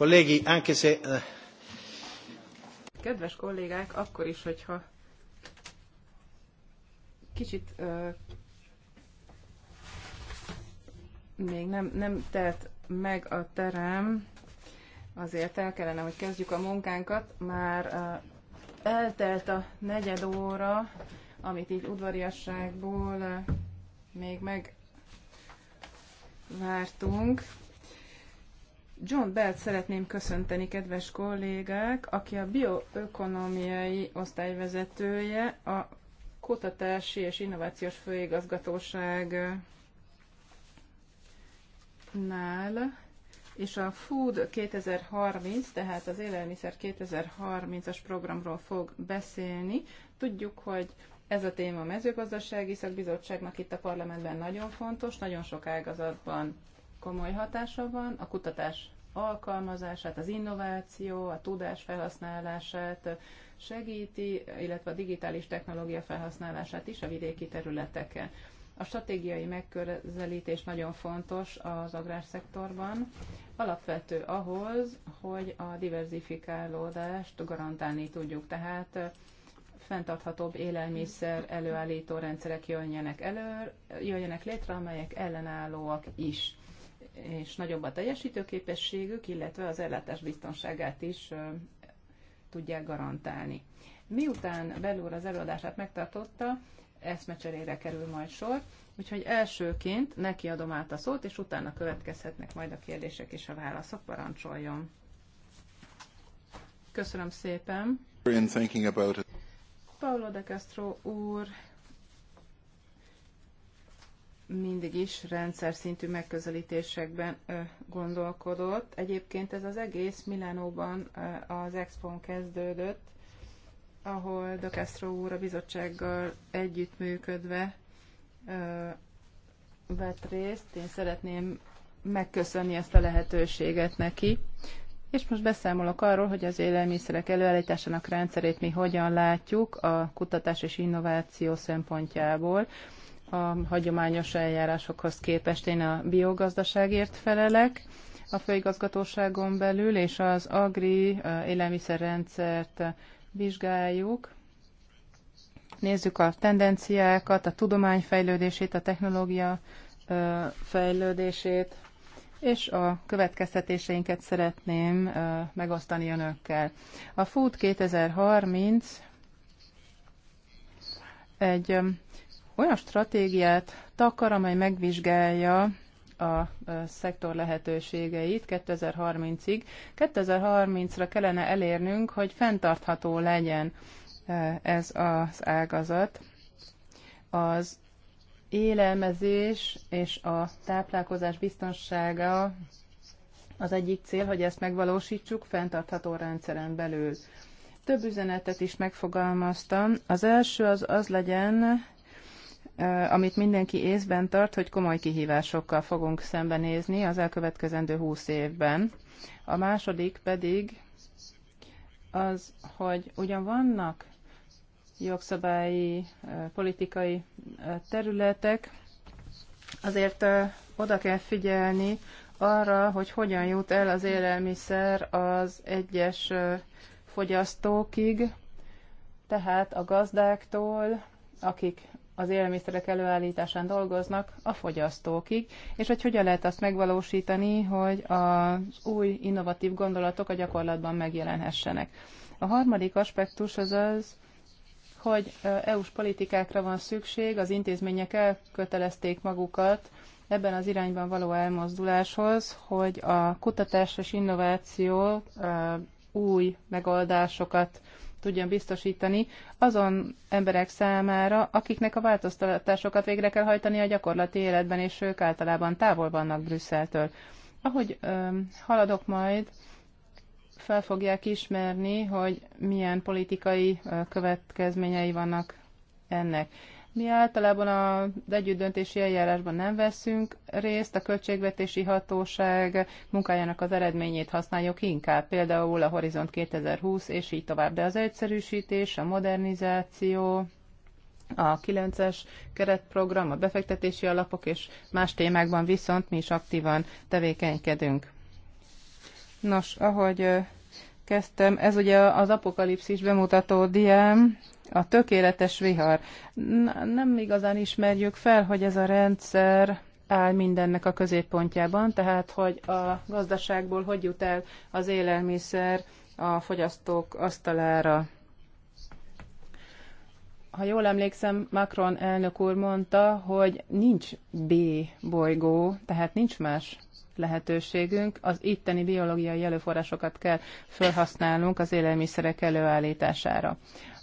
Eh. Kedves kollégák, akkor is, hogyha kicsit uh, még nem, nem telt meg a terem, azért el kellene, hogy kezdjük a munkánkat. Már uh, eltelt a negyed óra, amit így udvariasságból uh, még megvártunk. John Belt szeretném köszönteni, kedves kollégák, aki a bioökonomiai osztályvezetője, a Kutatási és Innovációs főigazgatóság nál, és a Food 2030, tehát az Élelmiszer 2030-as programról fog beszélni. Tudjuk, hogy ez a téma a mezőgazdasági szakbizottságnak itt a parlamentben nagyon fontos, nagyon sok ágazatban komoly hatása van. A kutatás alkalmazását, az innováció, a tudás felhasználását segíti, illetve a digitális technológia felhasználását is a vidéki területeken. A stratégiai megközelítés nagyon fontos az agrárszektorban, alapvető ahhoz, hogy a diversifikálódást garantálni tudjuk. Tehát fenntarthatóbb élelmiszer előállító rendszerek jöjjenek, elő, jöjjenek létre, amelyek ellenállóak is és nagyobb a teljesítőképességük, illetve az ellátás biztonságát is tudják garantálni. Miután belül az előadását megtartotta, eszmecserére kerül majd sor, úgyhogy elsőként neki adom át a szót, és utána következhetnek majd a kérdések és a válaszok. Parancsoljon! Köszönöm szépen! Paulo de Castro úr mindig is rendszer szintű megközelítésekben gondolkodott. Egyébként ez az egész Milánóban az expo kezdődött, ahol De Castro úr a bizottsággal együttműködve vett részt. Én szeretném megköszönni ezt a lehetőséget neki. És most beszámolok arról, hogy az élelmiszerek előállításának rendszerét mi hogyan látjuk a kutatás és innováció szempontjából, a hagyományos eljárásokhoz képest. Én a biogazdaságért felelek a főigazgatóságon belül, és az agri élelmiszerrendszert vizsgáljuk. Nézzük a tendenciákat, a tudomány fejlődését, a technológia fejlődését, és a következtetéseinket szeretném megosztani önökkel. A Food 2030 egy olyan stratégiát takar, amely megvizsgálja a szektor lehetőségeit 2030-ig. 2030-ra kellene elérnünk, hogy fenntartható legyen ez az ágazat. Az élelmezés és a táplálkozás biztonsága az egyik cél, hogy ezt megvalósítsuk fenntartható rendszeren belül. Több üzenetet is megfogalmaztam. Az első az az legyen, amit mindenki észben tart, hogy komoly kihívásokkal fogunk szembenézni az elkövetkezendő húsz évben. A második pedig az, hogy ugyan vannak jogszabályi, politikai területek, azért oda kell figyelni arra, hogy hogyan jut el az élelmiszer az egyes fogyasztókig, tehát a gazdáktól, akik az élelmiszerek előállításán dolgoznak a fogyasztókig, és hogy hogyan lehet azt megvalósítani, hogy az új innovatív gondolatok a gyakorlatban megjelenhessenek. A harmadik aspektus az az, hogy EU-s politikákra van szükség, az intézmények elkötelezték magukat ebben az irányban való elmozduláshoz, hogy a kutatás és innováció új megoldásokat tudjon biztosítani azon emberek számára, akiknek a változtatásokat végre kell hajtani a gyakorlati életben, és ők általában távol vannak Brüsszeltől. Ahogy ö, haladok majd, fel fogják ismerni, hogy milyen politikai következményei vannak ennek. Mi általában az együttdöntési eljárásban nem veszünk részt, a költségvetési hatóság munkájának az eredményét használjuk inkább, például a Horizont 2020 és így tovább. De az egyszerűsítés, a modernizáció, a 9-es keretprogram, a befektetési alapok és más témákban viszont mi is aktívan tevékenykedünk. Nos, ahogy kezdtem, ez ugye az apokalipszis bemutató diám, a tökéletes vihar. Nem igazán ismerjük fel, hogy ez a rendszer áll mindennek a középpontjában, tehát hogy a gazdaságból hogy jut el az élelmiszer a fogyasztók asztalára. Ha jól emlékszem, Macron elnök úr mondta, hogy nincs B bolygó, tehát nincs más lehetőségünk, az itteni biológiai előforrásokat kell felhasználnunk az élelmiszerek előállítására.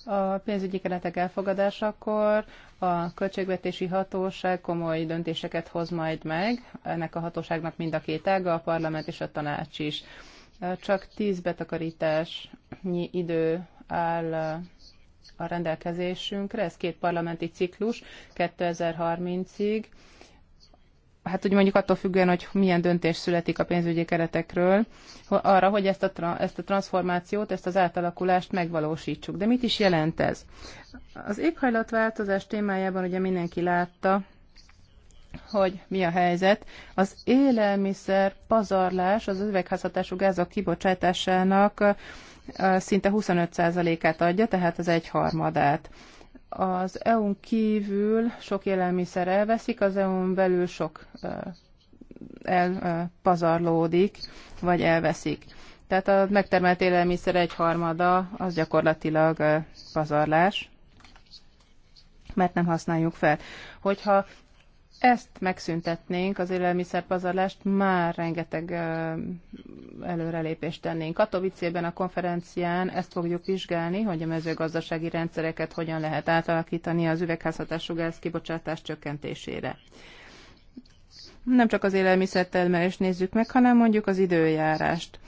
A pénzügyi keretek elfogadásakor a költségvetési hatóság komoly döntéseket hoz majd meg, ennek a hatóságnak mind a két ága, a parlament és a tanács is. Csak tíz betakarításnyi idő áll a rendelkezésünkre, ez két parlamenti ciklus 2030-ig, hát úgy mondjuk attól függően, hogy milyen döntés születik a pénzügyi keretekről, arra, hogy ezt a, ezt a transformációt, ezt az átalakulást megvalósítsuk. De mit is jelent ez? Az éghajlatváltozás témájában ugye mindenki látta, hogy mi a helyzet. Az élelmiszer pazarlás az üvegházhatású gázok kibocsátásának szinte 25%-át adja, tehát az egyharmadát. harmadát az EU-n kívül sok élelmiszer elveszik, az EU-n belül sok elpazarlódik, vagy elveszik. Tehát a megtermelt élelmiszer harmada az gyakorlatilag pazarlás, mert nem használjuk fel. Hogyha ezt megszüntetnénk, az élelmiszerpazarlást, már rengeteg előrelépést tennénk. Katowice-ben a konferencián ezt fogjuk vizsgálni, hogy a mezőgazdasági rendszereket hogyan lehet átalakítani az üvegházhatású gáz kibocsátás csökkentésére. Nem csak az élelmiszertermelést nézzük meg, hanem mondjuk az időjárást.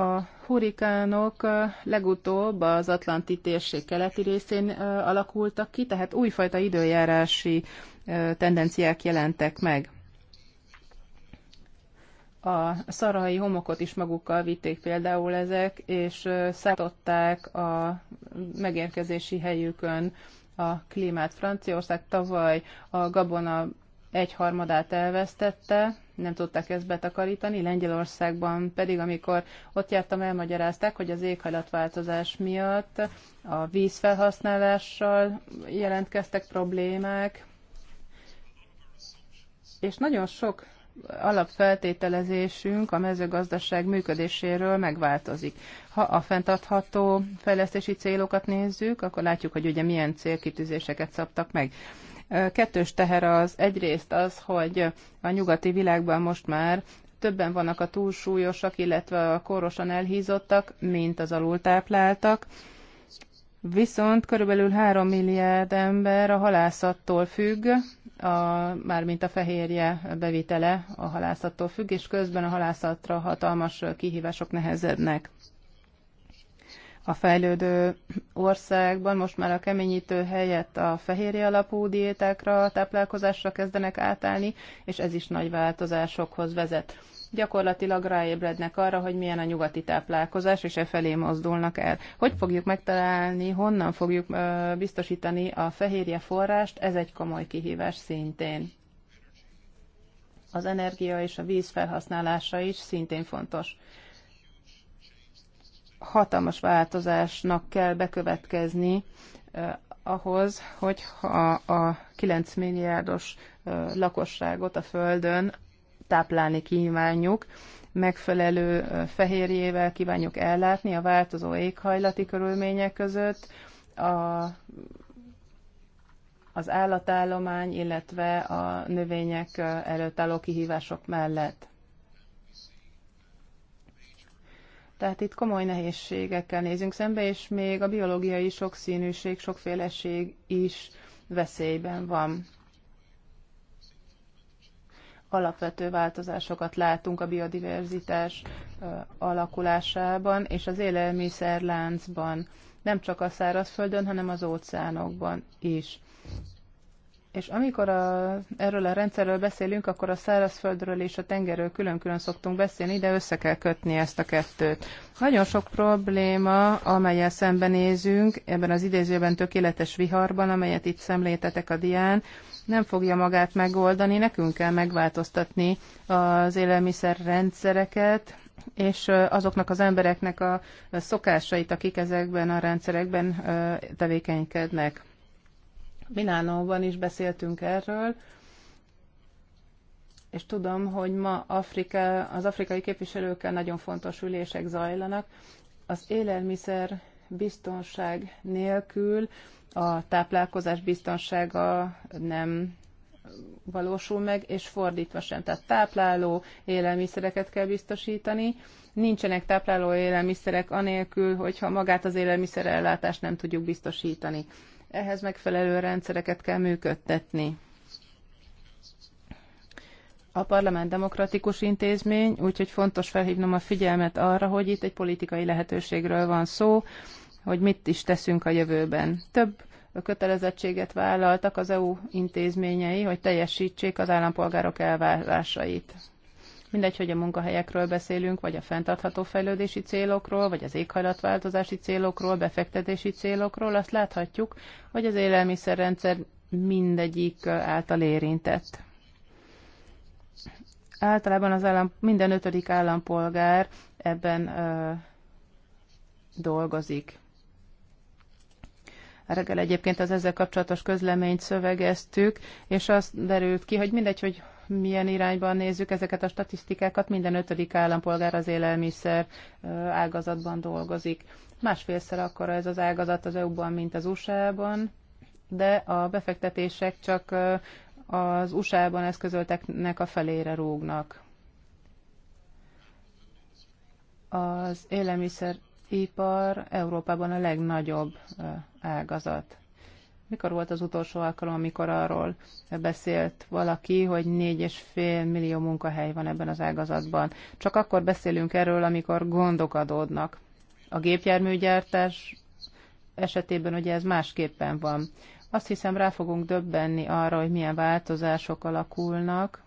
A hurikánok legutóbb az Atlanti térség keleti részén alakultak ki, tehát újfajta időjárási tendenciák jelentek meg. A szarai homokot is magukkal vitték például ezek, és szállították a megérkezési helyükön a klímát. Franciaország tavaly a gabona egyharmadát elvesztette, nem tudták ezt betakarítani. Lengyelországban pedig, amikor ott jártam, elmagyarázták, hogy az éghajlatváltozás miatt a vízfelhasználással jelentkeztek problémák, és nagyon sok alapfeltételezésünk a mezőgazdaság működéséről megváltozik. Ha a fenntartható fejlesztési célokat nézzük, akkor látjuk, hogy ugye milyen célkitűzéseket szabtak meg. Kettős teher az egyrészt az, hogy a nyugati világban most már többen vannak a túlsúlyosak, illetve a korosan elhízottak, mint az alultápláltak. Viszont körülbelül 3 milliárd ember a halászattól függ, a, mármint a fehérje bevitele a halászattól függ, és közben a halászatra hatalmas kihívások nehezednek a fejlődő országban most már a keményítő helyett a fehérje alapú diétákra, táplálkozásra kezdenek átállni, és ez is nagy változásokhoz vezet. Gyakorlatilag ráébrednek arra, hogy milyen a nyugati táplálkozás, és e felé mozdulnak el. Hogy fogjuk megtalálni, honnan fogjuk biztosítani a fehérje forrást, ez egy komoly kihívás szintén. Az energia és a víz felhasználása is szintén fontos hatalmas változásnak kell bekövetkezni ahhoz, hogy a, a 9 milliárdos lakosságot a Földön táplálni kívánjuk, megfelelő fehérjével kívánjuk ellátni a változó éghajlati körülmények között, a, az állatállomány, illetve a növények előtt álló kihívások mellett. Tehát itt komoly nehézségekkel nézünk szembe, és még a biológiai sokszínűség, sokféleség is veszélyben van. Alapvető változásokat látunk a biodiverzitás alakulásában és az élelmiszerláncban, nem csak a szárazföldön, hanem az óceánokban is. És amikor a, erről a rendszerről beszélünk, akkor a szárazföldről és a tengerről külön-külön szoktunk beszélni, de össze kell kötni ezt a kettőt. Nagyon sok probléma, amelyel szembenézünk ebben az idézőben tökéletes viharban, amelyet itt szemléltetek a dián, nem fogja magát megoldani, nekünk kell megváltoztatni az rendszereket, és azoknak az embereknek a szokásait, akik ezekben a rendszerekben tevékenykednek. Minánóban is beszéltünk erről, és tudom, hogy ma Afrika, az afrikai képviselőkkel nagyon fontos ülések zajlanak. Az élelmiszer biztonság nélkül a táplálkozás biztonsága nem valósul meg, és fordítva sem. Tehát tápláló élelmiszereket kell biztosítani. Nincsenek tápláló élelmiszerek anélkül, hogyha magát az élelmiszerellátást nem tudjuk biztosítani. Ehhez megfelelő rendszereket kell működtetni. A parlament demokratikus intézmény, úgyhogy fontos felhívnom a figyelmet arra, hogy itt egy politikai lehetőségről van szó, hogy mit is teszünk a jövőben. Több kötelezettséget vállaltak az EU intézményei, hogy teljesítsék az állampolgárok elvárásait. Mindegy, hogy a munkahelyekről beszélünk, vagy a fenntartható fejlődési célokról, vagy az éghajlatváltozási célokról, befektetési célokról, azt láthatjuk, hogy az élelmiszerrendszer mindegyik által érintett. Általában az állam, minden ötödik állampolgár ebben ö, dolgozik. Reggel egyébként az ezzel kapcsolatos közleményt szövegeztük, és azt derült ki, hogy mindegy, hogy milyen irányban nézzük ezeket a statisztikákat, minden ötödik állampolgár az élelmiszer ágazatban dolgozik. Másfélszer akkora ez az ágazat az EU-ban, mint az USA-ban, de a befektetések csak az USA-ban eszközölteknek a felére rúgnak. Az élelmiszeripar Európában a legnagyobb ágazat. Mikor volt az utolsó alkalom, amikor arról beszélt valaki, hogy 4,5 millió munkahely van ebben az ágazatban? Csak akkor beszélünk erről, amikor gondok adódnak. A gépjárműgyártás esetében ugye ez másképpen van. Azt hiszem rá fogunk döbbenni arra, hogy milyen változások alakulnak,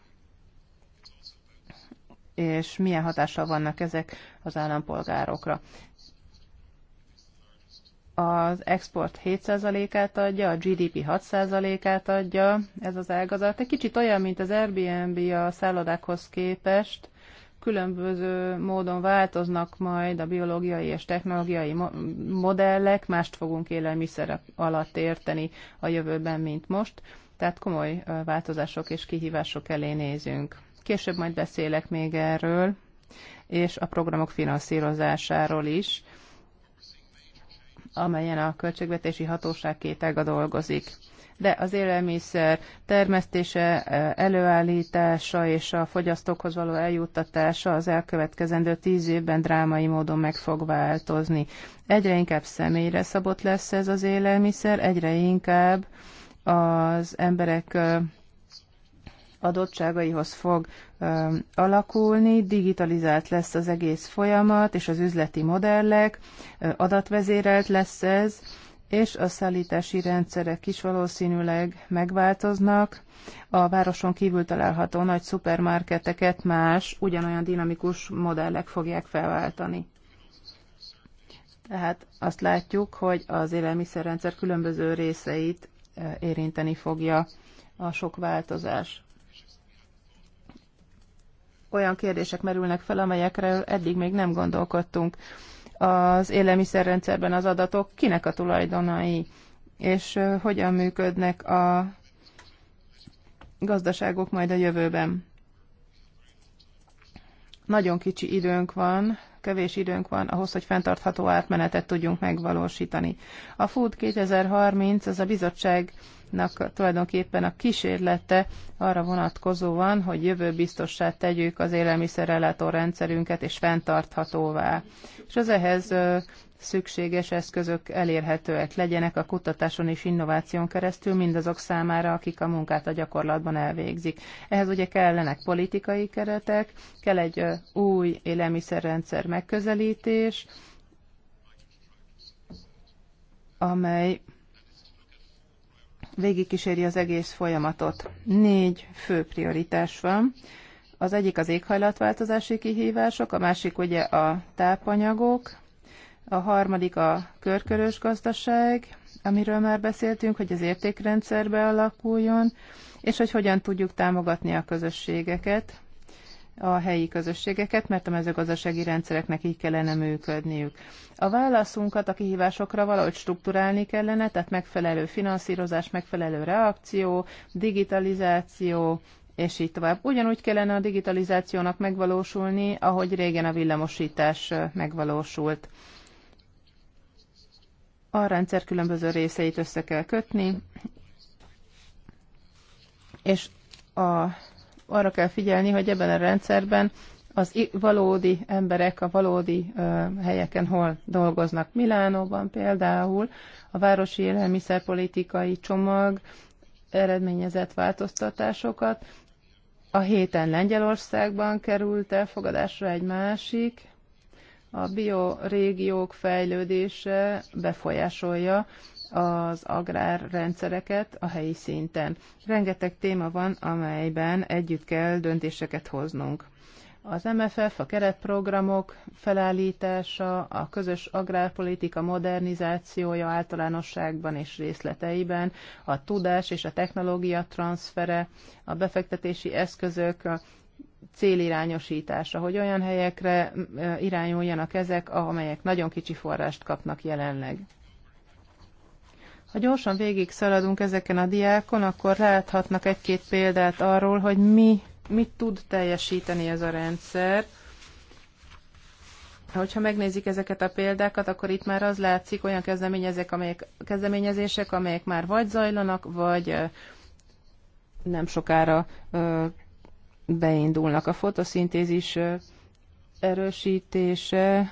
és milyen hatással vannak ezek az állampolgárokra az export 7%-át adja, a GDP 6%-át adja ez az ágazat. Egy kicsit olyan, mint az Airbnb a szállodákhoz képest, különböző módon változnak majd a biológiai és technológiai mo modellek, mást fogunk élelmiszer alatt érteni a jövőben, mint most, tehát komoly változások és kihívások elé nézünk. Később majd beszélek még erről, és a programok finanszírozásáról is amelyen a költségvetési hatóság két ága dolgozik. De az élelmiszer termesztése, előállítása és a fogyasztókhoz való eljuttatása az elkövetkezendő tíz évben drámai módon meg fog változni. Egyre inkább személyre szabott lesz ez az élelmiszer, egyre inkább az emberek adottságaihoz fog ö, alakulni, digitalizált lesz az egész folyamat, és az üzleti modellek, ö, adatvezérelt lesz ez, és a szállítási rendszerek is valószínűleg megváltoznak. A városon kívül található nagy szupermarketeket más, ugyanolyan dinamikus modellek fogják felváltani. Tehát azt látjuk, hogy az élelmiszerrendszer különböző részeit érinteni fogja a sok változás olyan kérdések merülnek fel, amelyekre eddig még nem gondolkodtunk. Az élelmiszerrendszerben az adatok kinek a tulajdonai, és hogyan működnek a gazdaságok majd a jövőben. Nagyon kicsi időnk van, kevés időnk van ahhoz, hogy fenntartható átmenetet tudjunk megvalósítani. A Food 2030, ez a bizottság folyamatnak tulajdonképpen a kísérlete arra vonatkozóan, hogy jövő biztossá tegyük az élelmiszerrelátó rendszerünket és fenntarthatóvá. És az ehhez szükséges eszközök elérhetőek legyenek a kutatáson és innováción keresztül mindazok számára, akik a munkát a gyakorlatban elvégzik. Ehhez ugye kellenek politikai keretek, kell egy új élelmiszerrendszer megközelítés, amely végigkíséri az egész folyamatot. Négy fő prioritás van. Az egyik az éghajlatváltozási kihívások, a másik ugye a tápanyagok, a harmadik a körkörös gazdaság, amiről már beszéltünk, hogy az értékrendszerbe alakuljon, és hogy hogyan tudjuk támogatni a közösségeket, a helyi közösségeket, mert a mezőgazdasági rendszereknek így kellene működniük. A válaszunkat a kihívásokra valahogy strukturálni kellene, tehát megfelelő finanszírozás, megfelelő reakció, digitalizáció, és így tovább. Ugyanúgy kellene a digitalizációnak megvalósulni, ahogy régen a villamosítás megvalósult. A rendszer különböző részeit össze kell kötni, és a arra kell figyelni, hogy ebben a rendszerben az valódi emberek a valódi ö, helyeken hol dolgoznak. Milánóban például a városi élelmiszerpolitikai csomag eredményezett változtatásokat. A héten Lengyelországban került elfogadásra egy másik, a biorégiók fejlődése befolyásolja az agrárrendszereket a helyi szinten. Rengeteg téma van, amelyben együtt kell döntéseket hoznunk. Az MFF, a keretprogramok felállítása, a közös agrárpolitika modernizációja általánosságban és részleteiben, a tudás és a technológia transfere, a befektetési eszközök, a célirányosítása, hogy olyan helyekre irányuljanak ezek, amelyek nagyon kicsi forrást kapnak jelenleg. Ha gyorsan végig szaladunk ezeken a diákon, akkor láthatnak egy-két példát arról, hogy mi, mit tud teljesíteni ez a rendszer. Hogyha megnézik ezeket a példákat, akkor itt már az látszik olyan kezdeményezések, amelyek, kezdeményezések, amelyek már vagy zajlanak, vagy nem sokára beindulnak. A fotoszintézis erősítése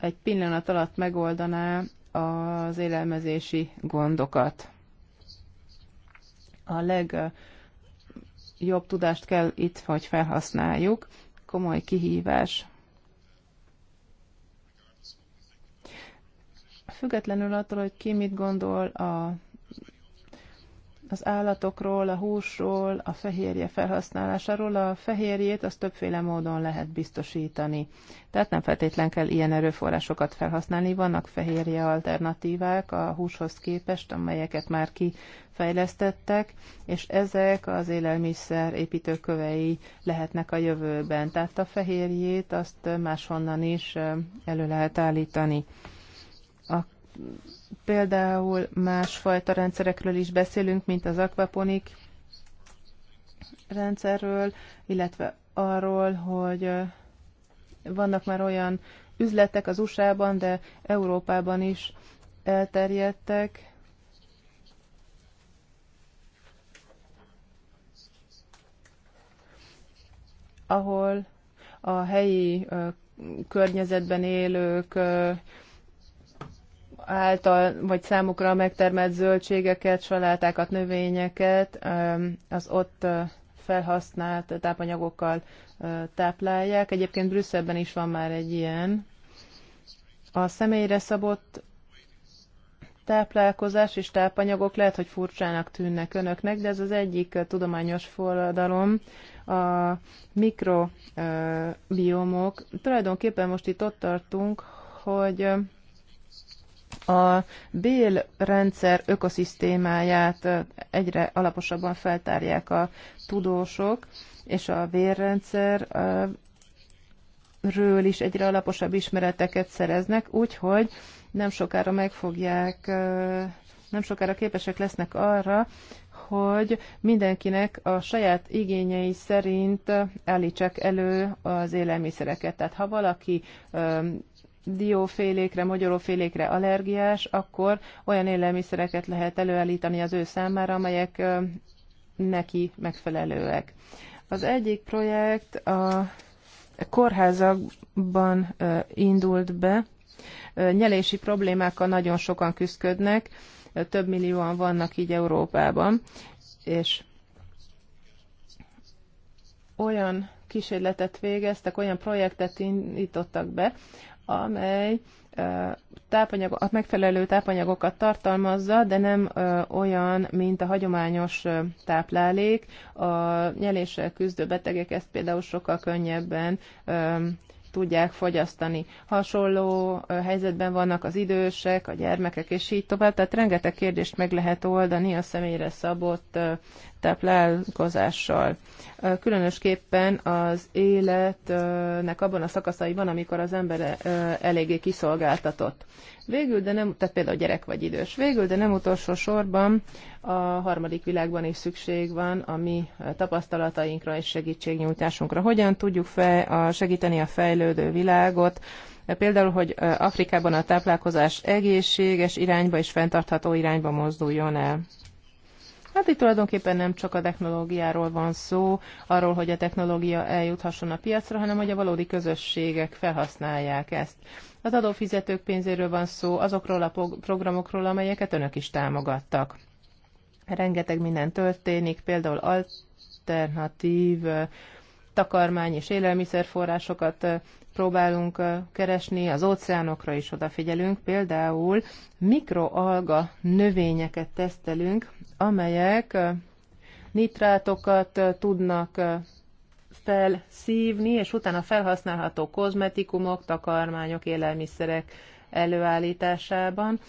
egy pillanat alatt megoldaná az élelmezési gondokat. A legjobb tudást kell itt, hogy felhasználjuk. Komoly kihívás. Függetlenül attól, hogy ki mit gondol a az állatokról, a húsról, a fehérje felhasználásáról. A fehérjét az többféle módon lehet biztosítani. Tehát nem feltétlen kell ilyen erőforrásokat felhasználni. Vannak fehérje alternatívák a húshoz képest, amelyeket már kifejlesztettek, és ezek az élelmiszer építőkövei lehetnek a jövőben. Tehát a fehérjét azt máshonnan is elő lehet állítani. A például másfajta rendszerekről is beszélünk, mint az akvaponik rendszerről, illetve arról, hogy vannak már olyan üzletek az USA-ban, de Európában is elterjedtek, ahol a helyi környezetben élők által vagy számukra megtermelt zöldségeket, salátákat, növényeket az ott felhasznált tápanyagokkal táplálják. Egyébként Brüsszelben is van már egy ilyen. A személyre szabott táplálkozás és tápanyagok lehet, hogy furcsának tűnnek önöknek, de ez az egyik tudományos forradalom, a mikrobiomok. Tulajdonképpen most itt ott tartunk, hogy a rendszer ökoszisztémáját egyre alaposabban feltárják a tudósok, és a vérrendszerről is egyre alaposabb ismereteket szereznek, úgyhogy nem sokára megfogják, nem sokára képesek lesznek arra, hogy mindenkinek a saját igényei szerint állítsák elő az élelmiszereket. Tehát ha valaki diófélékre, magyarófélékre allergiás, akkor olyan élelmiszereket lehet előállítani az ő számára, amelyek neki megfelelőek. Az egyik projekt a kórházakban indult be. Nyelési problémákkal nagyon sokan küzdködnek, több millióan vannak így Európában, és olyan kísérletet végeztek, olyan projektet indítottak be, amely tápanyag, a megfelelő tápanyagokat tartalmazza, de nem ö, olyan, mint a hagyományos ö, táplálék. A nyeléssel küzdő betegek ezt például sokkal könnyebben ö, tudják fogyasztani. Hasonló helyzetben vannak az idősek, a gyermekek, és így tovább. Tehát rengeteg kérdést meg lehet oldani a személyre szabott táplálkozással. Különösképpen az életnek abban a szakaszaiban, amikor az ember eléggé kiszolgáltatott. Végül, de nem, tehát például gyerek vagy idős. Végül, de nem utolsó sorban a harmadik világban is szükség van a mi tapasztalatainkra és segítségnyújtásunkra. Hogyan tudjuk fej, a, segíteni a fejlődő világot, például, hogy Afrikában a táplálkozás egészséges irányba és fenntartható irányba mozduljon el. Hát itt tulajdonképpen nem csak a technológiáról van szó, arról, hogy a technológia eljuthasson a piacra, hanem hogy a valódi közösségek felhasználják ezt. Az adófizetők pénzéről van szó, azokról a programokról, amelyeket önök is támogattak. Rengeteg minden történik, például alternatív takarmány és élelmiszerforrásokat próbálunk keresni, az óceánokra is odafigyelünk, például mikroalga növényeket tesztelünk, amelyek nitrátokat tudnak felszívni, és utána felhasználható kozmetikumok, takarmányok, élelmiszerek előállításában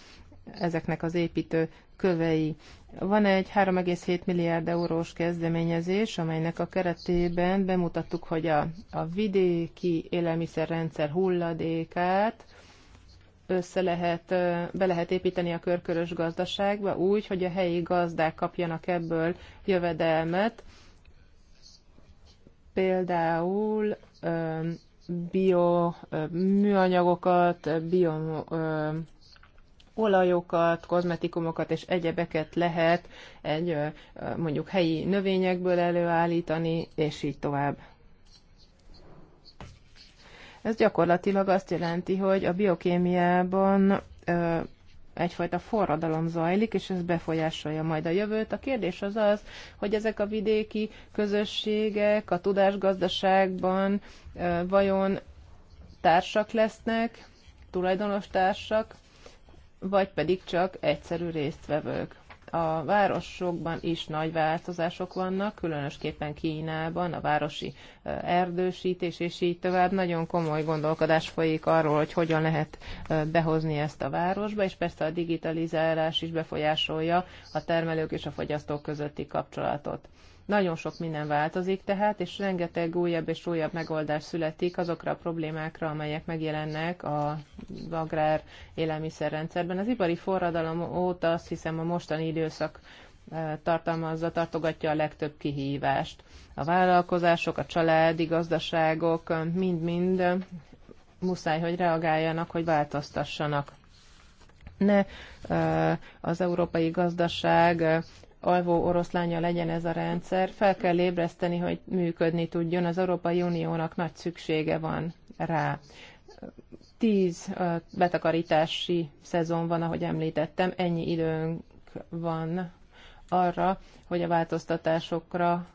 ezeknek az építő kövei. Van egy 3,7 milliárd eurós kezdeményezés, amelynek a keretében bemutattuk, hogy a, a vidéki élelmiszerrendszer hulladékát össze lehet, be lehet építeni a körkörös gazdaságba úgy, hogy a helyi gazdák kapjanak ebből jövedelmet, például bio műanyagokat, bio olajokat, kozmetikumokat és egyebeket lehet egy mondjuk helyi növényekből előállítani, és így tovább. Ez gyakorlatilag azt jelenti, hogy a biokémiában ö, egyfajta forradalom zajlik, és ez befolyásolja majd a jövőt. A kérdés az az, hogy ezek a vidéki közösségek a tudásgazdaságban ö, vajon társak lesznek, tulajdonos társak, vagy pedig csak egyszerű résztvevők. A városokban is nagy változások vannak, különösképpen Kínában a városi erdősítés, és így tovább nagyon komoly gondolkodás folyik arról, hogy hogyan lehet behozni ezt a városba, és persze a digitalizálás is befolyásolja a termelők és a fogyasztók közötti kapcsolatot. Nagyon sok minden változik tehát, és rengeteg újabb és újabb megoldás születik azokra a problémákra, amelyek megjelennek a agrár élelmiszerrendszerben. Az ipari forradalom óta azt hiszem a mostani időszak e, tartalmazza, tartogatja a legtöbb kihívást. A vállalkozások, a családi gazdaságok e, mind-mind muszáj, hogy reagáljanak, hogy változtassanak ne e, az európai gazdaság alvó oroszlánya legyen ez a rendszer. Fel kell ébreszteni, hogy működni tudjon. Az Európai Uniónak nagy szüksége van rá. Tíz betakarítási szezon van, ahogy említettem, ennyi időnk van arra, hogy a változtatásokra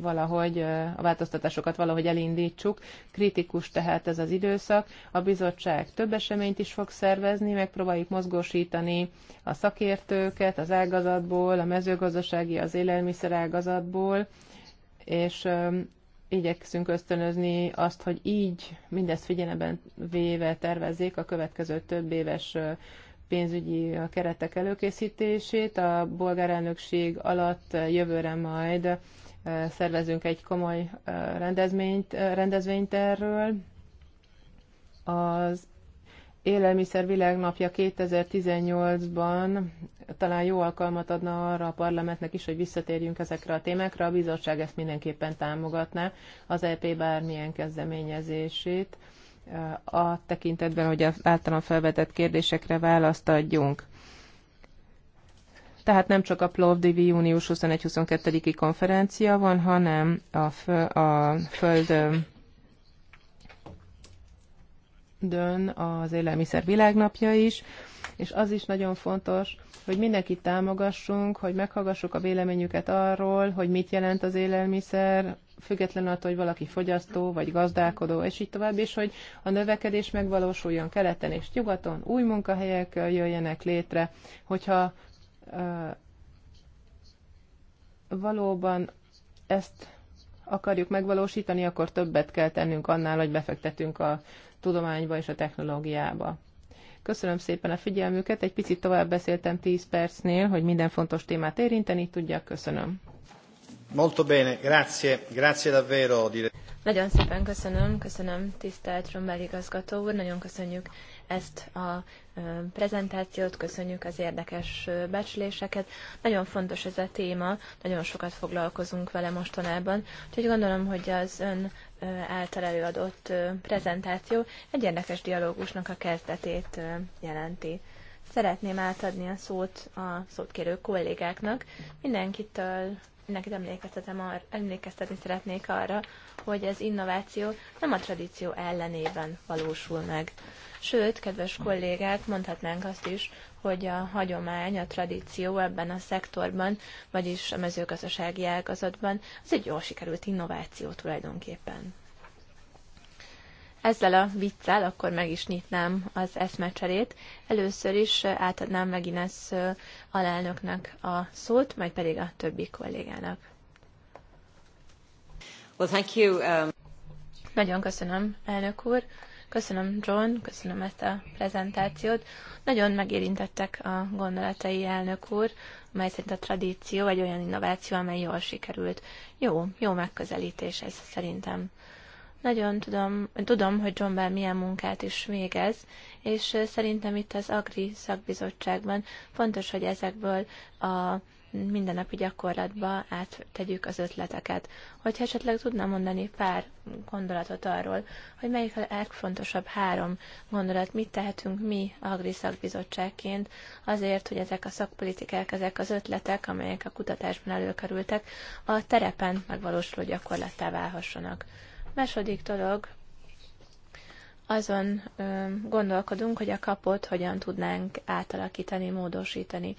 valahogy a változtatásokat valahogy elindítsuk. Kritikus tehát ez az időszak. A bizottság több eseményt is fog szervezni, megpróbáljuk mozgósítani a szakértőket az ágazatból, a mezőgazdasági, az élelmiszer ágazatból, és igyekszünk ösztönözni azt, hogy így mindezt figyelemben véve tervezzék a következő több éves pénzügyi keretek előkészítését. A bolgár elnökség alatt jövőre majd szervezünk egy komoly rendezvényt, rendezvényt erről. Az Élelmiszer Világnapja 2018-ban talán jó alkalmat adna arra a parlamentnek is, hogy visszatérjünk ezekre a témákra. A bizottság ezt mindenképpen támogatná, az EP bármilyen kezdeményezését a tekintetben, hogy az általam felvetett kérdésekre választ adjunk. Tehát nem csak a Plovdivi június 21-22-i konferencia van, hanem a, fö, a föld dön az élelmiszer világnapja is, és az is nagyon fontos, hogy mindenkit támogassunk, hogy meghallgassuk a véleményüket arról, hogy mit jelent az élelmiszer, függetlenül attól, hogy valaki fogyasztó vagy gazdálkodó, és így tovább, és hogy a növekedés megvalósuljon keleten és nyugaton, új munkahelyek jöjjenek létre, hogyha valóban ezt akarjuk megvalósítani, akkor többet kell tennünk annál, hogy befektetünk a tudományba és a technológiába. Köszönöm szépen a figyelmüket, egy picit tovább beszéltem 10 percnél, hogy minden fontos témát érinteni tudjak. Köszönöm. Molto bene, grazie, grazie davvero. Nagyon szépen köszönöm, köszönöm tisztelt Rombeli igazgató úr, nagyon köszönjük ezt a prezentációt, köszönjük az érdekes becsléseket. Nagyon fontos ez a téma, nagyon sokat foglalkozunk vele mostanában, úgyhogy gondolom, hogy az ön által előadott prezentáció egy érdekes dialógusnak a kezdetét jelenti. Szeretném átadni a szót a szótkérő kollégáknak. Mindenkitől mindenkit emlékeztetem arra, emlékeztetni szeretnék arra, hogy az innováció nem a tradíció ellenében valósul meg. Sőt, kedves kollégák, mondhatnánk azt is, hogy a hagyomány, a tradíció ebben a szektorban, vagyis a mezőgazdasági ágazatban, az egy jól sikerült innováció tulajdonképpen. Ezzel a viccel akkor meg is nyitnám az eszmecserét. Először is átadnám meg Ines alelnöknek a szót, majd pedig a többi kollégának. Well, thank you. Um... Nagyon köszönöm, elnök úr. Köszönöm John, köszönöm ezt a prezentációt. Nagyon megérintettek a gondolatai elnök úr, mely szerint a tradíció egy olyan innováció, amely jól sikerült. Jó, jó megközelítés ez szerintem. Nagyon tudom, tudom, hogy John Bell milyen munkát is végez, és szerintem itt az Agri szakbizottságban fontos, hogy ezekből a mindennapi gyakorlatba áttegyük az ötleteket. Hogyha esetleg tudna mondani pár gondolatot arról, hogy melyik a legfontosabb három gondolat, mit tehetünk mi Agri szakbizottságként azért, hogy ezek a szakpolitikák, ezek az ötletek, amelyek a kutatásban előkerültek, a terepen megvalósuló gyakorlattá válhassanak. Második dolog, azon ö, gondolkodunk, hogy a kapot hogyan tudnánk átalakítani, módosítani.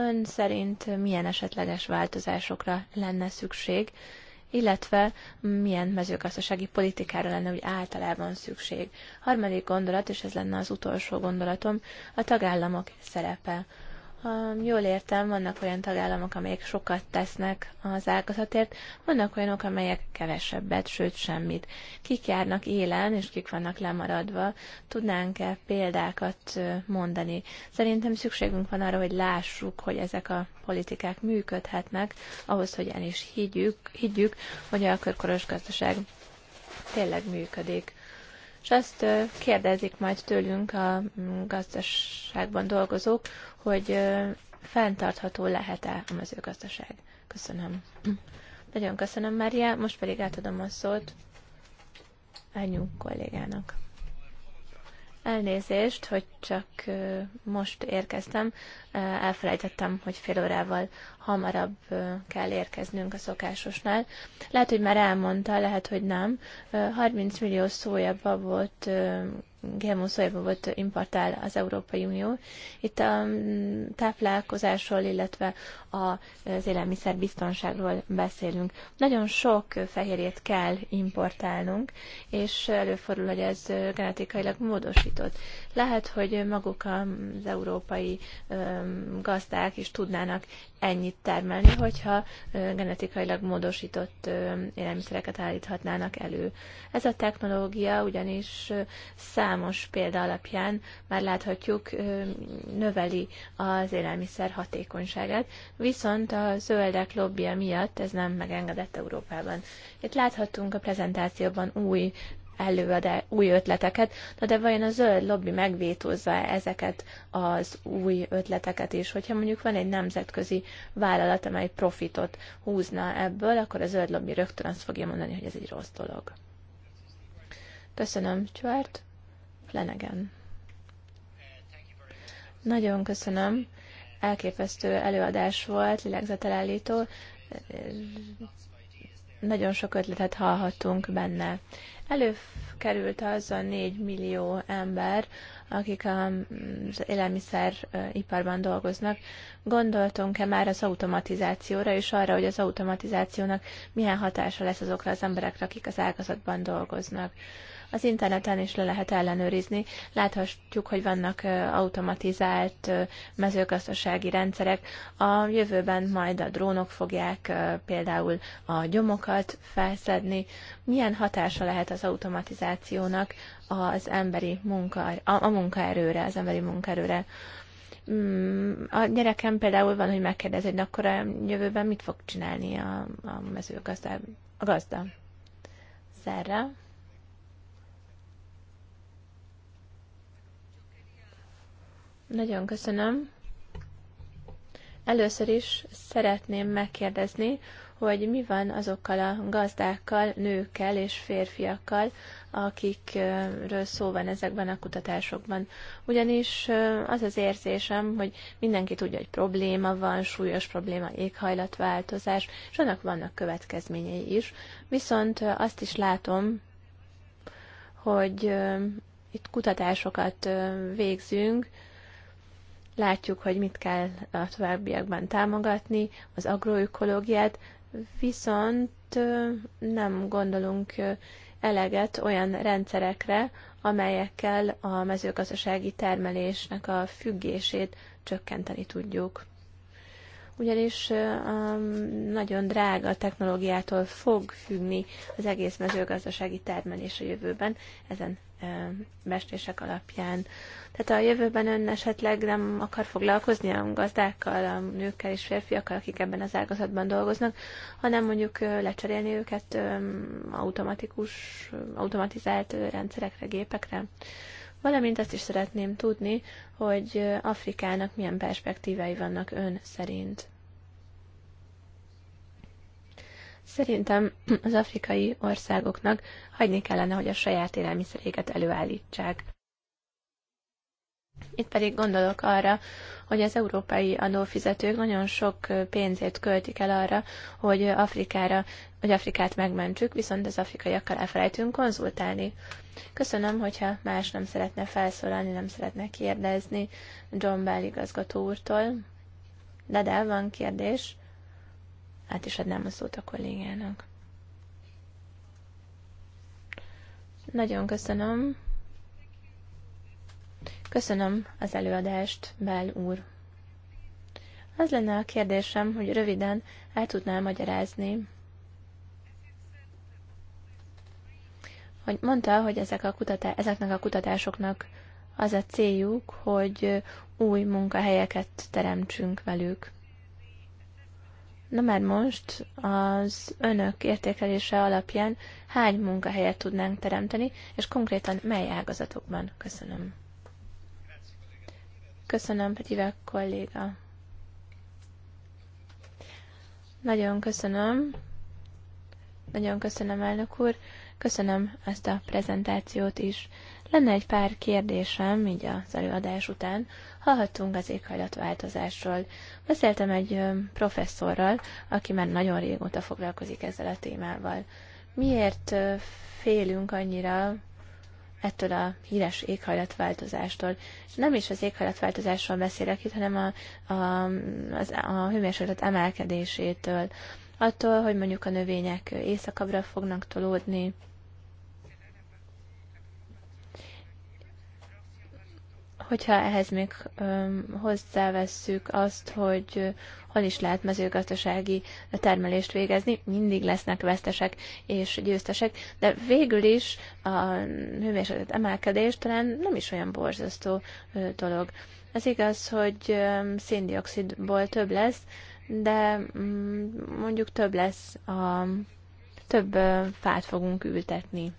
Ön szerint milyen esetleges változásokra lenne szükség, illetve milyen mezőgazdasági politikára lenne úgy általában szükség. Harmadik gondolat, és ez lenne az utolsó gondolatom, a tagállamok szerepe. Ha jól értem, vannak olyan tagállamok, amelyek sokat tesznek az ágazatért, vannak olyanok, amelyek kevesebbet, sőt semmit. Kik járnak élen, és kik vannak lemaradva, tudnánk-e példákat mondani? Szerintem szükségünk van arra, hogy lássuk, hogy ezek a politikák működhetnek, ahhoz, hogy el is higgyük, higgyük hogy a körkoros gazdaság tényleg működik és azt kérdezik majd tőlünk a mm, gazdaságban dolgozók, hogy fenntartható lehet-e a mezőgazdaság. Köszönöm. Nagyon köszönöm, Mária. Most pedig átadom a szót a kollégának. Elnézést, hogy csak most érkeztem. Elfelejtettem, hogy fél órával hamarabb kell érkeznünk a szokásosnál. Lehet, hogy már elmondta, lehet, hogy nem. 30 millió szója babot GMO volt importál az Európai Unió. Itt a mm, táplálkozásról, illetve az élelmiszerbiztonságról beszélünk. Nagyon sok fehérjét kell importálnunk, és előfordul, hogy ez genetikailag módosított. Lehet, hogy maguk az európai mm, gazdák is tudnának ennyit termelni, hogyha genetikailag módosított élelmiszereket állíthatnának elő. Ez a technológia ugyanis számos példa alapján már láthatjuk növeli az élelmiszer hatékonyságát, viszont a zöldek lobbia miatt ez nem megengedett Európában. Itt láthatunk a prezentációban új előad-e új ötleteket, na de vajon a zöld lobby megvétózza -e ezeket az új ötleteket is? Hogyha mondjuk van egy nemzetközi vállalat, amely profitot húzna ebből, akkor a zöld lobby rögtön azt fogja mondani, hogy ez egy rossz dolog. Köszönöm, Stuart. Flanagan. Nagyon köszönöm. Elképesztő előadás volt, lélegzetelállító. Nagyon sok ötletet hallhattunk benne. Előkerült az a 4 millió ember, akik mm, az élelmiszeriparban dolgoznak. Gondoltunk-e már az automatizációra, és arra, hogy az automatizációnak milyen hatása lesz azokra az emberekre, akik az ágazatban dolgoznak? az interneten is le lehet ellenőrizni. Láthatjuk, hogy vannak automatizált mezőgazdasági rendszerek. A jövőben majd a drónok fogják például a gyomokat felszedni. Milyen hatása lehet az automatizációnak az emberi munka, a, a munkaerőre, az emberi munkaerőre? Mm, a gyerekem például van, hogy megkérdez, hogy akkor a jövőben mit fog csinálni a, a mezőgazda, a gazda. Szerre. Nagyon köszönöm. Először is szeretném megkérdezni, hogy mi van azokkal a gazdákkal, nőkkel és férfiakkal, akikről szó van ezekben a kutatásokban. Ugyanis az az érzésem, hogy mindenki tudja, hogy probléma van, súlyos probléma, éghajlatváltozás, és annak vannak következményei is. Viszont azt is látom, hogy itt kutatásokat végzünk, látjuk, hogy mit kell a továbbiakban támogatni, az agroökológiát, viszont nem gondolunk eleget olyan rendszerekre, amelyekkel a mezőgazdasági termelésnek a függését csökkenteni tudjuk ugyanis nagyon drága technológiától fog függni az egész mezőgazdasági termelés a jövőben, ezen mestések alapján. Tehát a jövőben ön esetleg nem akar foglalkozni a gazdákkal, a nőkkel és férfiakkal, akik ebben az ágazatban dolgoznak, hanem mondjuk lecserélni őket automatikus, automatizált rendszerekre, gépekre valamint azt is szeretném tudni, hogy Afrikának milyen perspektívái vannak ön szerint. Szerintem az afrikai országoknak hagyni kellene, hogy a saját élelmiszeréket előállítsák. Itt pedig gondolok arra, hogy az európai adófizetők nagyon sok pénzét költik el arra, hogy Afrikára, hogy Afrikát megmentsük, viszont az afrikaiakkal elfelejtünk konzultálni. Köszönöm, hogyha más nem szeretne felszólalni, nem szeretne kérdezni John Bell igazgató úrtól. De de van kérdés. Hát is adnám a szót a kollégának. Nagyon köszönöm. Köszönöm az előadást, Bell úr. Az lenne a kérdésem, hogy röviden el tudnál magyarázni, hogy mondta, hogy ezek a kutatá- ezeknek a kutatásoknak az a céljuk, hogy új munkahelyeket teremtsünk velük. Na már most az önök értékelése alapján hány munkahelyet tudnánk teremteni, és konkrétan mely ágazatokban? Köszönöm. Köszönöm, Petivel kolléga. Nagyon köszönöm. Nagyon köszönöm, elnök úr. Köszönöm ezt a prezentációt is. Lenne egy pár kérdésem, így az előadás után. Hallhattunk az éghajlatváltozásról. Beszéltem egy professzorral, aki már nagyon régóta foglalkozik ezzel a témával. Miért félünk annyira ettől a híres éghajlatváltozástól. És nem is az éghajlatváltozásról beszélek itt, hanem a, a, a, a hőmérséklet emelkedésétől, attól, hogy mondjuk a növények éjszakabbra fognak tolódni, Hogyha ehhez még hozzávesszük azt, hogy hol is lehet mezőgazdasági termelést végezni, mindig lesznek vesztesek és győztesek, de végül is a hőmérséklet emelkedés talán nem is olyan borzasztó dolog. Ez igaz, hogy széndiokszidból több lesz, de mm, mondjuk több lesz, a, több fát fogunk ültetni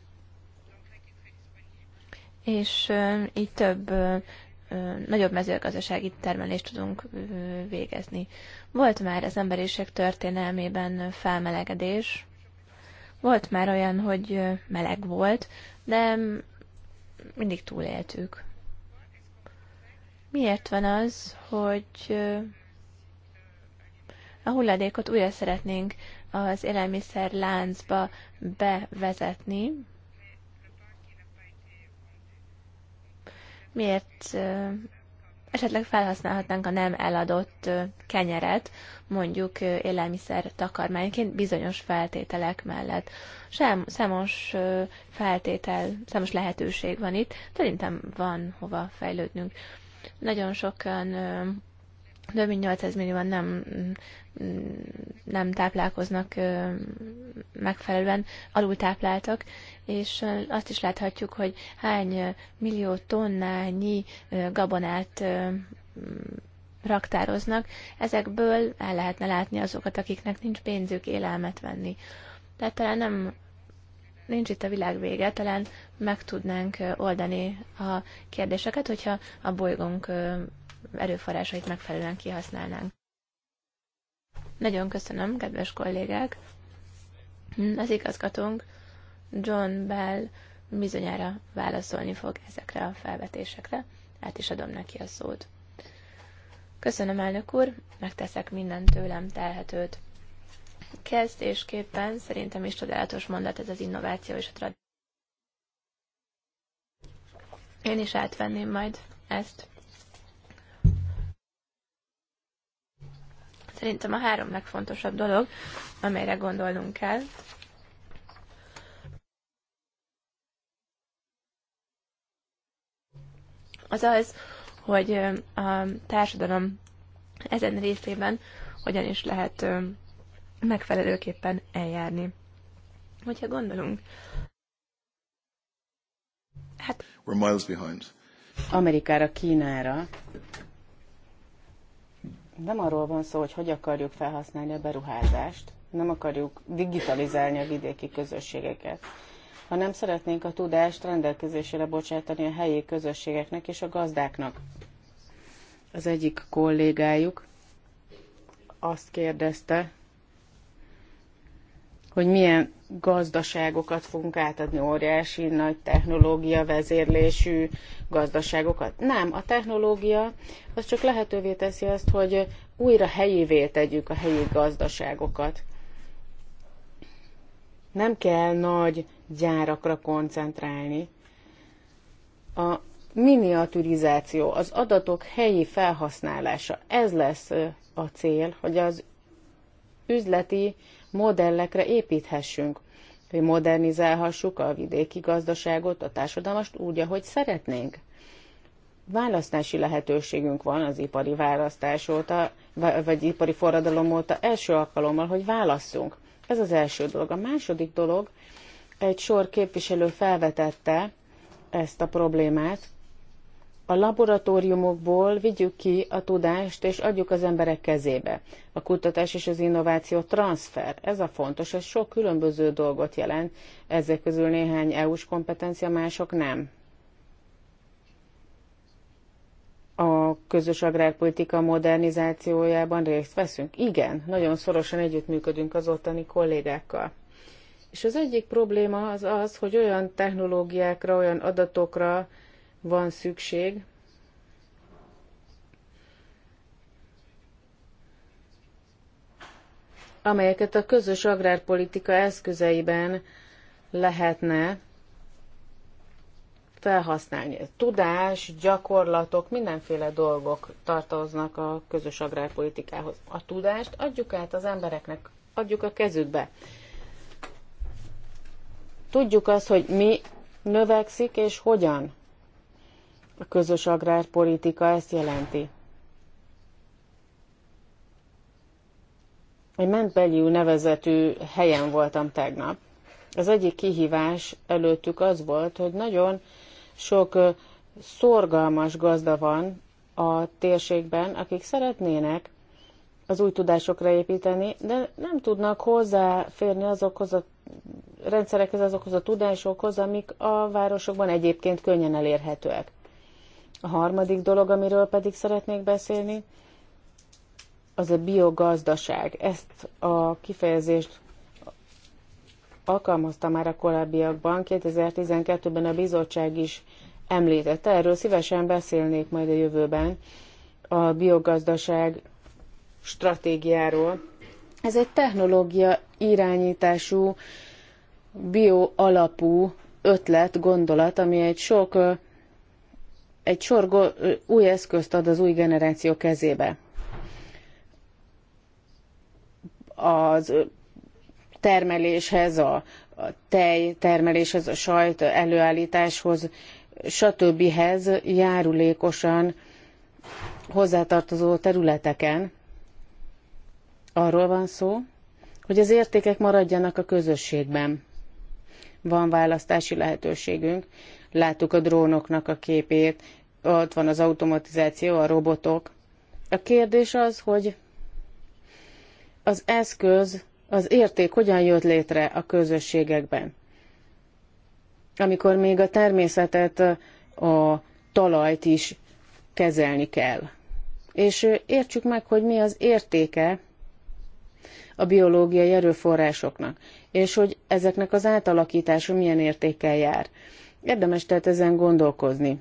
és így több nagyobb mezőgazdasági termelést tudunk végezni. Volt már az emberiség történelmében felmelegedés, volt már olyan, hogy meleg volt, de mindig túléltük. Miért van az, hogy a hulladékot újra szeretnénk az élelmiszer láncba bevezetni, miért esetleg felhasználhatnánk a nem eladott kenyeret, mondjuk élelmiszer takarmányként bizonyos feltételek mellett. Sem, számos feltétel, számos lehetőség van itt, szerintem van hova fejlődnünk. Nagyon sokan több mint 800 millióan nem, nem táplálkoznak megfelelően, alultápláltak, és azt is láthatjuk, hogy hány millió tonnányi gabonát raktároznak, ezekből el lehetne látni azokat, akiknek nincs pénzük élelmet venni. Tehát talán nem nincs itt a világ vége, talán meg tudnánk oldani a kérdéseket, hogyha a bolygónk erőforrásait megfelelően kihasználnánk. Nagyon köszönöm, kedves kollégák! Hm, az igazgatónk John Bell bizonyára válaszolni fog ezekre a felvetésekre. Át is adom neki a szót. Köszönöm, elnök úr, megteszek minden tőlem telhetőt. Kezdésképpen szerintem is csodálatos mondat ez az innováció és a tradíció. Én is átvenném majd ezt. Szerintem a három legfontosabb dolog, amelyre gondolnunk kell, az az, hogy a társadalom ezen részében hogyan is lehet megfelelőképpen eljárni. Hogyha gondolunk. Hát, We're miles behind. Amerikára, Kínára nem arról van szó, hogy hogy akarjuk felhasználni a beruházást, nem akarjuk digitalizálni a vidéki közösségeket, ha nem szeretnénk a tudást rendelkezésére bocsátani a helyi közösségeknek és a gazdáknak. Az egyik kollégájuk azt kérdezte, hogy milyen gazdaságokat fogunk átadni, óriási, nagy technológia vezérlésű gazdaságokat. Nem, a technológia az csak lehetővé teszi azt, hogy újra helyévé tegyük a helyi gazdaságokat. Nem kell nagy gyárakra koncentrálni. A miniaturizáció, az adatok helyi felhasználása, ez lesz a cél, hogy az üzleti modellekre építhessünk, hogy modernizálhassuk a vidéki gazdaságot, a társadalmast úgy, ahogy szeretnénk. Választási lehetőségünk van az ipari választás óta, vagy ipari forradalom óta első alkalommal, hogy válasszunk. Ez az első dolog. A második dolog, egy sor képviselő felvetette ezt a problémát. A laboratóriumokból vigyük ki a tudást, és adjuk az emberek kezébe. A kutatás és az innováció transfer, ez a fontos, ez sok különböző dolgot jelent, ezek közül néhány EU-s kompetencia, mások nem. a közös agrárpolitika modernizációjában részt veszünk? Igen, nagyon szorosan együttműködünk az ottani kollégákkal. És az egyik probléma az az, hogy olyan technológiákra, olyan adatokra van szükség, amelyeket a közös agrárpolitika eszközeiben lehetne felhasználni. Tudás, gyakorlatok, mindenféle dolgok tartoznak a közös agrárpolitikához. A tudást adjuk át az embereknek, adjuk a kezükbe. Tudjuk azt, hogy mi növekszik és hogyan. A közös agrárpolitika ezt jelenti. Egy mentbeliú nevezetű helyen voltam tegnap. Az egyik kihívás előttük az volt, hogy nagyon sok szorgalmas gazda van a térségben, akik szeretnének az új tudásokra építeni, de nem tudnak hozzáférni azokhoz a rendszerekhez, azokhoz a tudásokhoz, amik a városokban egyébként könnyen elérhetőek. A harmadik dolog, amiről pedig szeretnék beszélni, az a biogazdaság. Ezt a kifejezést alkalmazta már a korábbiakban, 2012-ben a bizottság is említette, erről szívesen beszélnék majd a jövőben. A biogazdaság stratégiáról. Ez egy technológia irányítású, bio alapú ötlet, gondolat, ami egy sok egy sor új eszközt ad az új generáció kezébe. Az termeléshez, a tej termeléshez, a sajt előállításhoz, stb. járulékosan hozzátartozó területeken, Arról van szó, hogy az értékek maradjanak a közösségben. Van választási lehetőségünk, láttuk a drónoknak a képét, ott van az automatizáció, a robotok. A kérdés az, hogy az eszköz, az érték hogyan jött létre a közösségekben. Amikor még a természetet, a talajt is kezelni kell. És értsük meg, hogy mi az értéke a biológiai erőforrásoknak, és hogy ezeknek az átalakítása milyen értékkel jár. Érdemes tehát ezen gondolkozni.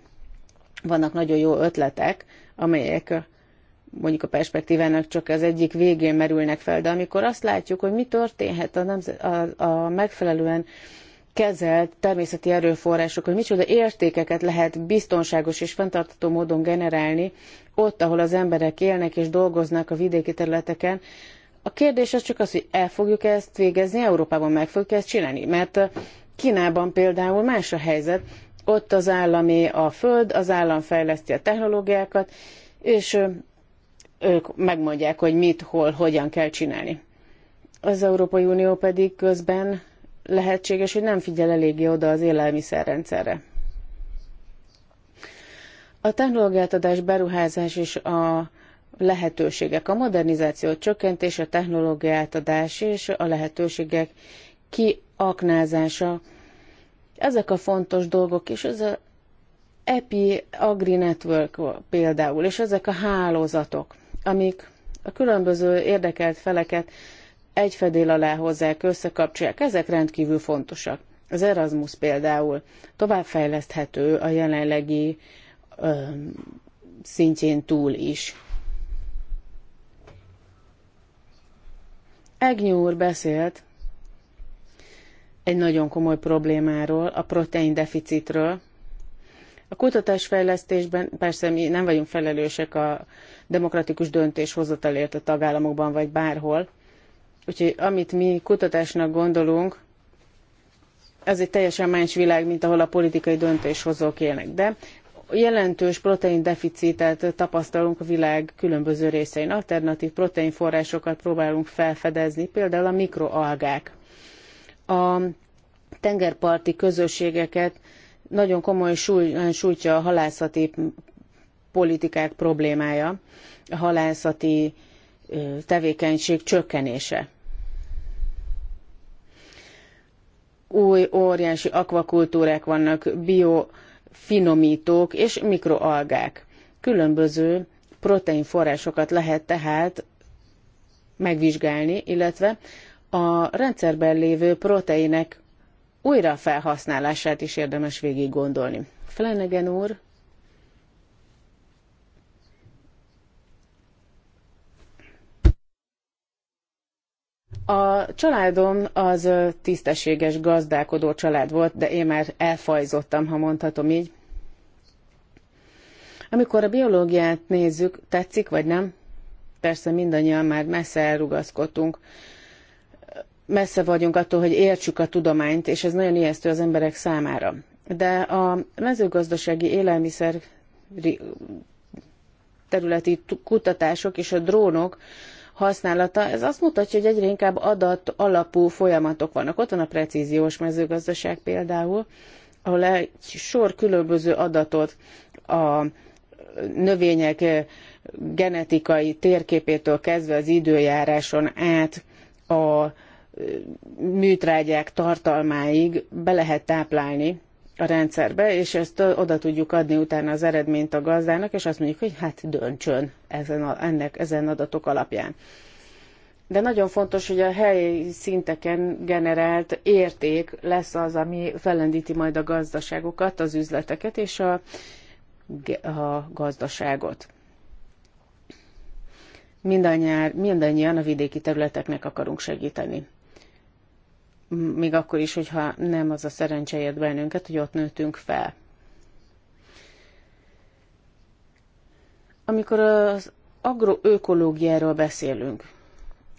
Vannak nagyon jó ötletek, amelyek eh, mondjuk a perspektívának csak az egyik végén merülnek fel, de amikor azt látjuk, hogy mi történhet a, nemzet, a, a megfelelően kezelt természeti erőforrások, hogy micsoda értékeket lehet biztonságos és fenntartható módon generálni ott, ahol az emberek élnek és dolgoznak a vidéki területeken, a kérdés az csak az, hogy el fogjuk -e ezt végezni, Európában meg fogjuk -e ezt csinálni, mert Kínában például más a helyzet, ott az állami a föld, az állam fejleszti a technológiákat, és ők megmondják, hogy mit, hol, hogyan kell csinálni. Az Európai Unió pedig közben lehetséges, hogy nem figyel eléggé oda az élelmiszerrendszerre. A technológiátadás, beruházás és a lehetőségek, a modernizáció, csökkentése csökkentés, a technológia átadás és a lehetőségek kiaknázása. Ezek a fontos dolgok, és ez az EPI Agri Network például, és ezek a hálózatok, amik a különböző érdekelt feleket egy fedél alá hozzák, összekapcsolják, ezek rendkívül fontosak. Az Erasmus például továbbfejleszthető a jelenlegi ö, szintjén túl is. Egnyi úr beszélt egy nagyon komoly problémáról, a protein deficitről. A kutatásfejlesztésben persze mi nem vagyunk felelősek a demokratikus döntéshozatalért a tagállamokban vagy bárhol, úgyhogy amit mi kutatásnak gondolunk, ez egy teljesen más világ, mint ahol a politikai döntéshozók élnek. De jelentős proteindeficitet tapasztalunk a világ különböző részein. Alternatív proteinforrásokat próbálunk felfedezni, például a mikroalgák. A tengerparti közösségeket nagyon komoly súly, sújtja a halászati politikák problémája, a halászati tevékenység csökkenése. Új óriási akvakultúrák vannak, bio finomítók és mikroalgák. Különböző proteinforrásokat lehet tehát megvizsgálni, illetve a rendszerben lévő proteinek újrafelhasználását is érdemes végig gondolni. Flanagan úr A családom az tisztességes gazdálkodó család volt, de én már elfajzottam, ha mondhatom így. Amikor a biológiát nézzük, tetszik vagy nem? Persze mindannyian már messze elrugaszkodtunk, messze vagyunk attól, hogy értsük a tudományt, és ez nagyon ijesztő az emberek számára. De a mezőgazdasági élelmiszer területi kutatások és a drónok használata, ez azt mutatja, hogy egyre inkább adat alapú folyamatok vannak. Ott van a precíziós mezőgazdaság például, ahol egy sor különböző adatot a növények genetikai térképétől kezdve az időjáráson át a műtrágyák tartalmáig be lehet táplálni a rendszerbe, és ezt oda tudjuk adni utána az eredményt a gazdának, és azt mondjuk, hogy hát döntsön ezen, a, ennek, ezen adatok alapján. De nagyon fontos, hogy a helyi szinteken generált érték lesz az, ami fellendíti majd a gazdaságokat, az üzleteket és a, a gazdaságot. Mindannyian, mindannyian a vidéki területeknek akarunk segíteni még akkor is, hogyha nem az a ért bennünket, hogy ott nőttünk fel. Amikor az agroökológiáról beszélünk,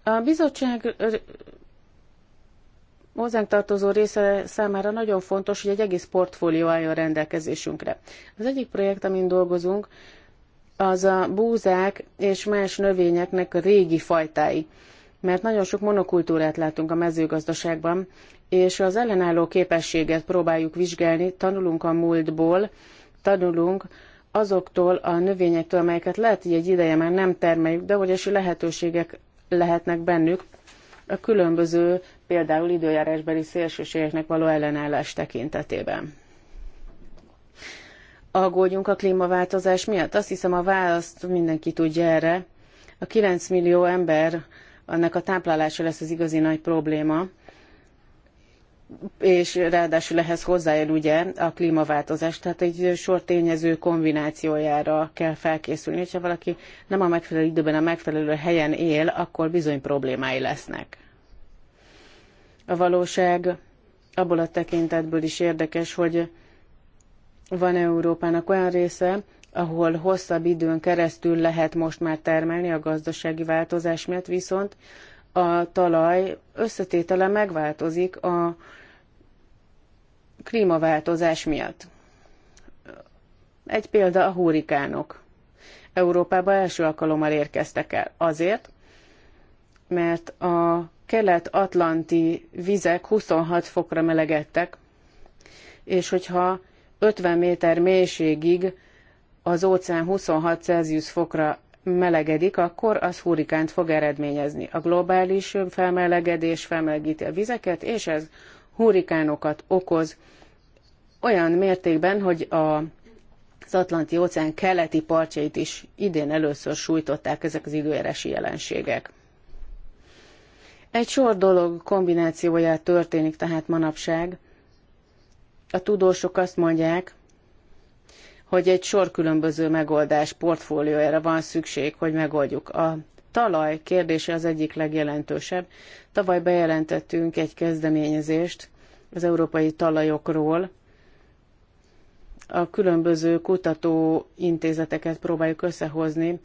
a bizottság hozzánk tartozó része számára nagyon fontos, hogy egy egész portfólió álljon rendelkezésünkre. Az egyik projekt, amin dolgozunk, az a búzák és más növényeknek a régi fajtái mert nagyon sok monokultúrát látunk a mezőgazdaságban, és az ellenálló képességet próbáljuk vizsgálni, tanulunk a múltból, tanulunk azoktól a növényektől, amelyeket lehet, hogy egy ideje már nem termeljük, de esi lehetőségek lehetnek bennük a különböző, például időjárásbeli szélsőségeknek való ellenállás tekintetében. Aggódjunk a klímaváltozás miatt? Azt hiszem a választ mindenki tudja erre. A 9 millió ember annak a táplálása lesz az igazi nagy probléma, és ráadásul ehhez hozzájön ugye a klímaváltozás, tehát egy sor tényező kombinációjára kell felkészülni, és ha valaki nem a megfelelő időben, a megfelelő helyen él, akkor bizony problémái lesznek. A valóság abból a tekintetből is érdekes, hogy van Európának olyan része, ahol hosszabb időn keresztül lehet most már termelni a gazdasági változás miatt, viszont a talaj összetétele megváltozik a klímaváltozás miatt. Egy példa a hurikánok. Európába első alkalommal érkeztek el. Azért, mert a kelet-atlanti vizek 26 fokra melegedtek, és hogyha 50 méter mélységig az óceán 26 Celsius fokra melegedik, akkor az hurikánt fog eredményezni. A globális felmelegedés felmelegíti a vizeket, és ez hurikánokat okoz olyan mértékben, hogy a az Atlanti óceán keleti partjait is idén először sújtották ezek az időjárási jelenségek. Egy sor dolog kombinációját történik tehát manapság. A tudósok azt mondják, hogy egy sor különböző megoldás portfóliójára van szükség, hogy megoldjuk. A talaj kérdése az egyik legjelentősebb. Tavaly bejelentettünk egy kezdeményezést az európai talajokról. A különböző kutatóintézeteket próbáljuk összehozni,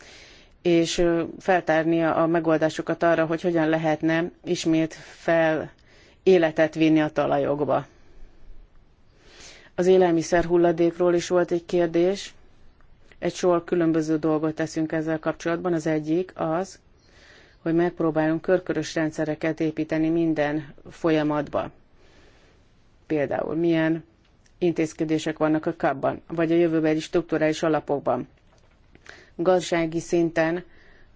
és feltárni a megoldásokat arra, hogy hogyan lehetne ismét fel életet vinni a talajokba. Az élelmiszer hulladékról is volt egy kérdés. Egy sor különböző dolgot teszünk ezzel kapcsolatban. Az egyik az, hogy megpróbálunk körkörös rendszereket építeni minden folyamatba. Például milyen intézkedések vannak a kapban, vagy a jövőbeli strukturális alapokban. Gazdasági szinten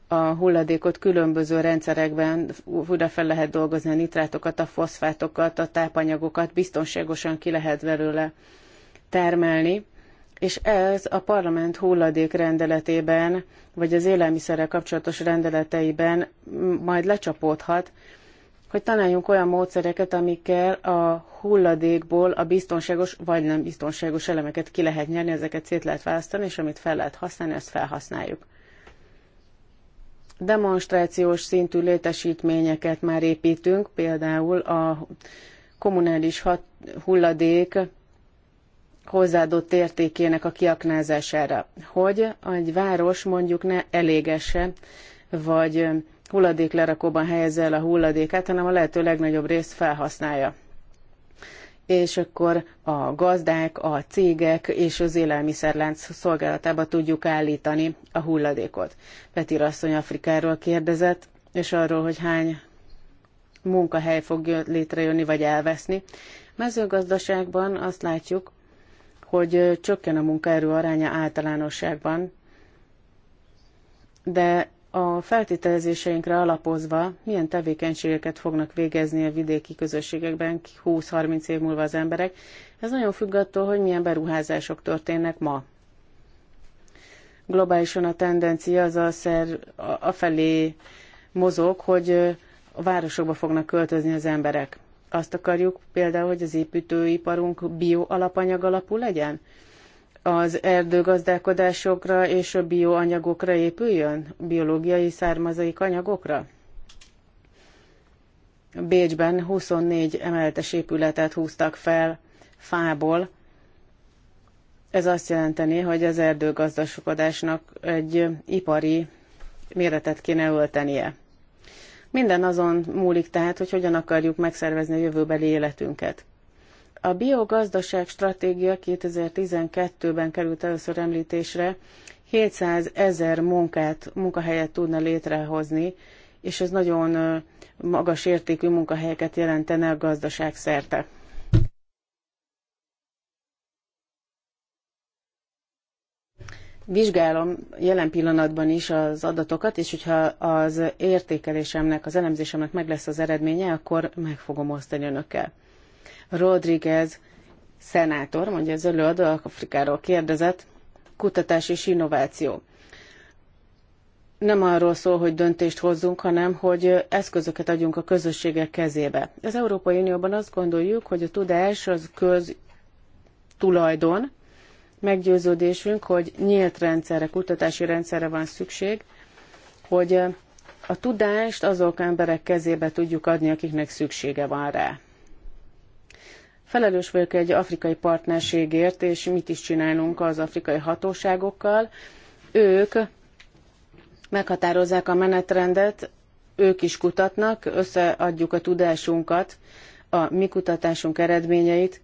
a hulladékot különböző rendszerekben újra fel lehet dolgozni a nitrátokat, a foszfátokat, a tápanyagokat, biztonságosan ki lehet belőle termelni, és ez a parlament hulladék rendeletében, vagy az élelmiszerrel kapcsolatos rendeleteiben majd lecsapódhat, hogy találjunk olyan módszereket, amikkel a hulladékból a biztonságos vagy nem biztonságos elemeket ki lehet nyerni, ezeket szét lehet választani, és amit fel lehet használni, azt felhasználjuk. Demonstrációs szintű létesítményeket már építünk, például a kommunális hat, hulladék hozzáadott értékének a kiaknázására, hogy egy város mondjuk ne elégesse, vagy hulladéklerakóban helyezze el a hulladékát, hanem a lehető legnagyobb részt felhasználja és akkor a gazdák, a cégek és az élelmiszerlánc szolgálatába tudjuk állítani a hulladékot. Petir asszony Afrikáról kérdezett, és arról, hogy hány munkahely fog létrejönni vagy elveszni. A mezőgazdaságban azt látjuk, hogy csökken a munkaerő aránya általánosságban, de a feltételezéseinkre alapozva milyen tevékenységeket fognak végezni a vidéki közösségekben 20-30 év múlva az emberek. Ez nagyon függ attól, hogy milyen beruházások történnek ma. Globálisan a tendencia az a, szer, a felé mozog, hogy a városokba fognak költözni az emberek. Azt akarjuk például, hogy az építőiparunk bio alapanyag alapú legyen? az erdőgazdálkodásokra és a bioanyagokra épüljön? Biológiai származék anyagokra? Bécsben 24 emeletes épületet húztak fel fából. Ez azt jelenteni, hogy az erdőgazdálkodásnak egy ipari méretet kéne öltenie. Minden azon múlik tehát, hogy hogyan akarjuk megszervezni a jövőbeli életünket. A biogazdaság stratégia 2012-ben került először említésre, 700 ezer munkát, munkahelyet tudna létrehozni, és ez nagyon magas értékű munkahelyeket jelentene a gazdaság szerte. Vizsgálom jelen pillanatban is az adatokat, és hogyha az értékelésemnek, az elemzésemnek meg lesz az eredménye, akkor meg fogom osztani önökkel. Rodriguez szenátor, mondja az előadó, Afrikáról kérdezett, kutatás és innováció. Nem arról szól, hogy döntést hozzunk, hanem hogy eszközöket adjunk a közösségek kezébe. Az Európai Unióban azt gondoljuk, hogy a tudás az köz tulajdon, meggyőződésünk, hogy nyílt rendszerre, kutatási rendszerre van szükség, hogy a tudást azok emberek kezébe tudjuk adni, akiknek szüksége van rá. Felelős vagyok egy afrikai partnerségért, és mit is csinálunk az afrikai hatóságokkal. Ők meghatározzák a menetrendet, ők is kutatnak, összeadjuk a tudásunkat, a mi kutatásunk eredményeit,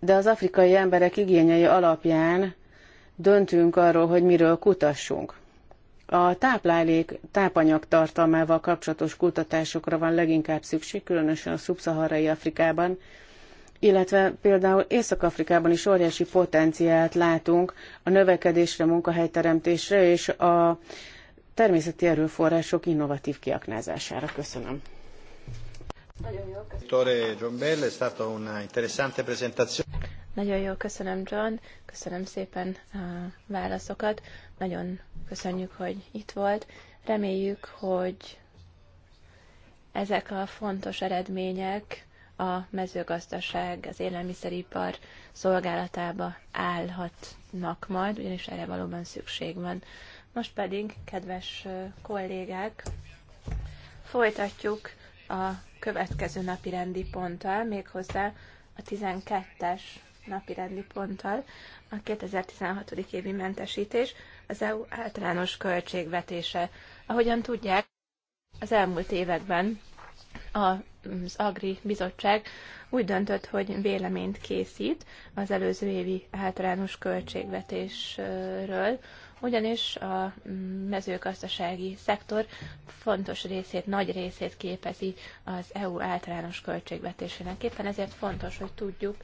de az afrikai emberek igényei alapján döntünk arról, hogy miről kutassunk. A táplálék tápanyag tartalmával kapcsolatos kutatásokra van leginkább szükség, különösen a szubszaharai Afrikában, illetve például Észak-Afrikában is óriási potenciált látunk a növekedésre, munkahelyteremtésre és a természeti erőforrások innovatív kiaknázására. Köszönöm. Nagyon jó, köszönöm John, köszönöm szépen a válaszokat, nagyon köszönjük, hogy itt volt. Reméljük, hogy ezek a fontos eredmények a mezőgazdaság, az élelmiszeripar szolgálatába állhatnak majd, ugyanis erre valóban szükség van. Most pedig, kedves kollégák, folytatjuk a következő napi rendi ponttal, méghozzá a 12-es napi rendi ponttal, a 2016. évi mentesítés, az EU általános költségvetése. Ahogyan tudják, az elmúlt években az Agri Bizottság úgy döntött, hogy véleményt készít az előző évi általános költségvetésről, ugyanis a mezőgazdasági szektor fontos részét, nagy részét képezi az EU általános költségvetésének. Éppen ezért fontos, hogy tudjuk,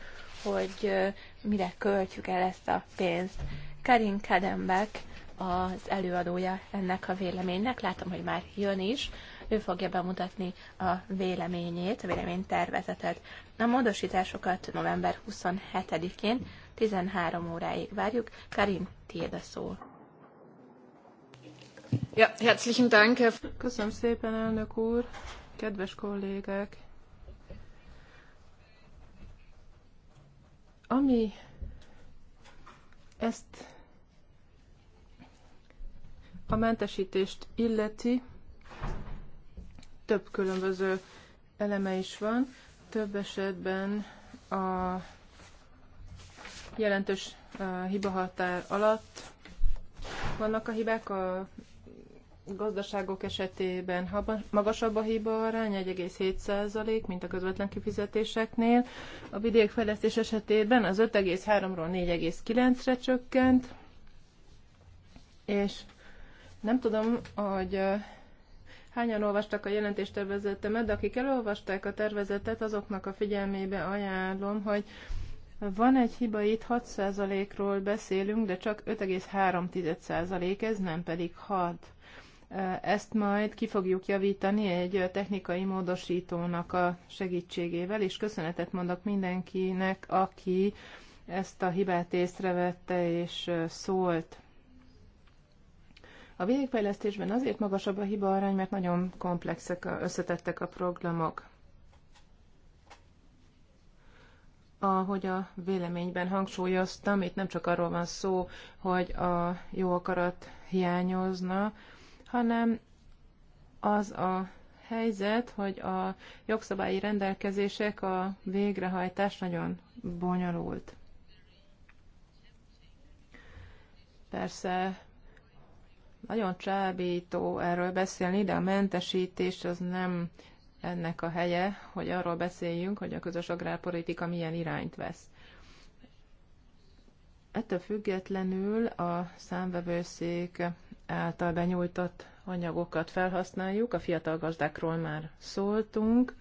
hogy mire költjük el ezt a pénzt. Karin Kadenbeck az előadója ennek a véleménynek, látom, hogy már jön is, ő fogja bemutatni a véleményét, a véleménytervezetet. A módosításokat november 27-én 13 óráig várjuk. Karin, tiéd a szó. Ja, herzlichen Dank. Köszönöm szépen, elnök úr, kedves kollégák. Ami ezt a mentesítést illeti, több különböző eleme is van. Több esetben a jelentős hibahatár alatt vannak a hibák, a gazdaságok esetében magasabb a hiba arány, 1,7%, mint a közvetlen kifizetéseknél. A vidékfejlesztés esetében az 5,3-ról 4,9-re csökkent, és nem tudom, hogy Hányan olvastak a jelentéstervezetemet, de akik elolvasták a tervezetet, azoknak a figyelmébe ajánlom, hogy van egy hiba itt, 6%-ról beszélünk, de csak 5,3% ez, nem pedig 6. Ezt majd ki fogjuk javítani egy technikai módosítónak a segítségével, és köszönetet mondok mindenkinek, aki ezt a hibát észrevette és szólt a vidékfejlesztésben azért magasabb a hiba arány, mert nagyon komplexek, a, összetettek a programok. ahogy a véleményben hangsúlyoztam, itt nem csak arról van szó, hogy a jó akarat hiányozna, hanem az a helyzet, hogy a jogszabályi rendelkezések, a végrehajtás nagyon bonyolult. Persze nagyon csábító erről beszélni, de a mentesítés az nem ennek a helye, hogy arról beszéljünk, hogy a közös agrárpolitika milyen irányt vesz. Ettől függetlenül a számvevőszék által benyújtott anyagokat felhasználjuk, a fiatal gazdákról már szóltunk,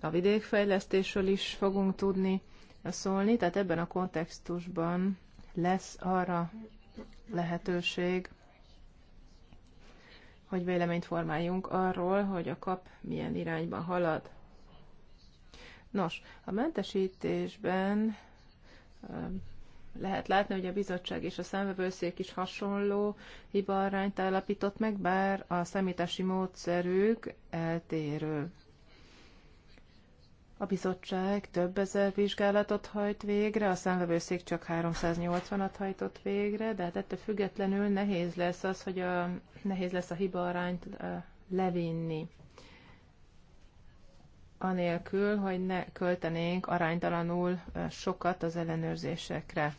a vidékfejlesztésről is fogunk tudni szólni, tehát ebben a kontextusban lesz arra lehetőség, hogy véleményt formáljunk arról, hogy a kap milyen irányba halad. Nos, a mentesítésben lehet látni, hogy a bizottság és a számvevőszék is hasonló hibaarányt állapított meg, bár a számítási módszerük eltérő. A bizottság több ezer vizsgálatot hajt végre, a számvevőszék csak 380-at hajtott végre, de hát ettől függetlenül nehéz lesz az, hogy a, nehéz lesz a hiba arányt levinni. Anélkül, hogy ne költenénk aránytalanul sokat az ellenőrzésekre.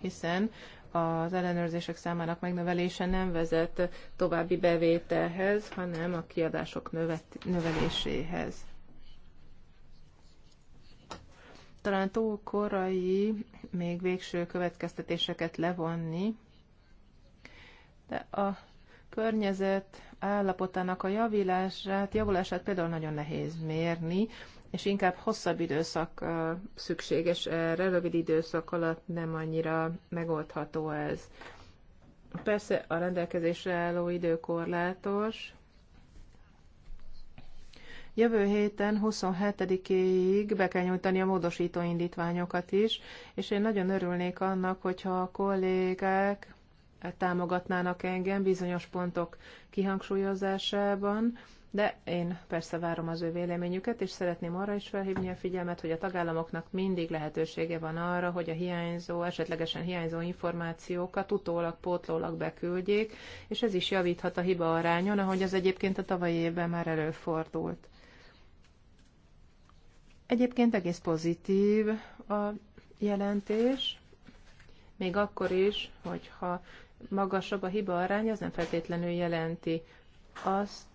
Hiszen az ellenőrzések számának megnövelése nem vezet további bevételhez, hanem a kiadások növet, növeléséhez. talán túl korai még végső következtetéseket levonni, de a környezet állapotának a javulását, javulását például nagyon nehéz mérni, és inkább hosszabb időszak szükséges erre, rövid időszak alatt nem annyira megoldható ez. Persze a rendelkezésre álló idő korlátos, Jövő héten 27-éig be kell nyújtani a módosító indítványokat is, és én nagyon örülnék annak, hogyha a kollégák támogatnának engem bizonyos pontok kihangsúlyozásában, de én persze várom az ő véleményüket, és szeretném arra is felhívni a figyelmet, hogy a tagállamoknak mindig lehetősége van arra, hogy a hiányzó, esetlegesen hiányzó információkat utólag, pótlólag beküldjék, és ez is javíthat a hiba arányon, ahogy az egyébként a tavalyi évben már előfordult. Egyébként egész pozitív a jelentés, még akkor is, hogyha magasabb a hiba arány, az nem feltétlenül jelenti azt,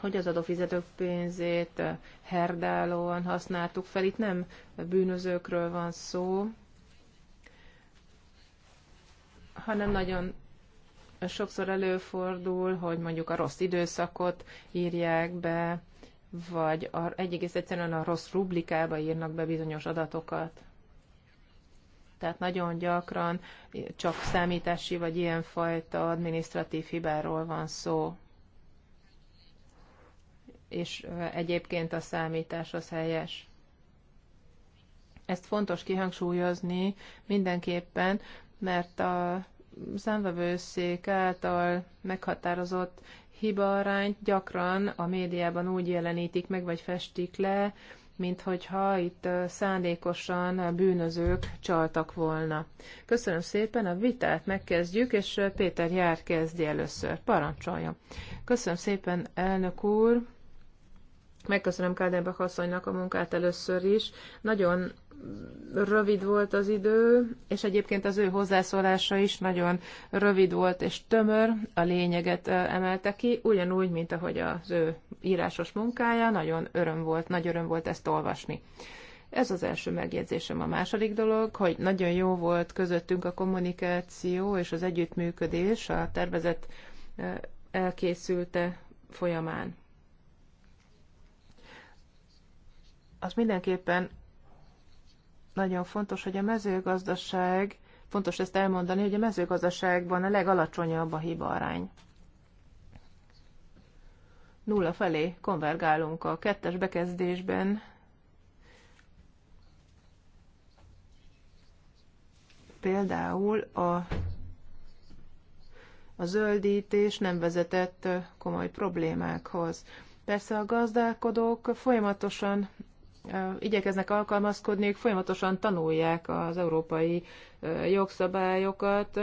hogy az adófizetők pénzét eh, herdálóan használtuk fel. Itt nem bűnözőkről van szó, hanem nagyon sokszor előfordul, hogy mondjuk a rossz időszakot írják be, vagy a, egész egyszerűen a rossz rublikába írnak be bizonyos adatokat. Tehát nagyon gyakran csak számítási vagy ilyenfajta administratív hibáról van szó. És egyébként a számítás az helyes. Ezt fontos kihangsúlyozni mindenképpen, mert a számvevőszék által meghatározott hibaarányt gyakran a médiában úgy jelenítik meg, vagy festik le, mint hogyha itt szándékosan bűnözők csaltak volna. Köszönöm szépen, a vitát megkezdjük, és Péter Jár kezdi először. Parancsoljon. Köszönöm szépen, elnök úr. Megköszönöm Kádenbach asszonynak a munkát először is. Nagyon rövid volt az idő, és egyébként az ő hozzászólása is nagyon rövid volt és tömör, a lényeget emelte ki, ugyanúgy, mint ahogy az ő írásos munkája, nagyon öröm volt, nagy öröm volt ezt olvasni. Ez az első megjegyzésem. A második dolog, hogy nagyon jó volt közöttünk a kommunikáció és az együttműködés a tervezet elkészülte folyamán. Az mindenképpen nagyon fontos, hogy a mezőgazdaság, fontos ezt elmondani, hogy a mezőgazdaságban a legalacsonyabb a hibaarány. Nulla felé konvergálunk a kettes bekezdésben. Például a a zöldítés nem vezetett komoly problémákhoz. Persze a gazdálkodók folyamatosan igyekeznek alkalmazkodni, ők folyamatosan tanulják az európai jogszabályokat,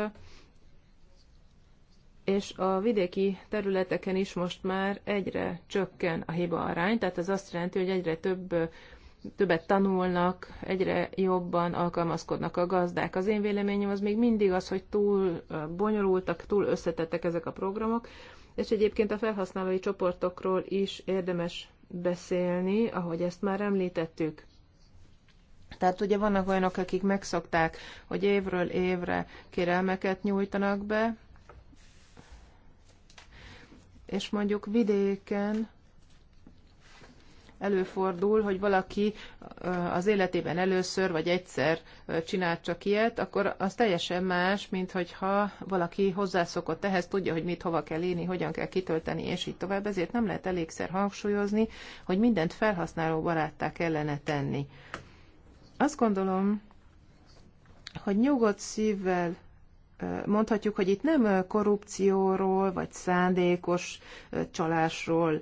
és a vidéki területeken is most már egyre csökken a hiba arány, tehát ez azt jelenti, hogy egyre több többet tanulnak, egyre jobban alkalmazkodnak a gazdák. Az én véleményem az még mindig az, hogy túl bonyolultak, túl összetettek ezek a programok, és egyébként a felhasználói csoportokról is érdemes beszélni, ahogy ezt már említettük. Tehát ugye vannak olyanok, akik megszokták, hogy évről évre kérelmeket nyújtanak be, és mondjuk vidéken előfordul, hogy valaki az életében először vagy egyszer csinált csak ilyet, akkor az teljesen más, mint hogyha valaki hozzászokott ehhez, tudja, hogy mit hova kell élni, hogyan kell kitölteni, és így tovább. Ezért nem lehet elégszer hangsúlyozni, hogy mindent felhasználó baráttá kellene tenni. Azt gondolom, hogy nyugodt szívvel mondhatjuk, hogy itt nem korrupcióról, vagy szándékos csalásról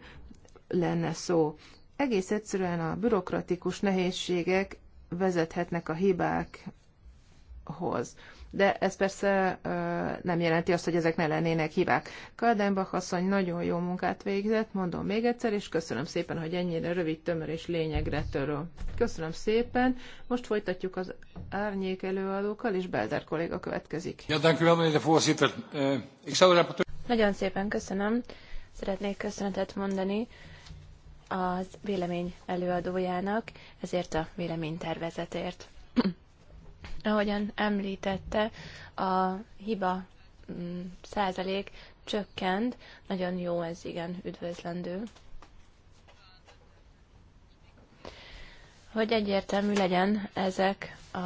lenne szó egész egyszerűen a bürokratikus nehézségek vezethetnek a hibákhoz. De ez persze ö, nem jelenti azt, hogy ezek ne lennének hibák. Kaldenbach asszony nagyon jó munkát végzett, mondom még egyszer, és köszönöm szépen, hogy ennyire rövid, tömör és lényegre töröl. Köszönöm szépen. Most folytatjuk az árnyék előadókkal, és Belder kolléga következik. Ja, eh, Nagyon szépen köszönöm. Szeretnék köszönetet mondani az vélemény előadójának, ezért a véleménytervezetért. Ahogyan említette, a hiba mm, százalék csökkent, nagyon jó ez, igen, üdvözlendő. Hogy egyértelmű legyen ezek a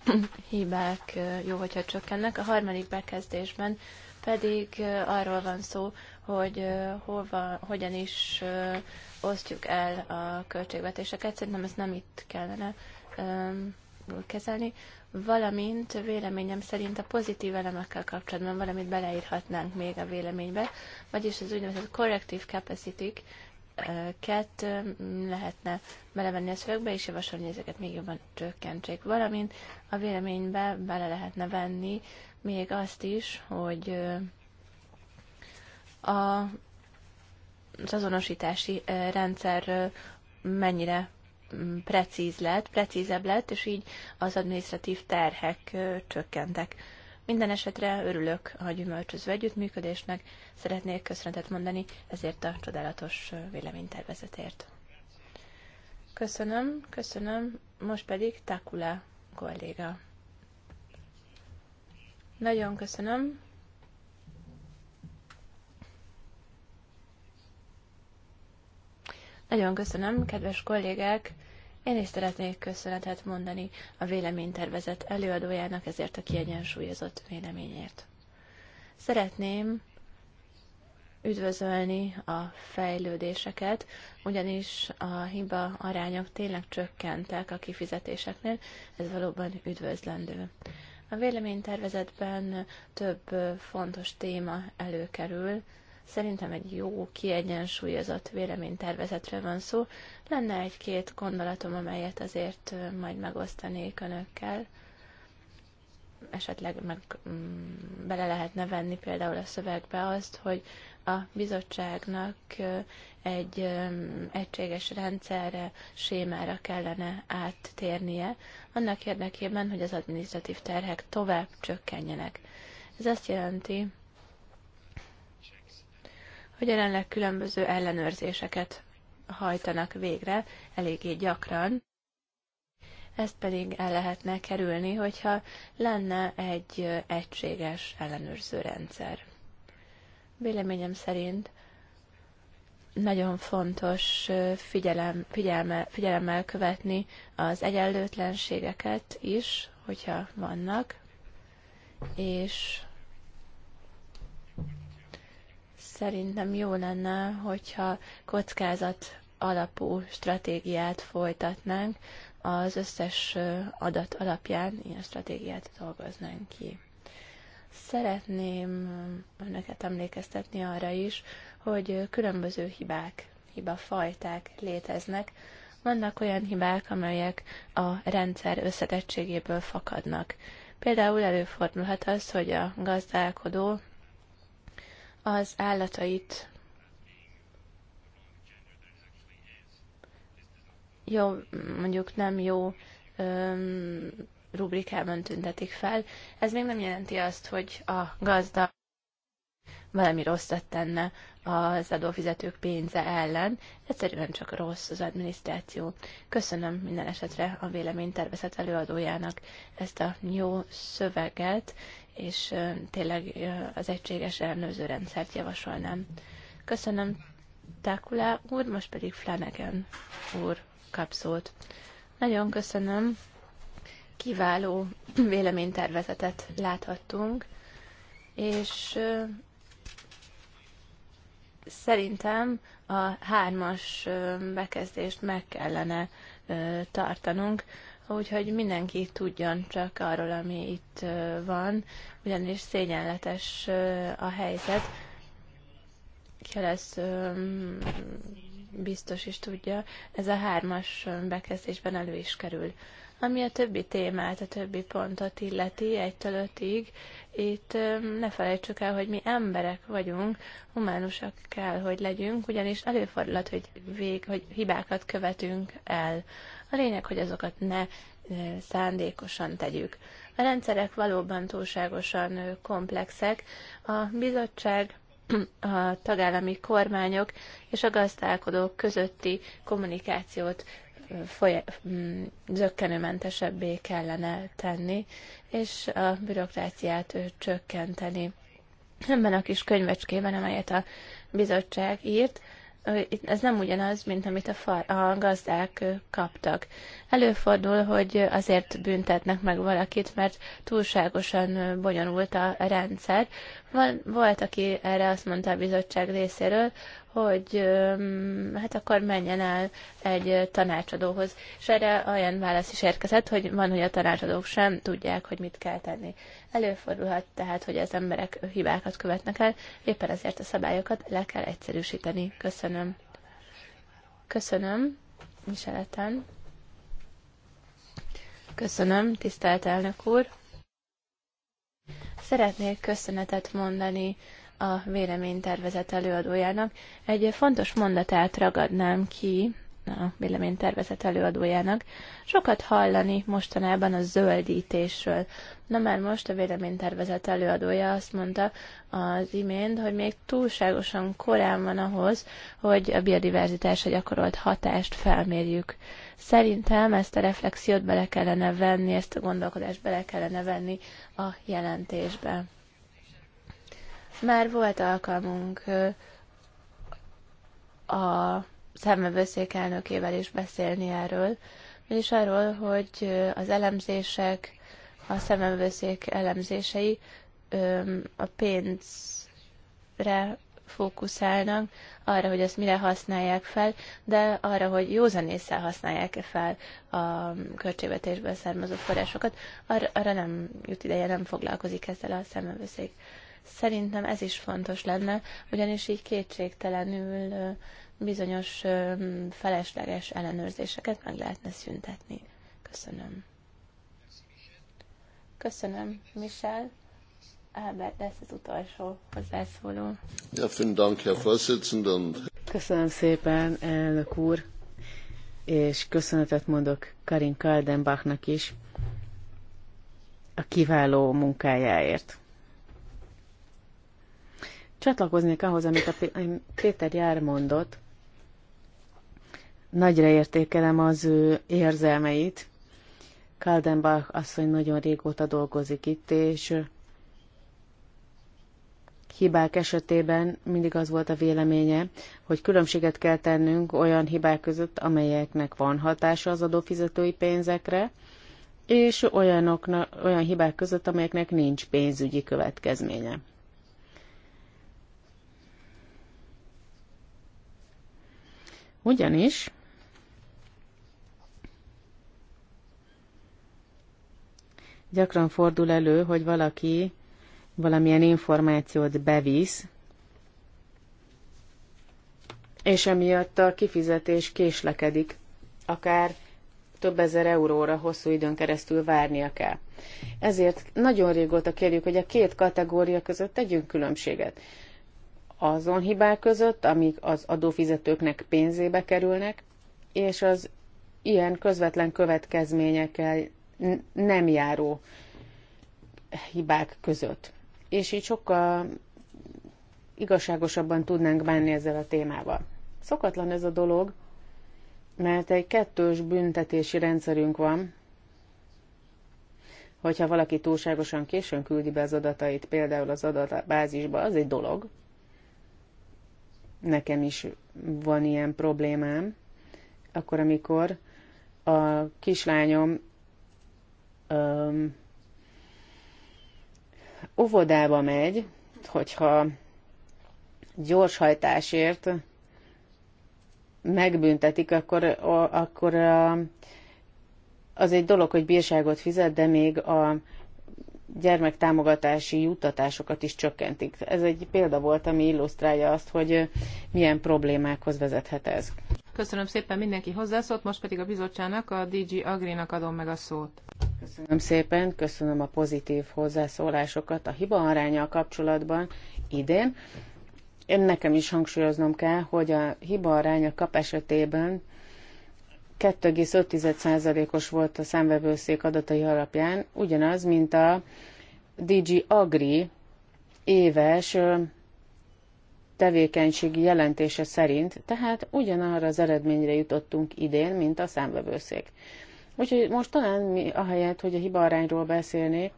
hibák jó, hogyha csökkennek. A harmadik bekezdésben pedig arról van szó, hogy hova, hogyan is osztjuk el a költségvetéseket, szerintem ezt nem itt kellene um, kezelni, valamint véleményem szerint a pozitív elemekkel kapcsolatban valamit beleírhatnánk még a véleménybe, vagyis az úgynevezett corrective capacity ket lehetne belevenni a szövegbe, és javasolni, hogy ezeket még jobban csökkentsék. Valamint a véleménybe bele lehetne venni még azt is, hogy a az azonosítási rendszer mennyire mm, precíz lett, precízebb lett, és így az administratív terhek csökkentek. Minden esetre örülök a gyümölcsöző együttműködésnek, szeretnék köszönetet mondani ezért a csodálatos véleménytervezetért. Köszönöm, köszönöm, most pedig Takula kolléga. Nagyon köszönöm. Nagyon köszönöm, kedves kollégák! Én is szeretnék köszönetet mondani a véleménytervezet előadójának ezért a kiegyensúlyozott véleményért. Szeretném üdvözölni a fejlődéseket, ugyanis a hiba arányok tényleg csökkentek a kifizetéseknél, ez valóban üdvözlendő. A véleménytervezetben több fontos téma előkerül, Szerintem egy jó, kiegyensúlyozott véleménytervezetről van szó. Lenne egy-két gondolatom, amelyet azért majd megosztanék önökkel. Esetleg meg mm, bele lehetne venni például a szövegbe azt, hogy a bizottságnak egy egységes rendszerre, sémára kellene áttérnie, annak érdekében, hogy az adminisztratív terhek tovább csökkenjenek. Ez azt jelenti, hogy jelenleg különböző ellenőrzéseket hajtanak végre eléggé gyakran. Ezt pedig el lehetne kerülni, hogyha lenne egy egységes ellenőrző rendszer. Véleményem szerint nagyon fontos figyelem, figyelme, figyelemmel követni az egyenlőtlenségeket is, hogyha vannak, és szerintem jó lenne, hogyha kockázat alapú stratégiát folytatnánk, az összes adat alapján ilyen stratégiát dolgoznánk ki. Szeretném önöket emlékeztetni arra is, hogy különböző hibák, hibafajták léteznek. Vannak olyan hibák, amelyek a rendszer összetettségéből fakadnak. Például előfordulhat az, hogy a gazdálkodó az állatait jó, mondjuk nem jó öm, rubrikában tüntetik fel, ez még nem jelenti azt, hogy a gazda valami rosszat tenne az adófizetők pénze ellen, egyszerűen csak rossz az adminisztráció. Köszönöm minden esetre a véleménytervezet előadójának ezt a jó szöveget, és tényleg az egységes ellenőrző rendszert javasolnám. Köszönöm Tákulá úr, most pedig Flanagan úr kap szót. Nagyon köszönöm, kiváló véleménytervezetet láthattunk, és szerintem a hármas bekezdést meg kellene tartanunk, úgyhogy mindenki tudjon csak arról, ami itt van, ugyanis szégyenletes a helyzet. ki lesz biztos is tudja, ez a hármas bekezdésben elő is kerül. Ami a többi témát, a többi pontot illeti, egytől ötig, itt ne felejtsük el, hogy mi emberek vagyunk, humánusak kell, hogy legyünk, ugyanis előfordulhat, hogy, vég, hogy hibákat követünk el. A lényeg, hogy azokat ne szándékosan tegyük. A rendszerek valóban túlságosan komplexek. A bizottság a tagállami kormányok és a gazdálkodók közötti kommunikációt foly- zöggenőmentesebbé kellene tenni, és a bürokráciát csökkenteni. Ebben a kis könyvecskében, amelyet a bizottság írt, ez nem ugyanaz, mint amit a, far, a gazdák kaptak. Előfordul, hogy azért büntetnek meg valakit, mert túlságosan bonyolult a rendszer. Van, volt, aki erre azt mondta a bizottság részéről, hogy hát akkor menjen el egy tanácsadóhoz. És erre olyan válasz is érkezett, hogy van, hogy a tanácsadók sem tudják, hogy mit kell tenni. Előfordulhat tehát, hogy az emberek hibákat követnek el, éppen ezért a szabályokat le kell egyszerűsíteni. Köszönöm. Köszönöm, Miseleten. Köszönöm, tisztelt elnök úr. Szeretnék köszönetet mondani a véleménytervezet előadójának. Egy fontos mondatát ragadnám ki a véleménytervezet előadójának. Sokat hallani mostanában a zöldítésről. Na már most a véleménytervezet előadója azt mondta az imént, hogy még túlságosan korán van ahhoz, hogy a biodiverzitásra gyakorolt hatást felmérjük. Szerintem ezt a reflexiót bele kellene venni, ezt a gondolkodást bele kellene venni a jelentésbe. Már volt alkalmunk a szemmevőszék elnökével is beszélni erről, vagyis arról, hogy az elemzések, a szemmevőszék elemzései a pénzre fókuszálnak, arra, hogy ezt mire használják fel, de arra, hogy józanésszel használják-e fel a költségvetésből származó forrásokat, arra, arra nem jut ideje, nem foglalkozik ezzel a szemmevőszék. Szerintem ez is fontos lenne, ugyanis így kétségtelenül bizonyos felesleges ellenőrzéseket meg lehetne szüntetni. Köszönöm. Köszönöm, Michel. Albert ez az utolsó hozzászóló. Ja, vielen Dank, Köszönöm szépen, elnök úr, és köszönetet mondok Karin Kaldenbachnak is a kiváló munkájáért. Csatlakoznék ahhoz, amit a Péter Jár mondott. Nagyra értékelem az ő érzelmeit. Kaldenbach asszony nagyon régóta dolgozik itt, és hibák esetében mindig az volt a véleménye, hogy különbséget kell tennünk olyan hibák között, amelyeknek van hatása az adófizetői pénzekre, és olyanoknak, olyan hibák között, amelyeknek nincs pénzügyi következménye. Ugyanis gyakran fordul elő, hogy valaki valamilyen információt bevisz, és emiatt a kifizetés késlekedik, akár több ezer euróra hosszú időn keresztül várnia kell. Ezért nagyon régóta kérjük, hogy a két kategória között tegyünk különbséget azon hibák között, amik az adófizetőknek pénzébe kerülnek, és az ilyen közvetlen következményekkel nem járó hibák között. És így sokkal igazságosabban tudnánk bánni ezzel a témával. Szokatlan ez a dolog, mert egy kettős büntetési rendszerünk van, hogyha valaki túlságosan későn küldi be az adatait, például az adatbázisba, az egy dolog, nekem is van ilyen problémám, akkor amikor a kislányom öm, óvodába megy, hogyha gyorshajtásért megbüntetik, akkor, akkor az egy dolog, hogy bírságot fizet, de még a gyermektámogatási juttatásokat is csökkentik. Ez egy példa volt, ami illusztrálja azt, hogy milyen problémákhoz vezethet ez. Köszönöm szépen mindenki hozzászólt, most pedig a bizottságnak, a DG Agrinak adom meg a szót. Köszönöm szépen, köszönöm a pozitív hozzászólásokat a hiba a kapcsolatban idén. Én nekem is hangsúlyoznom kell, hogy a hiba aránya kap esetében 2,5%-os volt a számvevőszék adatai alapján, ugyanaz, mint a DG Agri éves tevékenységi jelentése szerint, tehát ugyanarra az eredményre jutottunk idén, mint a számvevőszék. Úgyhogy most talán mi, ahelyett, hogy a hibaarányról beszélnék,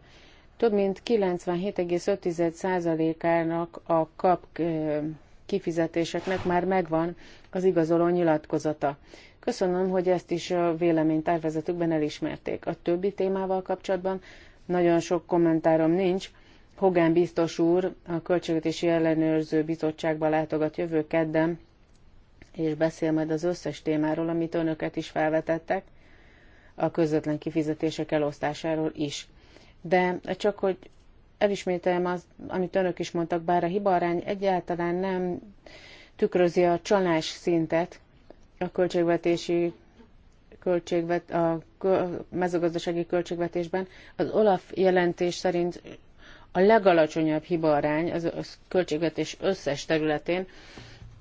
több mint 97,5%-ának a kap kifizetéseknek már megvan az igazoló nyilatkozata. Köszönöm, hogy ezt is a véleménytervezetükben elismerték. A többi témával kapcsolatban nagyon sok kommentárom nincs. Hogán biztos úr a Költségvetési Ellenőrző Bizottságba látogat jövő kedden, és beszél majd az összes témáról, amit önöket is felvetettek, a közvetlen kifizetések elosztásáról is. De csak, hogy elismételjem azt, amit önök is mondtak, bár a hibarány egyáltalán nem tükrözi a csalás szintet, a költségvetési költségvet, a mezőgazdasági költségvetésben az Olaf jelentés szerint a legalacsonyabb hibaarány az a költségvetés összes területén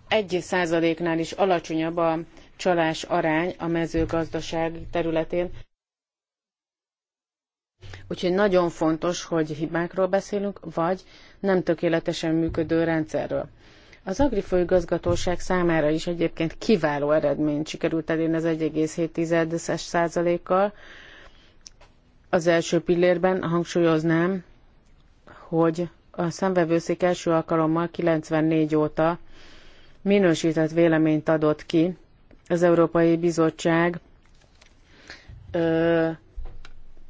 egy százaléknál is alacsonyabb a csalás arány a mezőgazdaság területén. Úgyhogy nagyon fontos, hogy hibákról beszélünk, vagy nem tökéletesen működő rendszerről. Az agrifőigazgatóság számára is egyébként kiváló eredményt sikerült elérni az 1,7 százalékkal. Az első pillérben hangsúlyoznám, hogy a szemvevőszék első alkalommal 94 óta minősített véleményt adott ki az Európai Bizottság ö,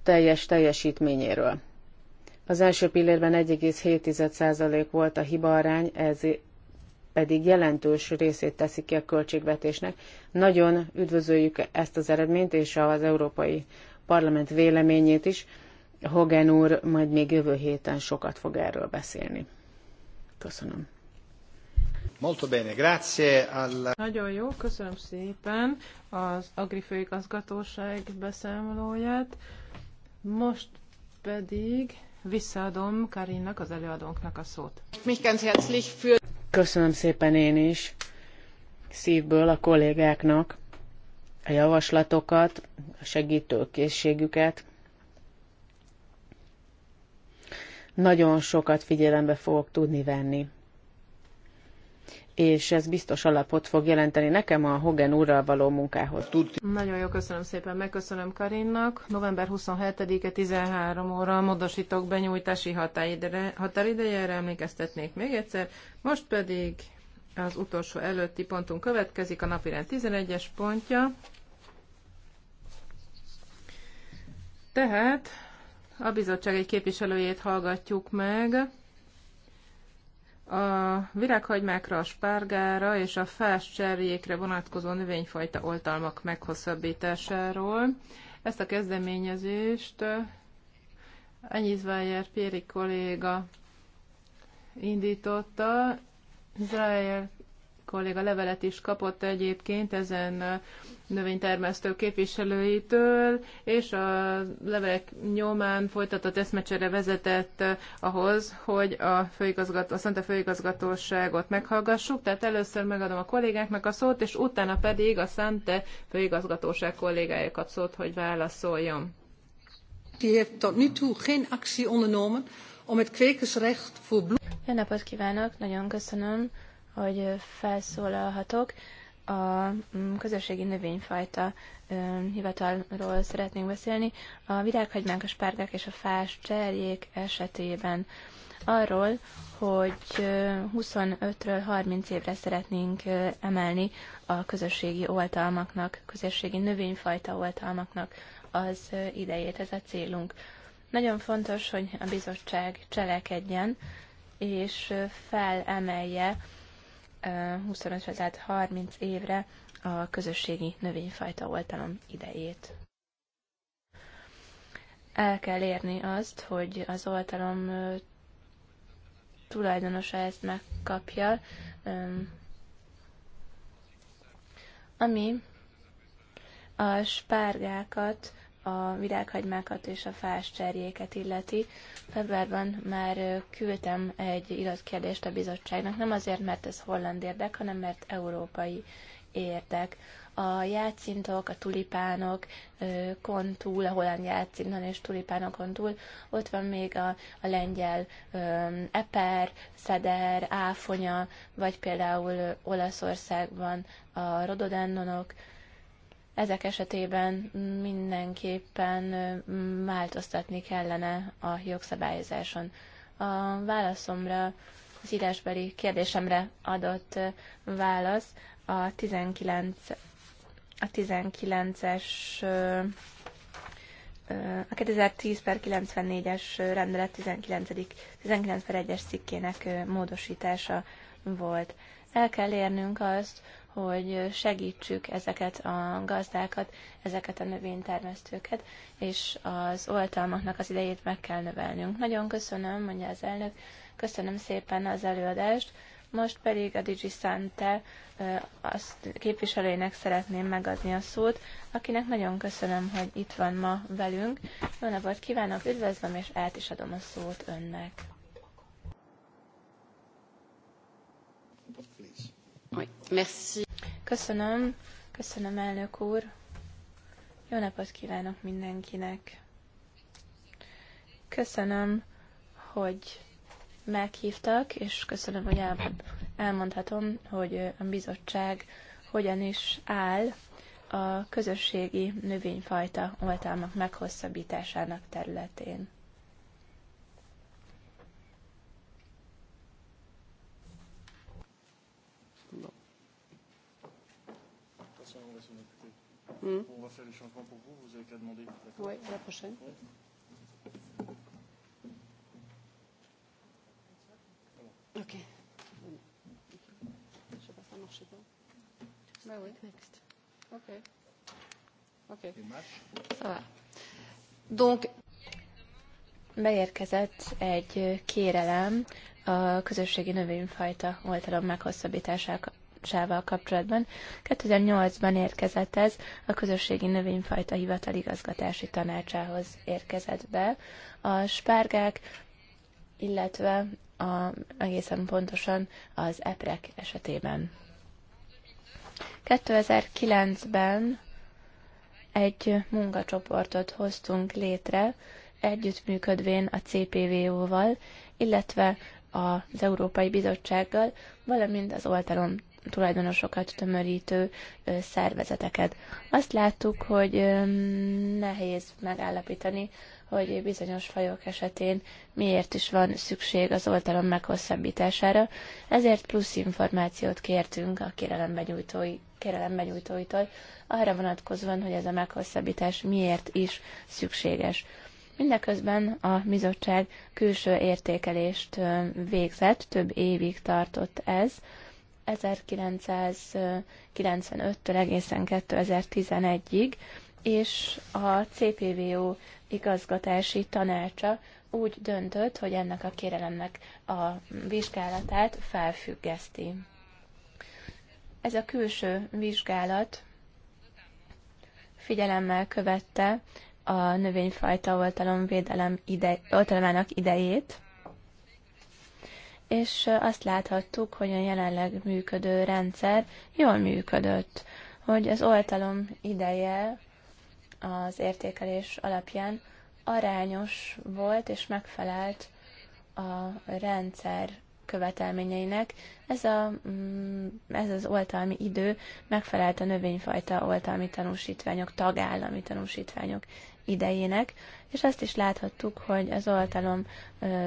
teljes teljesítményéről. Az első pillérben 1,7% volt a hibaarány, ez pedig jelentős részét teszi ki a költségvetésnek. Nagyon üdvözöljük ezt az eredményt és az Európai Parlament véleményét is. Hogan úr majd még jövő héten sokat fog erről beszélni. Köszönöm. Molto bene, grazie alla... Nagyon jó, köszönöm szépen az Agrifőigazgatóság beszámolóját. Most pedig visszaadom Karinnak, az előadónknak a szót. Mich ganz herzlich für Köszönöm szépen én is szívből a kollégáknak a javaslatokat, a segítőkészségüket. Nagyon sokat figyelembe fogok tudni venni és ez biztos alapot fog jelenteni nekem a Hogan úrral való munkához. Nagyon jó, köszönöm szépen, megköszönöm Karinnak. November 27-e 13 óra módosítok benyújtási határidejére, határidejére emlékeztetnék még egyszer. Most pedig az utolsó előtti pontunk következik, a napirend 11-es pontja. Tehát a bizottság egy képviselőjét hallgatjuk meg. A virághagymákra, a spárgára és a fás cserjékre vonatkozó növényfajta oltalmak meghosszabbításáról. Ezt a kezdeményezést eh, Enyizvájer Péri kolléga indította. Izrael kolléga levelet is kapott egyébként ezen eh, növénytermesztő képviselőitől, és a levelek nyomán folytatott eszmecsere vezetett ahhoz, hogy a, főigazgató, a Szente főigazgatóságot meghallgassuk. Tehát először megadom a kollégáknak a szót, és utána pedig a Szente főigazgatóság kollégáikat szót, hogy válaszoljon. Die heeft tot nu toe geen actie ondernomen om het kwekersrecht voor bloem... Jó napot kívánok, nagyon köszönöm, hogy felszólalhatok a mm, közösségi növényfajta hivatalról szeretnénk beszélni, a virághagymánk, a spárgák és a fás cserjék esetében arról, hogy 25-ről 30 évre szeretnénk emelni a közösségi oltalmaknak, közösségi növényfajta oltalmaknak az idejét, ez a célunk. Nagyon fontos, hogy a bizottság cselekedjen, és felemelje 25 tehát 30 évre a közösségi növényfajta oltalom idejét. El kell érni azt, hogy az oltalom tulajdonosa ezt megkapja, ami a spárgákat a virághagymákat és a fás cserjéket illeti, februárban már küldtem egy iratkérdést a bizottságnak, nem azért, mert ez holland érdek, hanem mert európai érdek. A játszintok, a tulipánok kontúl, a holland játszinton és tulipánokon túl, ott van még a, a lengyel eper, szeder, áfonya, vagy például Olaszországban a rododendonok, ezek esetében mindenképpen változtatni kellene a jogszabályozáson. A válaszomra, az írásbeli kérdésemre adott válasz a 19 a 19-es a 2010 per 94-es rendelet 19. 19 per 1-es cikkének módosítása volt. El kell érnünk azt, hogy segítsük ezeket a gazdákat, ezeket a növénytermesztőket, és az oltalmaknak az idejét meg kell növelnünk. Nagyon köszönöm, mondja az elnök, köszönöm szépen az előadást, most pedig a Digi Sante azt képviselőjének szeretném megadni a szót, akinek nagyon köszönöm, hogy itt van ma velünk. Jó napot kívánok, üdvözlöm, és át is adom a szót önnek. Köszönöm. Köszönöm, elnök úr. Jó napot kívánok mindenkinek. Köszönöm, hogy meghívtak, és köszönöm, hogy elmondhatom, hogy a bizottság hogyan is áll a közösségi növényfajta oltalmak meghosszabbításának területén. mmh. On va faire les changements pour vous, vous avez qu'à demander. Oui, la prochaine. Ouais. Ok. Je ne sais pas, ça ne marchait pas. Bah oui. Next. Ok. Ok. Ça va. Donc, beérkezett egy kérelem a közösségi növényfajta oltalom meghosszabbítására sával kapcsolatban. 2008-ban érkezett ez, a közösségi növényfajta hivatal igazgatási tanácsához érkezett be. A spárgák, illetve a, egészen pontosan az eprek esetében. 2009-ben egy munkacsoportot hoztunk létre, együttműködvén a CPVO-val, illetve az Európai Bizottsággal, valamint az oltalom tulajdonosokat tömörítő szervezeteket. Azt láttuk, hogy nehéz megállapítani, hogy bizonyos fajok esetén miért is van szükség az oltalom meghosszabbítására, ezért plusz információt kértünk a kérelembenyújtói kérelembenyújtóitól, arra vonatkozóan, hogy ez a meghosszabbítás miért is szükséges. Mindeközben a bizottság külső értékelést végzett, több évig tartott ez, 1995-től egészen 2011-ig, és a CPVO igazgatási tanácsa úgy döntött, hogy ennek a kérelemnek a vizsgálatát felfüggeszti. Ez a külső vizsgálat figyelemmel követte a növényfajta oltalomvédelem ide, oltalmának idejét, és azt láthattuk, hogy a jelenleg működő rendszer jól működött, hogy az oltalom ideje az értékelés alapján arányos volt és megfelelt a rendszer követelményeinek. Ez, a, mm, ez az oltalmi idő megfelelt a növényfajta oltalmi tanúsítványok, tagállami tanúsítványok idejének, és azt is láthattuk, hogy az oltalom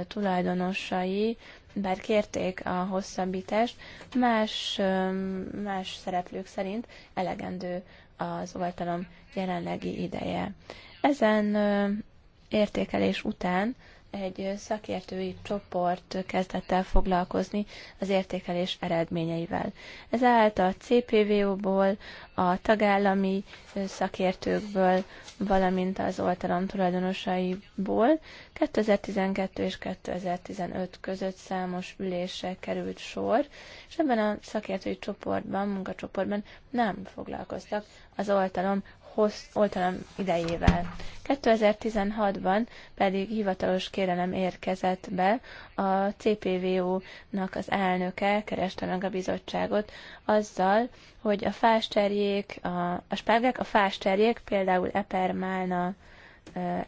tulajdonosai bár kérték a hosszabbítást, más, más szereplők szerint elegendő az oltalom jelenlegi ideje. Ezen értékelés után egy szakértői csoport kezdett el foglalkozni az értékelés eredményeivel. Ez állt a CPVO-ból, a tagállami szakértőkből, valamint az oltalom tulajdonosaiból. 2012 és 2015 között számos ülésre került sor, és ebben a szakértői csoportban, munkacsoportban nem foglalkoztak az oltalom hossz, oltalom idejével. 2016-ban pedig hivatalos kérelem érkezett be, a CPVO-nak az elnöke kereste meg a bizottságot azzal, hogy a fásterjék, a, a spárgák, a fásterjék, például epermálna,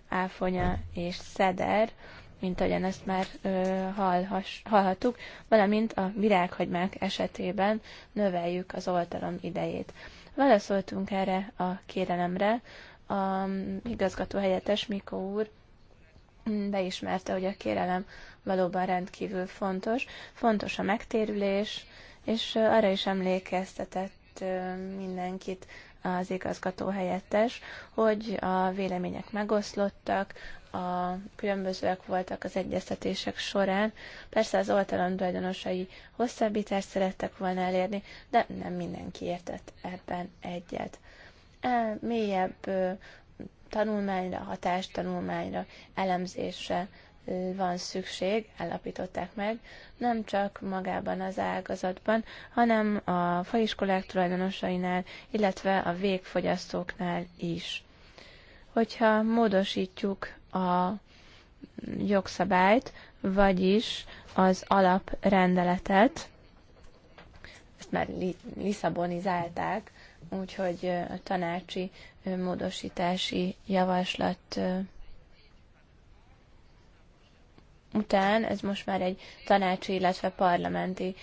áfonya és szeder, mint ahogyan ezt már ö, hallhass, hallhattuk, valamint a virághagymák esetében növeljük az oltalom idejét. Válaszoltunk erre a kérelemre. A igazgató helyettes Mikó úr beismerte, hogy a kérelem valóban rendkívül fontos. Fontos a megtérülés, és arra is emlékeztetett mindenkit, az igazgató helyettes, hogy a vélemények megoszlottak, a különbözőek voltak az egyeztetések során. Persze az oltalom tulajdonosai hosszabbítást szerettek volna elérni, de nem mindenki értett ebben egyet. E, mélyebb tanulmányra, hatástanulmányra, elemzésre van szükség, állapították meg, nem csak magában az ágazatban, hanem a faiskolák tulajdonosainál, illetve a végfogyasztóknál is. Hogyha módosítjuk a jogszabályt, vagyis az alaprendeletet, ezt már liszabonizálták, úgyhogy a tanácsi módosítási javaslat után ez most már egy tanácsi, illetve parlamenti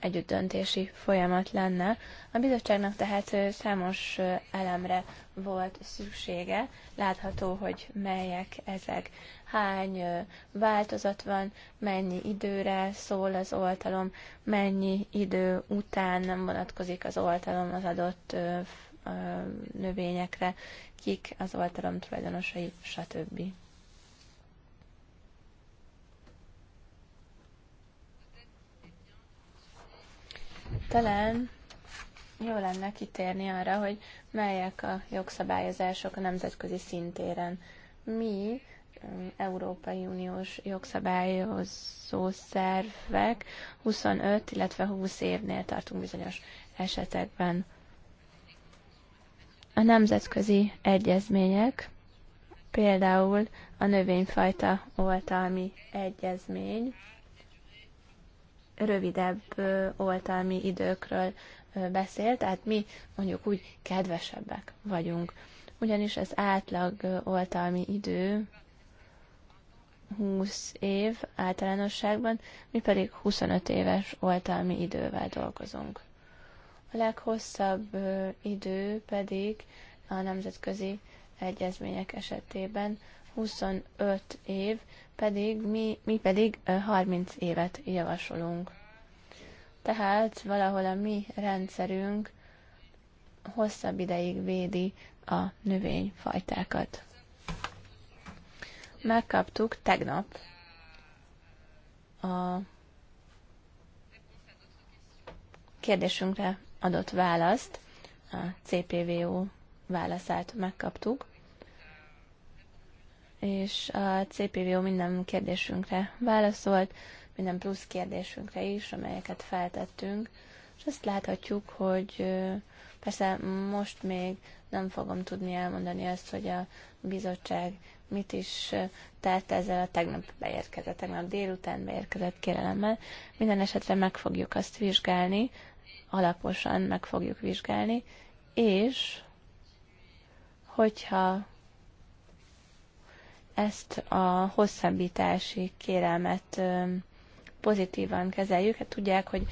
együttdöntési folyamat lenne. A bizottságnak tehát számos elemre volt szüksége, látható, hogy melyek ezek, hány változat van, mennyi időre szól az oltalom, mennyi idő után nem vonatkozik az oltalom az adott növényekre, kik az oltalom tulajdonosai, stb. Talán jó lenne kitérni arra, hogy melyek a jogszabályozások a nemzetközi szintéren. Mi, um, Európai Uniós jogszabályozó szervek 25, illetve 20 évnél tartunk bizonyos esetekben. A nemzetközi egyezmények, például a növényfajta oltalmi egyezmény, rövidebb oltalmi időkről beszél, tehát mi mondjuk úgy kedvesebbek vagyunk. Ugyanis az átlag oltalmi idő 20 év általánosságban, mi pedig 25 éves oltalmi idővel dolgozunk. A leghosszabb idő pedig a nemzetközi egyezmények esetében 25 év, pedig mi, mi pedig 30 évet javasolunk. Tehát valahol a mi rendszerünk hosszabb ideig védi a növényfajtákat. Megkaptuk tegnap a kérdésünkre adott választ, a CPVO válaszát megkaptuk, és a CPVO minden kérdésünkre válaszolt, minden plusz kérdésünkre is, amelyeket feltettünk, és azt láthatjuk, hogy persze most még nem fogom tudni elmondani azt, hogy a bizottság mit is tett ezzel a tegnap beérkezett, tegnap délután beérkezett kérelemmel. Minden esetre meg fogjuk azt vizsgálni, alaposan meg fogjuk vizsgálni, és hogyha ezt a hosszabbítási kérelmet pozitívan kezeljük. Hát tudják, hogy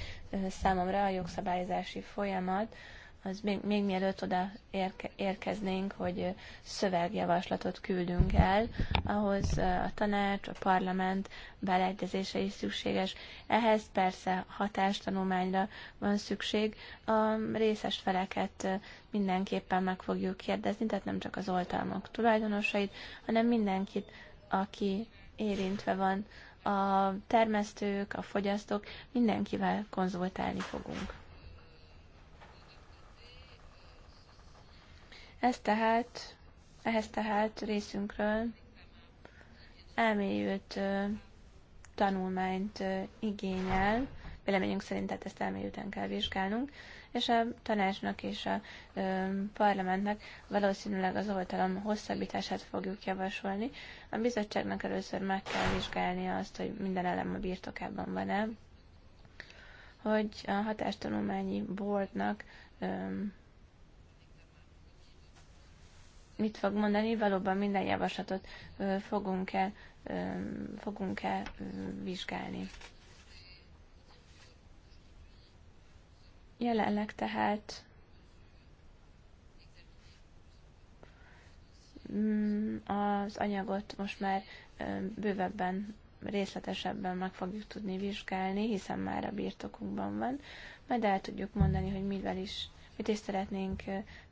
számomra a jogszabályozási folyamat az még, még mielőtt oda érke, érkeznénk, hogy szövegjavaslatot küldünk el, ahhoz a tanács, a parlament beleegyezése is szükséges. Ehhez persze hatástanulmányra van szükség. A részes feleket mindenképpen meg fogjuk kérdezni, tehát nem csak az oltalmak tulajdonosait, hanem mindenkit, aki érintve van, a termesztők, a fogyasztók, mindenkivel konzultálni fogunk. Ez tehát, ehhez tehát részünkről elmélyült tanulmányt igényel, véleményünk szerint tehát ezt elmélyülten kell vizsgálnunk, és a tanácsnak és a ö, parlamentnek valószínűleg az oltalom hosszabbítását fogjuk javasolni. A bizottságnak először meg kell vizsgálni azt, hogy minden elem a birtokában van-e, hogy a hatástanulmányi boardnak mit fog mondani, valóban minden javaslatot fogunk-e fogunk -e vizsgálni. Jelenleg tehát mm, az anyagot most már bővebben, részletesebben meg fogjuk tudni vizsgálni, hiszen már a birtokunkban van, majd el tudjuk mondani, hogy mivel is mit is szeretnénk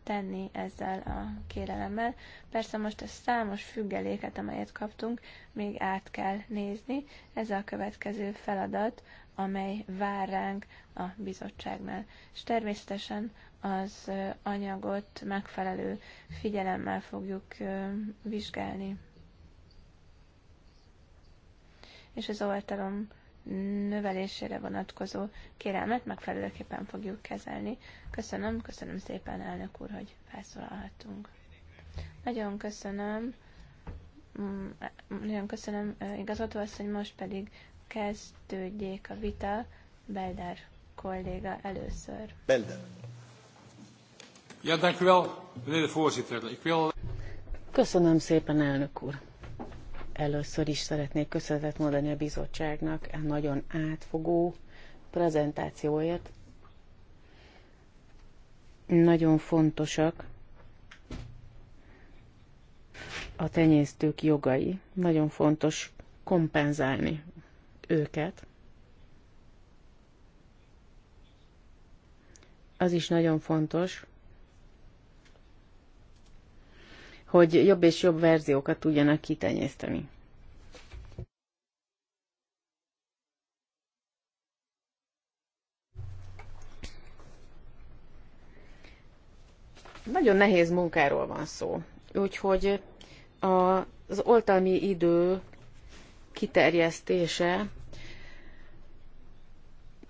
tenni ezzel a kérelemmel. Persze most a számos függeléket, amelyet kaptunk, még át kell nézni. Ez a következő feladat, amely vár ránk a bizottságnál. És természetesen az anyagot megfelelő figyelemmel fogjuk vizsgálni. És az oltalom növelésére vonatkozó kérelmet megfelelőképpen fogjuk kezelni. Köszönöm, köszönöm szépen, elnök úr, hogy felszólalhattunk. Nagyon köszönöm, mm, nagyon köszönöm igazgató asszony, most pedig kezdődjék a vita Belder kolléga először. Belder. Ja, dank u wel, meneer de voorzitter. Ik wil... Köszönöm szépen, elnök úr. Először is szeretnék köszönetet mondani a bizottságnak a nagyon átfogó prezentációért. Nagyon fontosak a tenyésztők jogai. Nagyon fontos kompenzálni őket. Az is nagyon fontos, hogy jobb és jobb verziókat tudjanak kitenyészteni. Nagyon nehéz munkáról van szó, úgyhogy az oltalmi idő kiterjesztése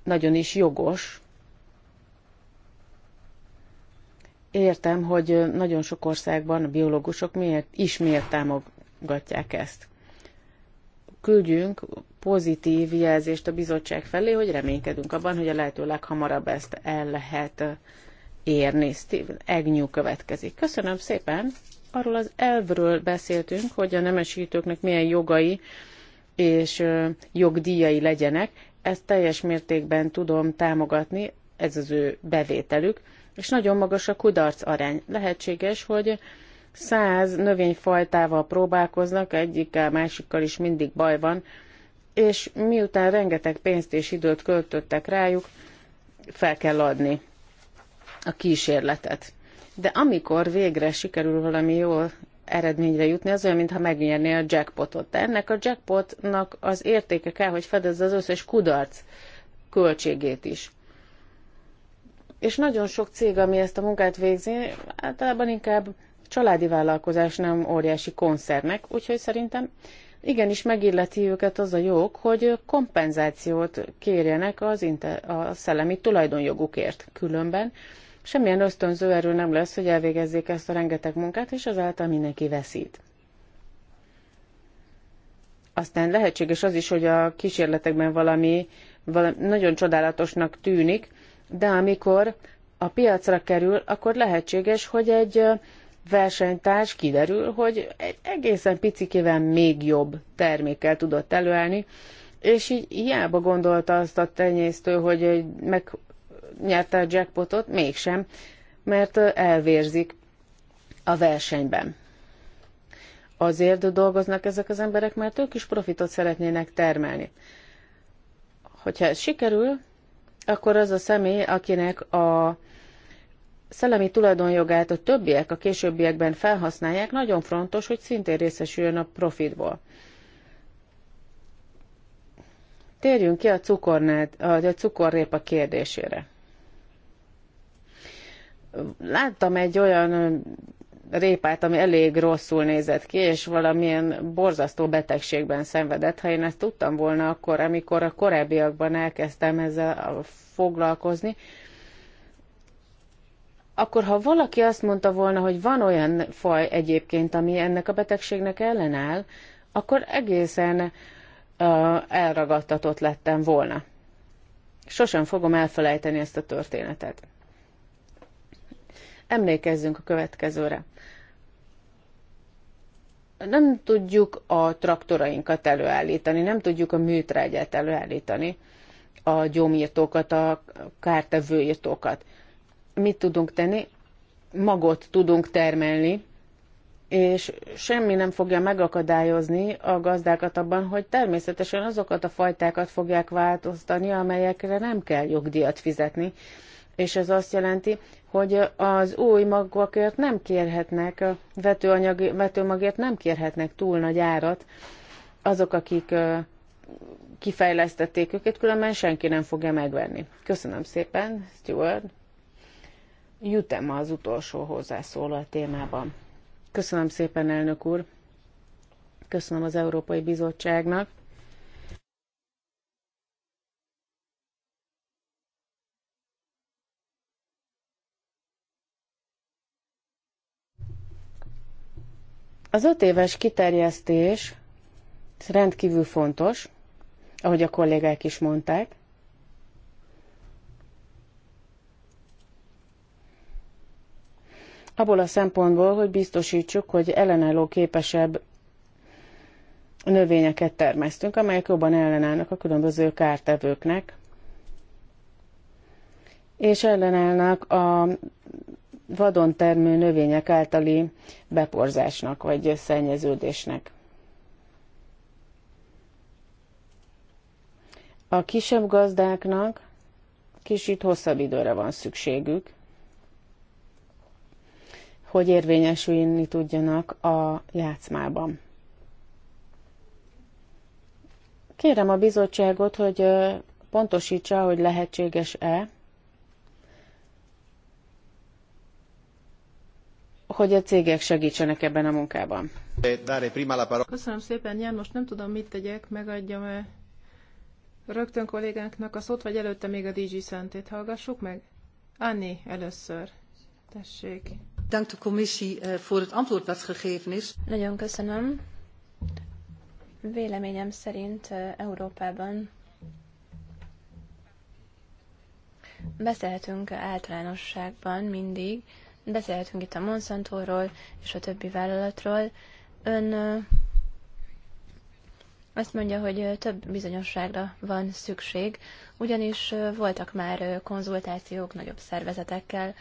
nagyon is jogos, értem, hogy nagyon sok országban a biológusok miért, is miért támogatják ezt. Küldjünk pozitív jelzést a bizottság felé, hogy reménykedünk abban, hogy a lehető leghamarabb ezt el lehet érni. Steve Agnew következik. Köszönöm szépen! Arról az elvről beszéltünk, hogy a nemesítőknek milyen jogai és jogdíjai legyenek. Ezt teljes mértékben tudom támogatni, ez az ő bevételük és nagyon magas a kudarc arány. Lehetséges, hogy száz növényfajtával próbálkoznak, egyikkel, másikkal is mindig baj van, és miután rengeteg pénzt és időt költöttek rájuk, fel kell adni a kísérletet. De amikor végre sikerül valami jó eredményre jutni, az olyan, mintha megnyerné a jackpotot. De ennek a jackpotnak az értéke kell, hogy fedezze az összes kudarc költségét is. És nagyon sok cég, ami ezt a munkát végzi, általában inkább családi vállalkozás, nem óriási koncernek, úgyhogy szerintem igenis megilleti őket az a jog, hogy kompenzációt kérjenek az inter- a szellemi tulajdonjogukért. Különben semmilyen ösztönző erő nem lesz, hogy elvégezzék ezt a rengeteg munkát, és azáltal mindenki veszít. Aztán lehetséges az is, hogy a kísérletekben valami, valami nagyon csodálatosnak tűnik, de amikor a piacra kerül, akkor lehetséges, hogy egy versenytárs kiderül, hogy egy egészen picikével még jobb termékkel tudott előállni, és így hiába gondolta azt a tenyésztő, hogy megnyerte a jackpotot, mégsem, mert elvérzik a versenyben. Azért dolgoznak ezek az emberek, mert ők is profitot szeretnének termelni. Hogyha ez sikerül, akkor az a személy, akinek a szellemi tulajdonjogát a többiek a későbbiekben felhasználják, nagyon fontos, hogy szintén részesüljön a profitból. Térjünk ki a, cukornád, a cukorrépa kérdésére. Láttam egy olyan répát, ami elég rosszul nézett ki, és valamilyen borzasztó betegségben szenvedett. Ha én ezt tudtam volna akkor, amikor a korábbiakban elkezdtem ezzel foglalkozni, akkor ha valaki azt mondta volna, hogy van olyan faj egyébként, ami ennek a betegségnek ellenáll, akkor egészen uh, elragadtatott lettem volna. Sosem fogom elfelejteni ezt a történetet. Emlékezzünk a következőre nem tudjuk a traktorainkat előállítani, nem tudjuk a műtrágyát előállítani, a gyomírtókat, a kártevőírtókat. Mit tudunk tenni? Magot tudunk termelni, és semmi nem fogja megakadályozni a gazdákat abban, hogy természetesen azokat a fajtákat fogják változtani, amelyekre nem kell jogdíjat fizetni, és ez azt jelenti, hogy az új magvakért nem kérhetnek, vetőanyag, vetőmagért nem kérhetnek túl nagy árat azok, akik kifejlesztették őket, különben senki nem fogja megvenni. Köszönöm szépen, Stuart. Jutem az utolsó hozzászóló a témában. Köszönöm szépen, elnök úr. Köszönöm az Európai Bizottságnak Az öt éves kiterjesztés rendkívül fontos, ahogy a kollégák is mondták. Abból a szempontból, hogy biztosítsuk, hogy ellenálló képesebb növényeket termesztünk, amelyek jobban ellenállnak a különböző kártevőknek, és ellenállnak a vadon termő növények általi beporzásnak vagy szennyeződésnek. A kisebb gazdáknak kicsit hosszabb időre van szükségük, hogy érvényesülni tudjanak a játszmában. Kérem a bizottságot, hogy pontosítsa, hogy lehetséges-e hogy a cégek segítsenek ebben a munkában. Köszönöm szépen, Jan, most nem tudom, mit tegyek, megadjam-e rögtön kollégánknak a szót, vagy előtte még a DG Szentét hallgassuk meg? Anni, először. Tessék. Dank de commissie eh, voor het antwoord gegeven is. Nagyon köszönöm. Véleményem szerint eh, Európában beszélhetünk általánosságban mindig Beszélhetünk itt a Monsantóról és a többi vállalatról. Ön azt mondja, hogy több bizonyosságra van szükség, ugyanis voltak már konzultációk nagyobb szervezetekkel,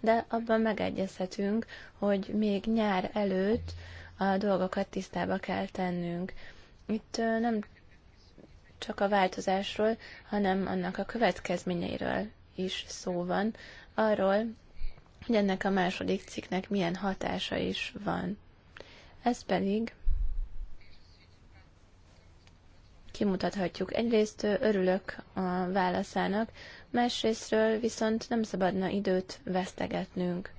de abban megegyezhetünk, hogy még nyár előtt a dolgokat tisztába kell tennünk. Itt nem csak a változásról, hanem annak a következményeiről is szó van, arról, hogy ennek a második cikknek milyen hatása is van. Ez pedig kimutathatjuk. Egyrészt örülök a válaszának, másrésztről viszont nem szabadna időt vesztegetnünk.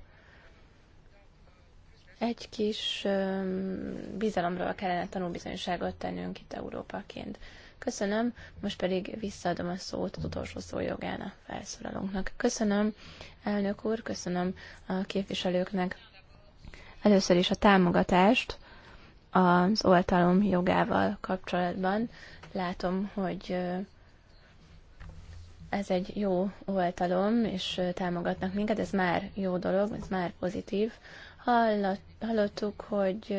Egy kis bizalomról kellene tanulbizonyságot tennünk itt Európaként. Köszönöm, most pedig visszaadom a szót az utolsó szójogán a felszólalónknak. Köszönöm, elnök úr, köszönöm a képviselőknek először is a támogatást az oltalom jogával kapcsolatban. Látom, hogy ez egy jó oltalom, és támogatnak minket, ez már jó dolog, ez már pozitív hallottuk, hogy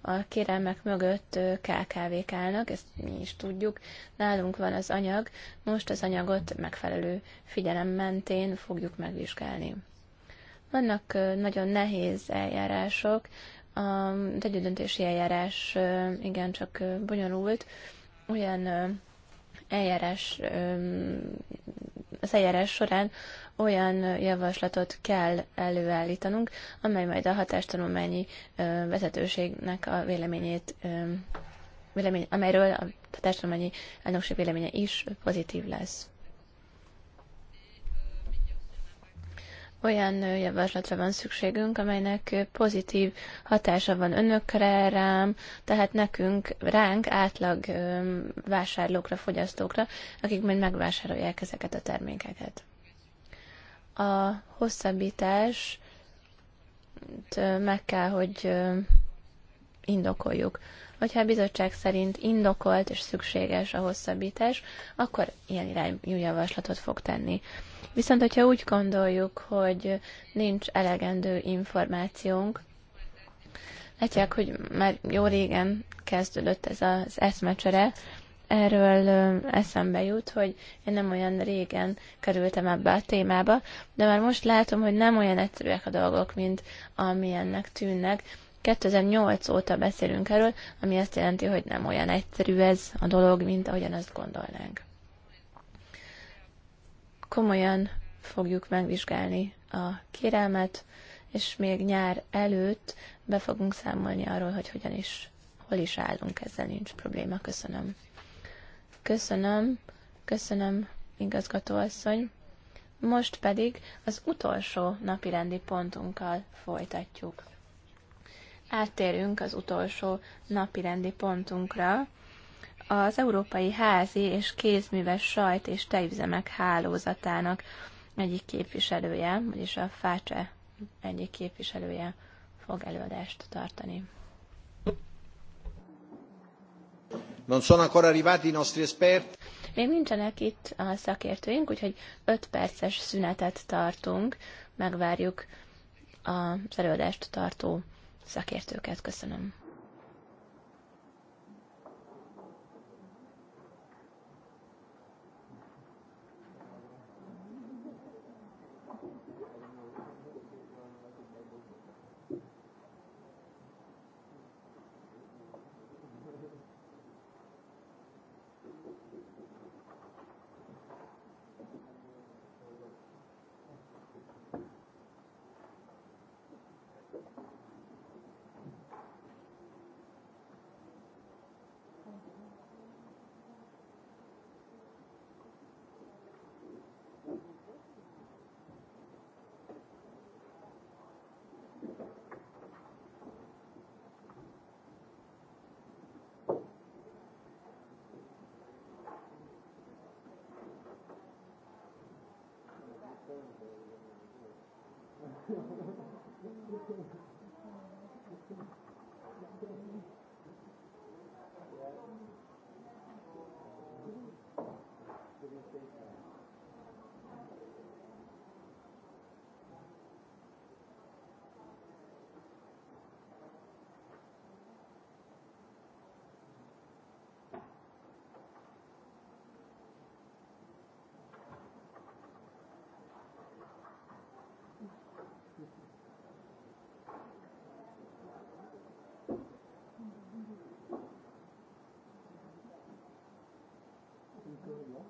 a kérelmek mögött KKV-k állnak, ezt mi is tudjuk. Nálunk van az anyag, most az anyagot megfelelő figyelem mentén fogjuk megvizsgálni. Vannak nagyon nehéz eljárások, a együttdöntési eljárás igencsak bonyolult, olyan eljárás, az eljárás során olyan javaslatot kell előállítanunk, amely majd a hatástanulmányi vezetőségnek a véleményét, vélemény, amelyről a hatástanulmányi elnökség véleménye is pozitív lesz. olyan javaslatra van szükségünk, amelynek pozitív hatása van önökre, rám, tehát nekünk, ránk, átlag vásárlókra, fogyasztókra, akik majd megvásárolják ezeket a termékeket a hosszabbítás meg kell, hogy indokoljuk. Hogyha a bizottság szerint indokolt és szükséges a hosszabbítás, akkor ilyen irányú javaslatot fog tenni. Viszont, hogyha úgy gondoljuk, hogy nincs elegendő információnk, látják, hogy már jó régen kezdődött ez az eszmecsere, erről eszembe jut, hogy én nem olyan régen kerültem ebbe a témába, de már most látom, hogy nem olyan egyszerűek a dolgok, mint amilyennek tűnnek. 2008 óta beszélünk erről, ami azt jelenti, hogy nem olyan egyszerű ez a dolog, mint ahogyan azt gondolnánk. Komolyan fogjuk megvizsgálni a kérelmet, és még nyár előtt be fogunk számolni arról, hogy hogyan is, hol is állunk, ezzel nincs probléma. Köszönöm. Köszönöm, köszönöm, igazgatóasszony. Most pedig az utolsó napirendi pontunkkal folytatjuk. Áttérünk az utolsó napirendi pontunkra, az Európai Házi és Kézműves Sajt és Tejüzemek Hálózatának egyik képviselője, vagyis a FÁCSE egyik képviselője fog előadást tartani. Non sono ancora arrivati i nostri esperti. Még nincsenek itt a szakértőink, úgyhogy 5 perces szünetet tartunk, megvárjuk a előadást tartó szakértőket. Köszönöm. Jó.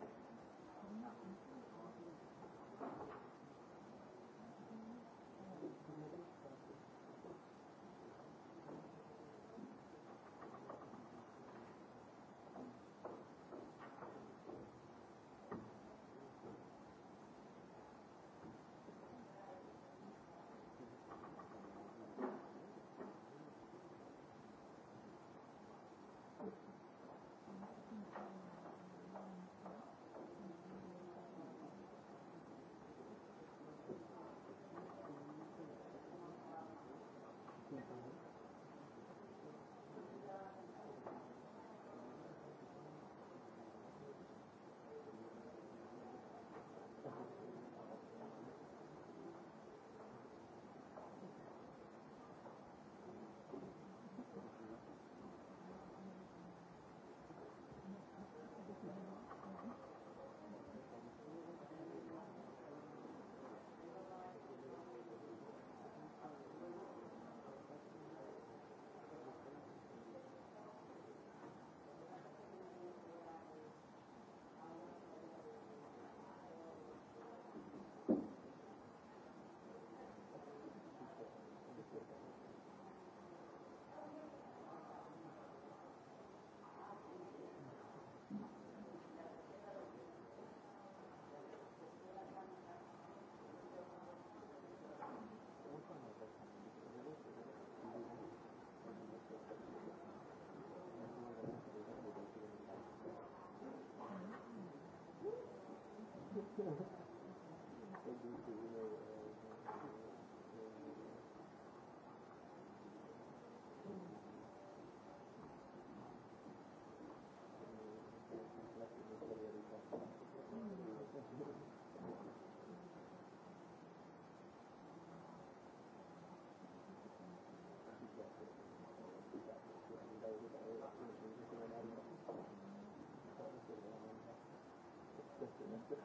Thank you. Gracias.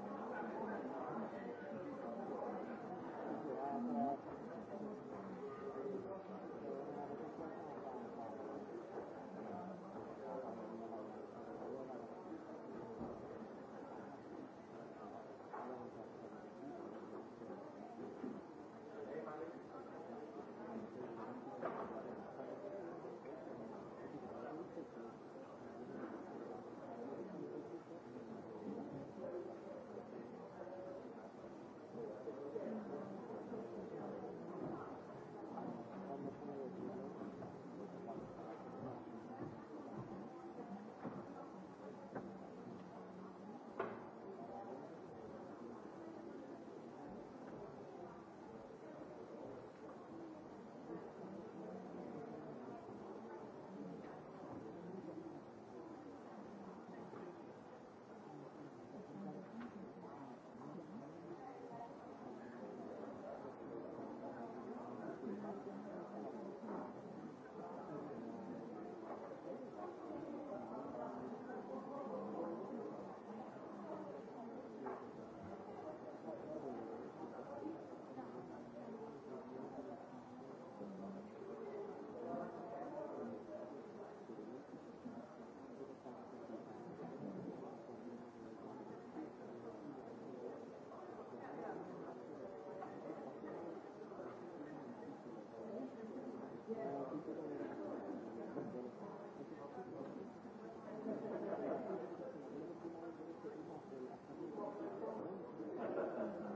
Thank you.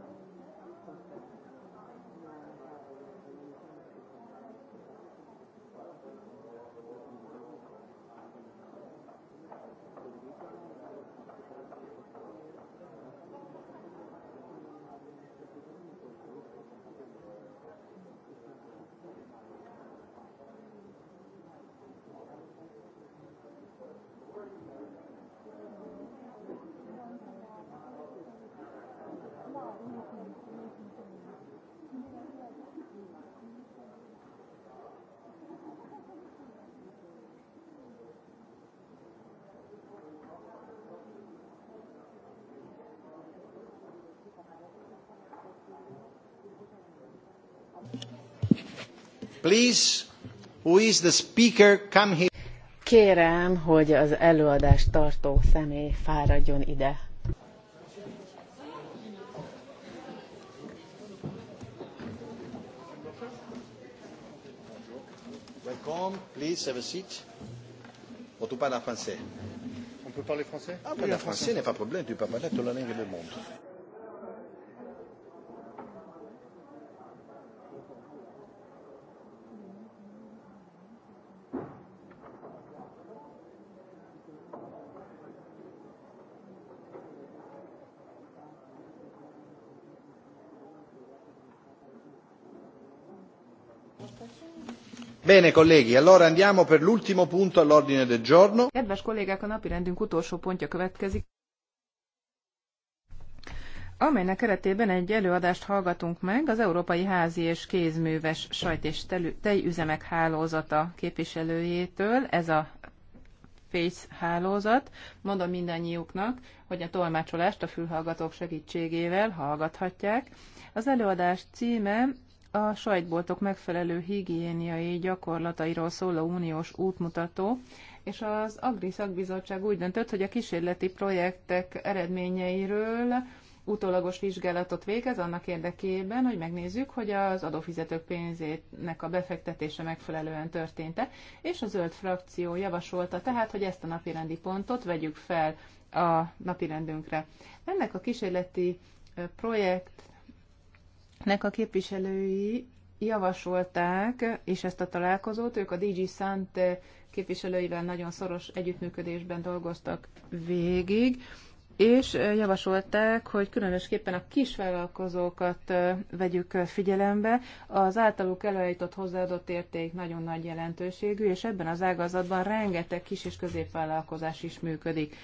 Please, who is the speaker, come here. Kérem, hogy az előadást tartó személy fáradjon ide. Welcome, please have a seat. Bon, tu parles français. On peut parler français Ah, parler oui, français, n'est pas problème, tu peux parler toute la langue du monde. Bene, colleghi, allora andiamo per l'ultimo punto all'ordine del giorno. Kedves kollégák, a napirendünk utolsó pontja következik, amelynek keretében egy előadást hallgatunk meg az Európai Házi és Kézműves Sajt és Tejüzemek Hálózata képviselőjétől. Ez a Face hálózat. Mondom mindannyiuknak, hogy a tolmácsolást a fülhallgatók segítségével hallgathatják. Az előadás címe a sajtboltok megfelelő higiéniai gyakorlatairól szóló uniós útmutató, és az Agri Szakbizottság úgy döntött, hogy a kísérleti projektek eredményeiről utólagos vizsgálatot végez annak érdekében, hogy megnézzük, hogy az adófizetők pénzének a befektetése megfelelően történt-e, és a zöld frakció javasolta tehát, hogy ezt a napirendi pontot vegyük fel a napirendünkre. Ennek a kísérleti projekt nek a képviselői javasolták, és ezt a találkozót, ők a DG Sant képviselőivel nagyon szoros együttműködésben dolgoztak végig, és javasolták, hogy különösképpen a kisvállalkozókat vegyük figyelembe. Az általuk előállított hozzáadott érték nagyon nagy jelentőségű, és ebben az ágazatban rengeteg kis és középvállalkozás is működik.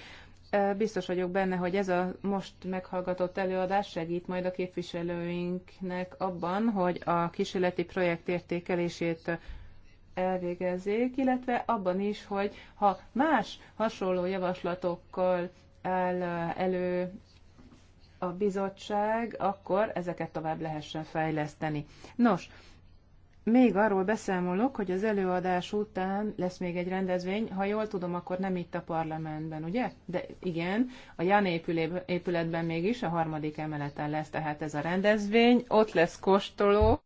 Biztos vagyok benne, hogy ez a most meghallgatott előadás segít majd a képviselőinknek abban, hogy a kísérleti projekt értékelését elvégezzék, illetve abban is, hogy ha más hasonló javaslatokkal áll elő a bizottság, akkor ezeket tovább lehessen fejleszteni. Nos, még arról beszámolok, hogy az előadás után lesz még egy rendezvény, ha jól tudom, akkor nem itt a parlamentben, ugye? De igen, a Jan épületben mégis, a harmadik emeleten lesz tehát ez a rendezvény, ott lesz kostoló.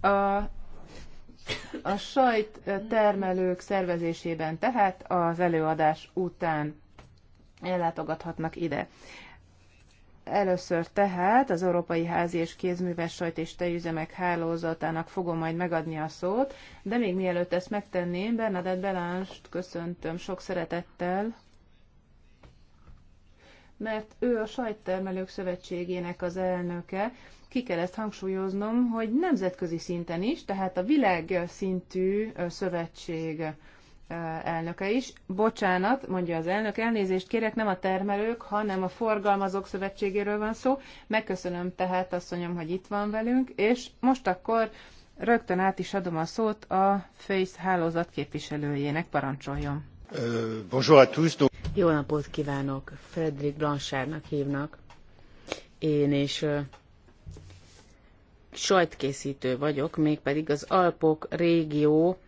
A a sajt termelők szervezésében tehát az előadás után ellátogathatnak ide. Először tehát az Európai Házi és Kézműves Sajt és Tejüzemek Hálózatának fogom majd megadni a szót, de még mielőtt ezt megtenném, Bernadett Belánst köszöntöm sok szeretettel, mert ő a Sajttermelők Szövetségének az elnöke. Ki kell ezt hangsúlyoznom, hogy nemzetközi szinten is, tehát a világszintű szövetség elnöke is. Bocsánat, mondja az elnök, elnézést kérek, nem a termelők, hanem a forgalmazók szövetségéről van szó. Megköszönöm tehát, asszonyom, hogy itt van velünk, és most akkor rögtön át is adom a szót a FACE hálózat képviselőjének, parancsoljon. Bonjour à tous. Jó napot kívánok! Fredrik Blanchardnak hívnak. Én és sajtkészítő vagyok, mégpedig az Alpok régió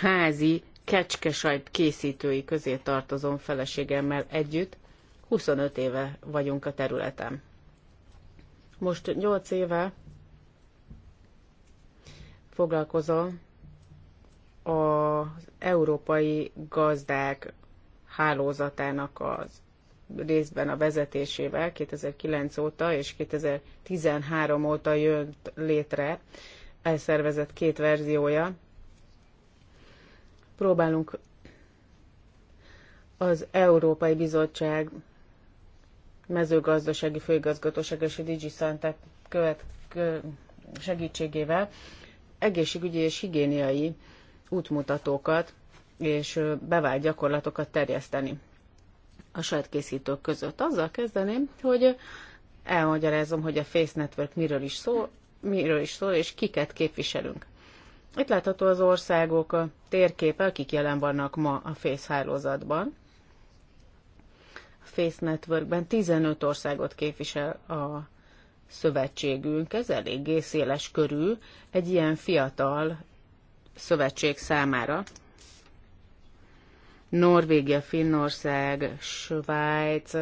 házi kecskesajt készítői közé tartozom feleségemmel együtt, 25 éve vagyunk a területen. Most 8 éve foglalkozom az európai gazdák hálózatának az részben a vezetésével 2009 óta és 2013 óta jött létre elszervezett két verziója próbálunk az Európai Bizottság mezőgazdasági főigazgatóság és a Digi Santa követ, segítségével egészségügyi és higiéniai útmutatókat és bevált gyakorlatokat terjeszteni a saját készítők között. Azzal kezdeném, hogy elmagyarázom, hogy a Face Network miről is szól, miről is szól, és kiket képviselünk. Itt látható az országok térképe, akik jelen vannak ma a FACE hálózatban. A FACE Networkben 15 országot képvisel a szövetségünk, ez eléggé széles körű egy ilyen fiatal szövetség számára. Norvégia, Finnország, Svájc,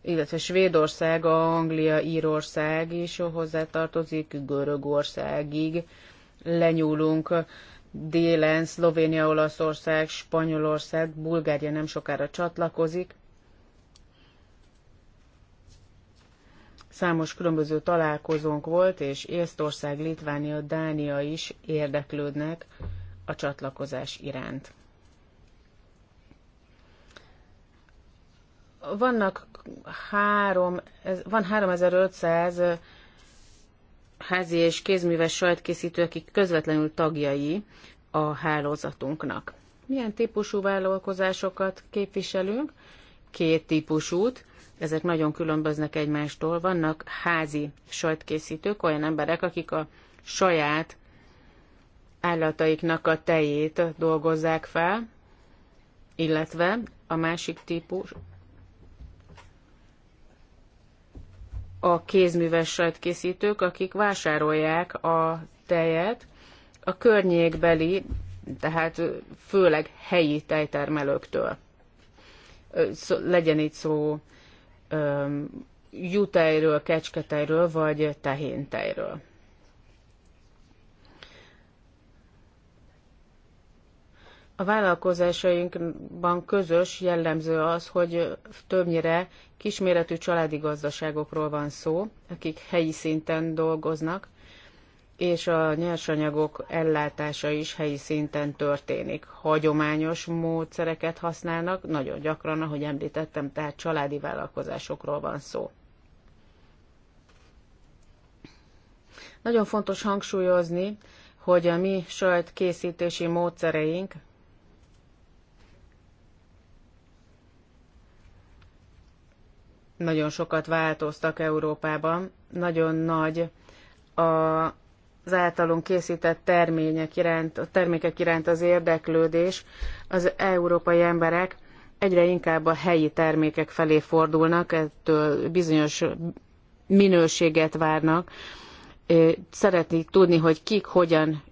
illetve Svédország, Anglia, Írország is hozzátartozik, tartozik, Görögországig lenyúlunk délen, Szlovénia, Olaszország, Spanyolország, Bulgária nem sokára csatlakozik. Számos különböző találkozónk volt, és Észtország, Litvánia, Dánia is érdeklődnek a csatlakozás iránt. Vannak három, van 3500 házi és kézműves sajtkészítő, akik közvetlenül tagjai a hálózatunknak. Milyen típusú vállalkozásokat képviselünk? Két típusút. Ezek nagyon különböznek egymástól. Vannak házi sajtkészítők, olyan emberek, akik a saját állataiknak a tejét dolgozzák fel, illetve a másik típus a kézműves sajtkészítők, akik vásárolják a tejet a környékbeli, tehát főleg helyi tejtermelőktől. Legyen itt szó jutejről, kecsketejről vagy tehéntejről. A vállalkozásainkban közös jellemző az, hogy többnyire kisméretű családi gazdaságokról van szó, akik helyi szinten dolgoznak, és a nyersanyagok ellátása is helyi szinten történik. Hagyományos módszereket használnak, nagyon gyakran, ahogy említettem, tehát családi vállalkozásokról van szó. Nagyon fontos hangsúlyozni, hogy a mi sajt készítési módszereink nagyon sokat változtak Európában, nagyon nagy az általunk készített termények iránt, a termékek iránt az érdeklődés, az európai emberek egyre inkább a helyi termékek felé fordulnak, ettől bizonyos minőséget várnak, szeretnék tudni, hogy kik hogyan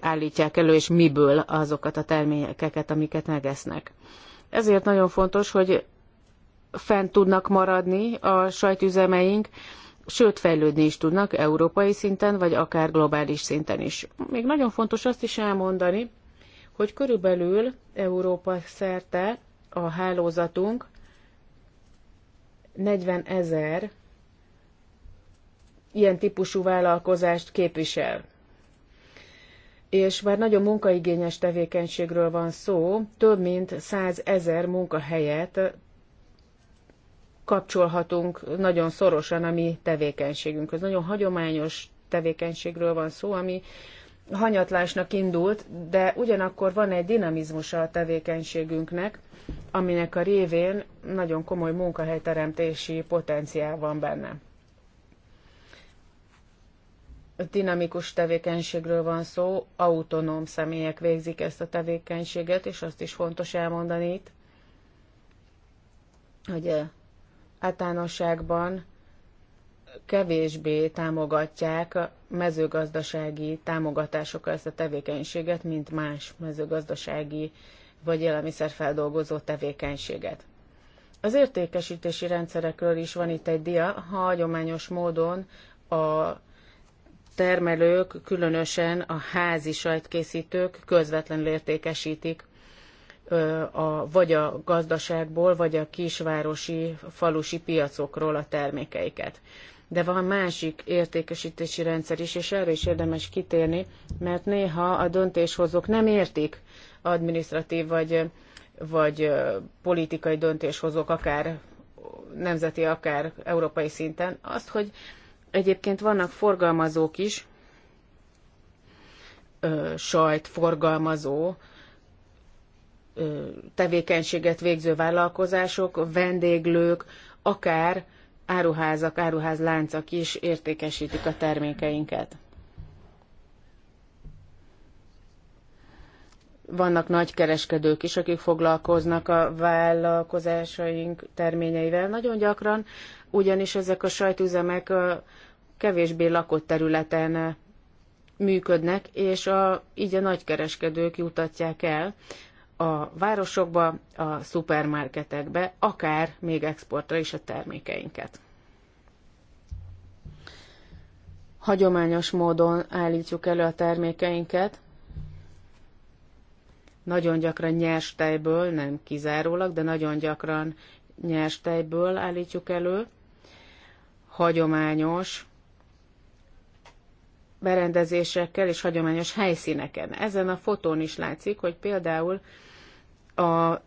állítják elő, és miből azokat a termékeket, amiket megesznek. Ezért nagyon fontos, hogy fent tudnak maradni a sajtüzemeink, sőt fejlődni is tudnak európai szinten, vagy akár globális szinten is. Még nagyon fontos azt is elmondani, hogy körülbelül Európa szerte a hálózatunk 40 ezer ilyen típusú vállalkozást képvisel. És már nagyon munkaigényes tevékenységről van szó, több mint 100 ezer munkahelyet kapcsolhatunk nagyon szorosan a mi tevékenységünkhöz. Nagyon hagyományos tevékenységről van szó, ami hanyatlásnak indult, de ugyanakkor van egy dinamizmusa a tevékenységünknek, aminek a révén nagyon komoly munkahelyteremtési potenciál van benne. Dinamikus tevékenységről van szó, autonóm személyek végzik ezt a tevékenységet, és azt is fontos elmondani itt, hogy eh, általánosságban kevésbé támogatják mezőgazdasági támogatásokkal ezt a tevékenységet, mint más mezőgazdasági vagy élelmiszerfeldolgozó tevékenységet. Az értékesítési rendszerekről is van itt egy dia, ha hagyományos módon a termelők, különösen a házi sajtkészítők közvetlenül értékesítik a, vagy a gazdaságból, vagy a kisvárosi, falusi piacokról a termékeiket. De van másik értékesítési rendszer is, és erre is érdemes kitérni, mert néha a döntéshozók nem értik administratív vagy, vagy politikai döntéshozók, akár nemzeti, akár európai szinten, azt, hogy egyébként vannak forgalmazók is, forgalmazó tevékenységet végző vállalkozások, vendéglők, akár áruházak, áruházláncak is értékesítik a termékeinket. Vannak nagy kereskedők is, akik foglalkoznak a vállalkozásaink terményeivel nagyon gyakran, ugyanis ezek a sajtüzemek a kevésbé lakott területen működnek, és a, így a nagykereskedők jutatják el a városokba, a szupermarketekbe, akár még exportra is a termékeinket. Hagyományos módon állítjuk elő a termékeinket, nagyon gyakran nyers tejből, nem kizárólag, de nagyon gyakran nyers tejből állítjuk elő, hagyományos berendezésekkel és hagyományos helyszíneken. Ezen a fotón is látszik, hogy például a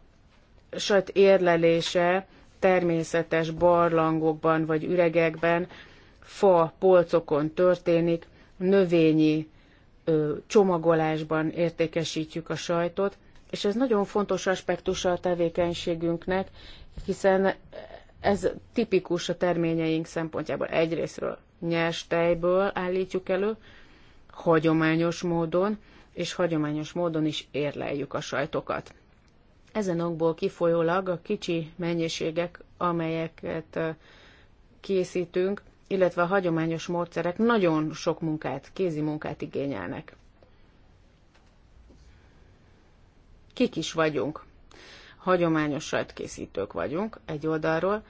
sat érlelése természetes barlangokban vagy üregekben, fa polcokon történik, növényi ö, csomagolásban értékesítjük a sajtot, és ez nagyon fontos aspektusa a tevékenységünknek, hiszen ez tipikus a terményeink szempontjából. Egyrésztről nyers tejből állítjuk elő, hagyományos módon, és hagyományos módon is érleljük a sajtokat. Ezen okból kifolyólag a kicsi mennyiségek, amelyeket készítünk, illetve a hagyományos módszerek nagyon sok munkát, kézi munkát igényelnek. Kik is vagyunk? Hagyományos sajtkészítők vagyunk egy oldalról,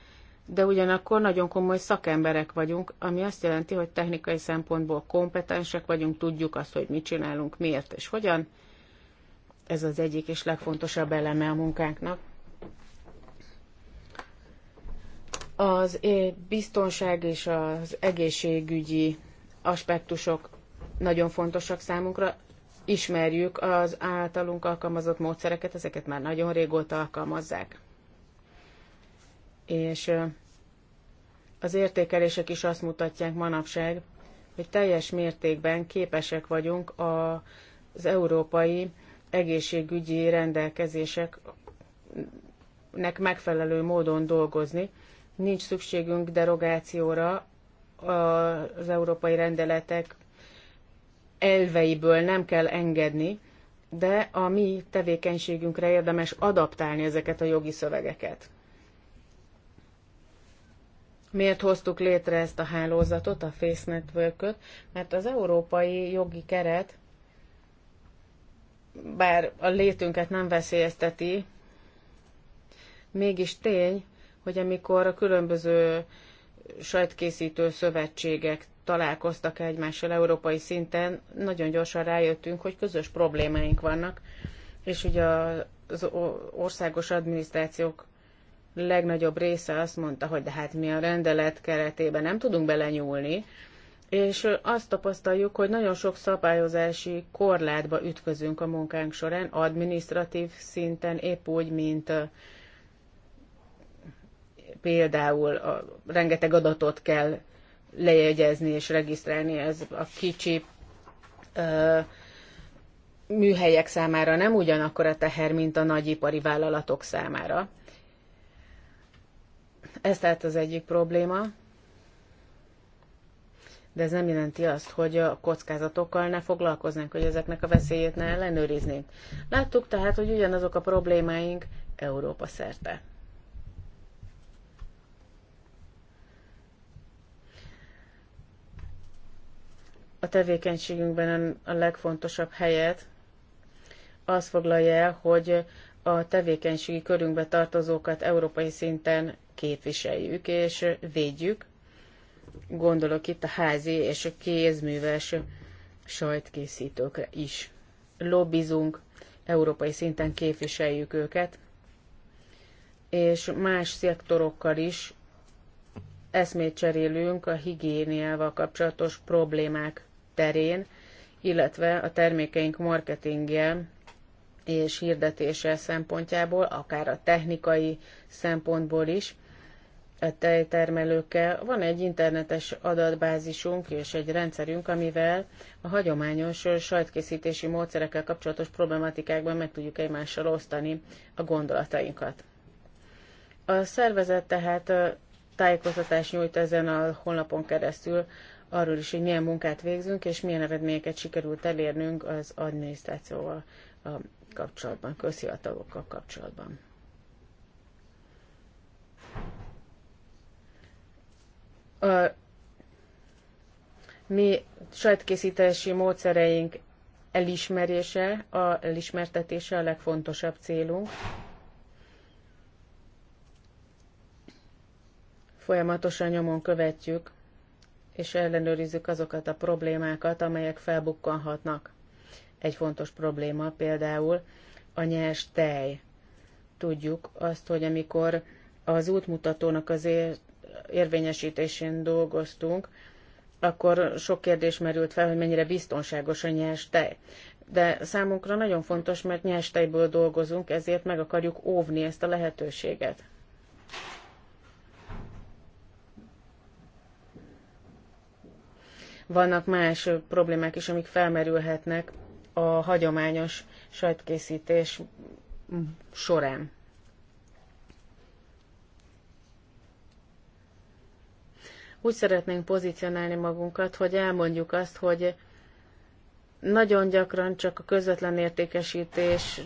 de ugyanakkor nagyon komoly szakemberek vagyunk, ami azt jelenti, hogy technikai szempontból kompetensek vagyunk, tudjuk azt, hogy mit csinálunk, miért és hogyan, ez az egyik és legfontosabb eleme a munkánknak. Az biztonság és az egészségügyi aspektusok nagyon fontosak számunkra. Ismerjük az általunk alkalmazott módszereket, ezeket már nagyon régóta alkalmazzák. És az értékelések is azt mutatják manapság, hogy teljes mértékben képesek vagyunk az európai egészségügyi rendelkezéseknek megfelelő módon dolgozni. Nincs szükségünk derogációra az európai rendeletek elveiből nem kell engedni, de a mi tevékenységünkre érdemes adaptálni ezeket a jogi szövegeket. Miért hoztuk létre ezt a hálózatot, a Face network -öt? Mert az európai jogi keret bár a létünket nem veszélyezteti, mégis tény, hogy amikor a különböző sajtkészítő szövetségek találkoztak egymással európai szinten, nagyon gyorsan rájöttünk, hogy közös problémáink vannak, és ugye az országos adminisztrációk legnagyobb része azt mondta, hogy de hát mi a rendelet keretében nem tudunk belenyúlni, és azt tapasztaljuk, hogy nagyon sok szabályozási korlátba ütközünk a munkánk során, administratív szinten, épp úgy, mint például a, rengeteg adatot kell lejegyezni és regisztrálni, ez a kicsi ö, műhelyek számára nem ugyanakkor a teher, mint a nagyipari vállalatok számára. Ez tehát az egyik probléma de ez nem jelenti azt, hogy a kockázatokkal ne foglalkoznánk, hogy ezeknek a veszélyét ne ellenőriznénk. Láttuk tehát, hogy ugyanazok a problémáink Európa szerte. A tevékenységünkben a legfontosabb helyet az foglalja el, hogy a tevékenységi körünkbe tartozókat európai szinten képviseljük és védjük, gondolok itt a házi és a kézműves sajtkészítőkre is. Lobbizunk, európai szinten képviseljük őket, és más szektorokkal is eszmét cserélünk a higiéniával kapcsolatos problémák terén, illetve a termékeink marketingje és hirdetése szempontjából, akár a technikai szempontból is – tejtermelőkkel. Van egy internetes adatbázisunk és egy rendszerünk, amivel a hagyományos sajtkészítési módszerekkel kapcsolatos problematikákban meg tudjuk egymással osztani a gondolatainkat. A szervezet tehát tájékoztatást nyújt ezen a honlapon keresztül arról is, hogy milyen munkát végzünk, és milyen eredményeket sikerült elérnünk az adminisztrációval a kapcsolatban, közhivatalokkal kapcsolatban a mi sajtkészítési módszereink elismerése, a elismertetése a legfontosabb célunk. Folyamatosan nyomon követjük és ellenőrizzük azokat a problémákat, amelyek felbukkanhatnak. Egy fontos probléma például a nyers tej. Tudjuk azt, hogy amikor az útmutatónak az érvényesítésén dolgoztunk, akkor sok kérdés merült fel, hogy mennyire biztonságos a nyers tej. De számunkra nagyon fontos, mert nyers tejből dolgozunk, ezért meg akarjuk óvni ezt a lehetőséget. Vannak más problémák is, amik felmerülhetnek a hagyományos sajtkészítés során. úgy szeretnénk pozícionálni magunkat, hogy elmondjuk azt, hogy nagyon gyakran csak a közvetlen értékesítés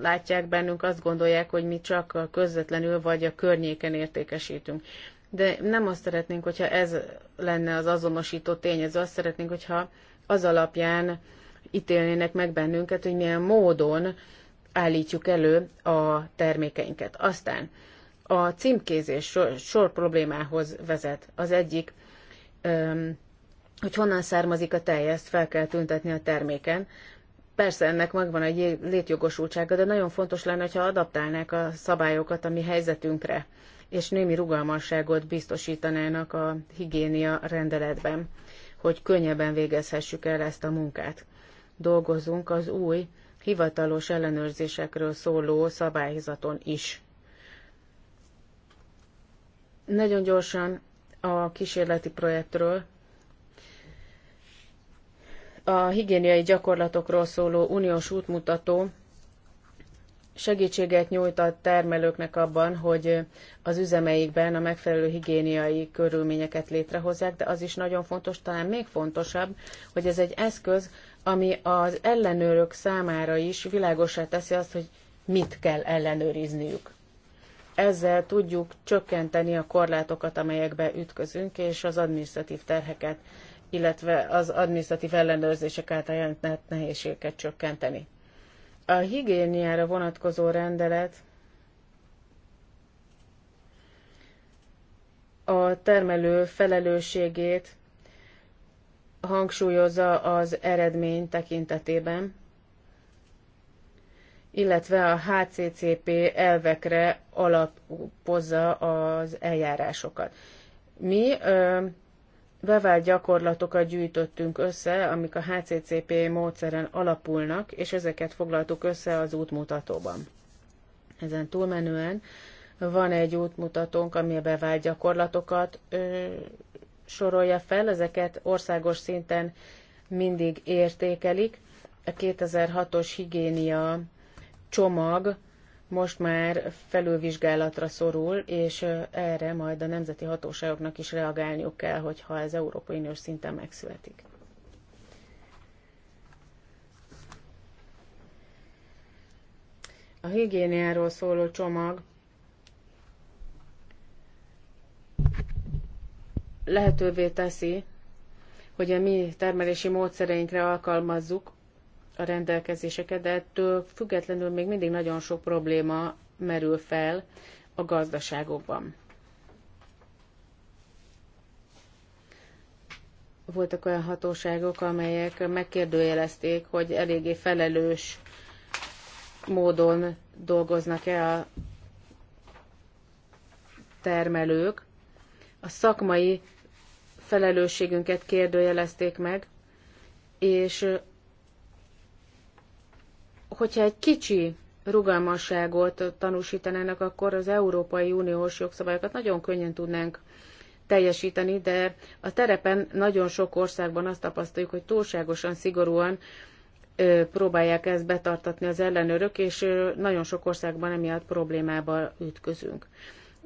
látják bennünk, azt gondolják, hogy mi csak a közvetlenül vagy a környéken értékesítünk. De nem azt szeretnénk, hogyha ez lenne az azonosító tényező, azt szeretnénk, hogyha az alapján ítélnének meg bennünket, hogy milyen módon állítjuk elő a termékeinket. Aztán a címkézés sor, sor problémához vezet. Az egyik, hogy honnan származik a tej, ezt fel kell tüntetni a terméken. Persze ennek megvan egy létjogosultsága, de nagyon fontos lenne, ha adaptálnák a szabályokat a mi helyzetünkre, és némi rugalmasságot biztosítanának a higiénia rendeletben, hogy könnyebben végezhessük el ezt a munkát. Dolgozunk az új hivatalos ellenőrzésekről szóló szabályzaton is. Nagyon gyorsan a kísérleti projektről. A higiéniai gyakorlatokról szóló uniós útmutató segítséget nyújt a termelőknek abban, hogy az üzemeikben a megfelelő higiéniai körülményeket létrehozzák, de az is nagyon fontos, talán még fontosabb, hogy ez egy eszköz, ami az ellenőrök számára is világosá teszi azt, hogy mit kell ellenőrizniük ezzel tudjuk csökkenteni a korlátokat, amelyekbe ütközünk, és az administratív terheket, illetve az administratív ellenőrzések által jelentett nehézségeket csökkenteni. A higiéniára vonatkozó rendelet a termelő felelősségét hangsúlyozza az eredmény tekintetében, illetve a HCCP elvekre alapozza az eljárásokat. Mi ö, bevált gyakorlatokat gyűjtöttünk össze, amik a HCCP módszeren alapulnak, és ezeket foglaltuk össze az útmutatóban. Ezen túlmenően van egy útmutatónk, ami a bevált gyakorlatokat ö, sorolja fel, ezeket országos szinten mindig értékelik. A 2006-os higiénia csomag most már felülvizsgálatra szorul, és erre majd a nemzeti hatóságoknak is reagálniuk kell, hogyha ez Európai Uniós szinten megszületik. A higiéniáról szóló csomag lehetővé teszi, hogy a mi termelési módszereinkre alkalmazzuk a rendelkezéseket, de ettől függetlenül még mindig nagyon sok probléma merül fel a gazdaságokban. Voltak olyan hatóságok, amelyek megkérdőjelezték, hogy eléggé felelős módon dolgoznak-e a termelők. A szakmai felelősségünket kérdőjelezték meg, és hogyha egy kicsi rugalmasságot tanúsítanának, akkor az Európai Uniós jogszabályokat nagyon könnyen tudnánk teljesíteni, de a terepen nagyon sok országban azt tapasztaljuk, hogy túlságosan szigorúan ö, próbálják ezt betartatni az ellenőrök, és ö, nagyon sok országban emiatt problémába ütközünk.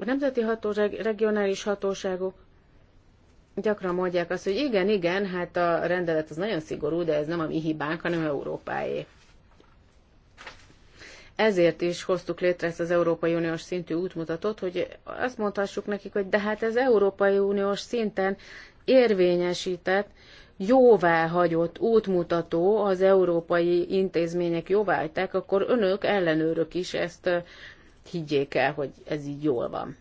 A nemzeti hatóság, regionális hatóságok gyakran mondják azt, hogy igen, igen, hát a rendelet az nagyon szigorú, de ez nem a mi hibánk, hanem Európáé. Ezért is hoztuk létre ezt az Európai Uniós szintű útmutatót, hogy azt mondhassuk nekik, hogy de hát ez Európai Uniós szinten érvényesített, jóváhagyott útmutató, az európai intézmények jóváhagyták, akkor önök ellenőrök is ezt higgyék el, hogy ez így jól van.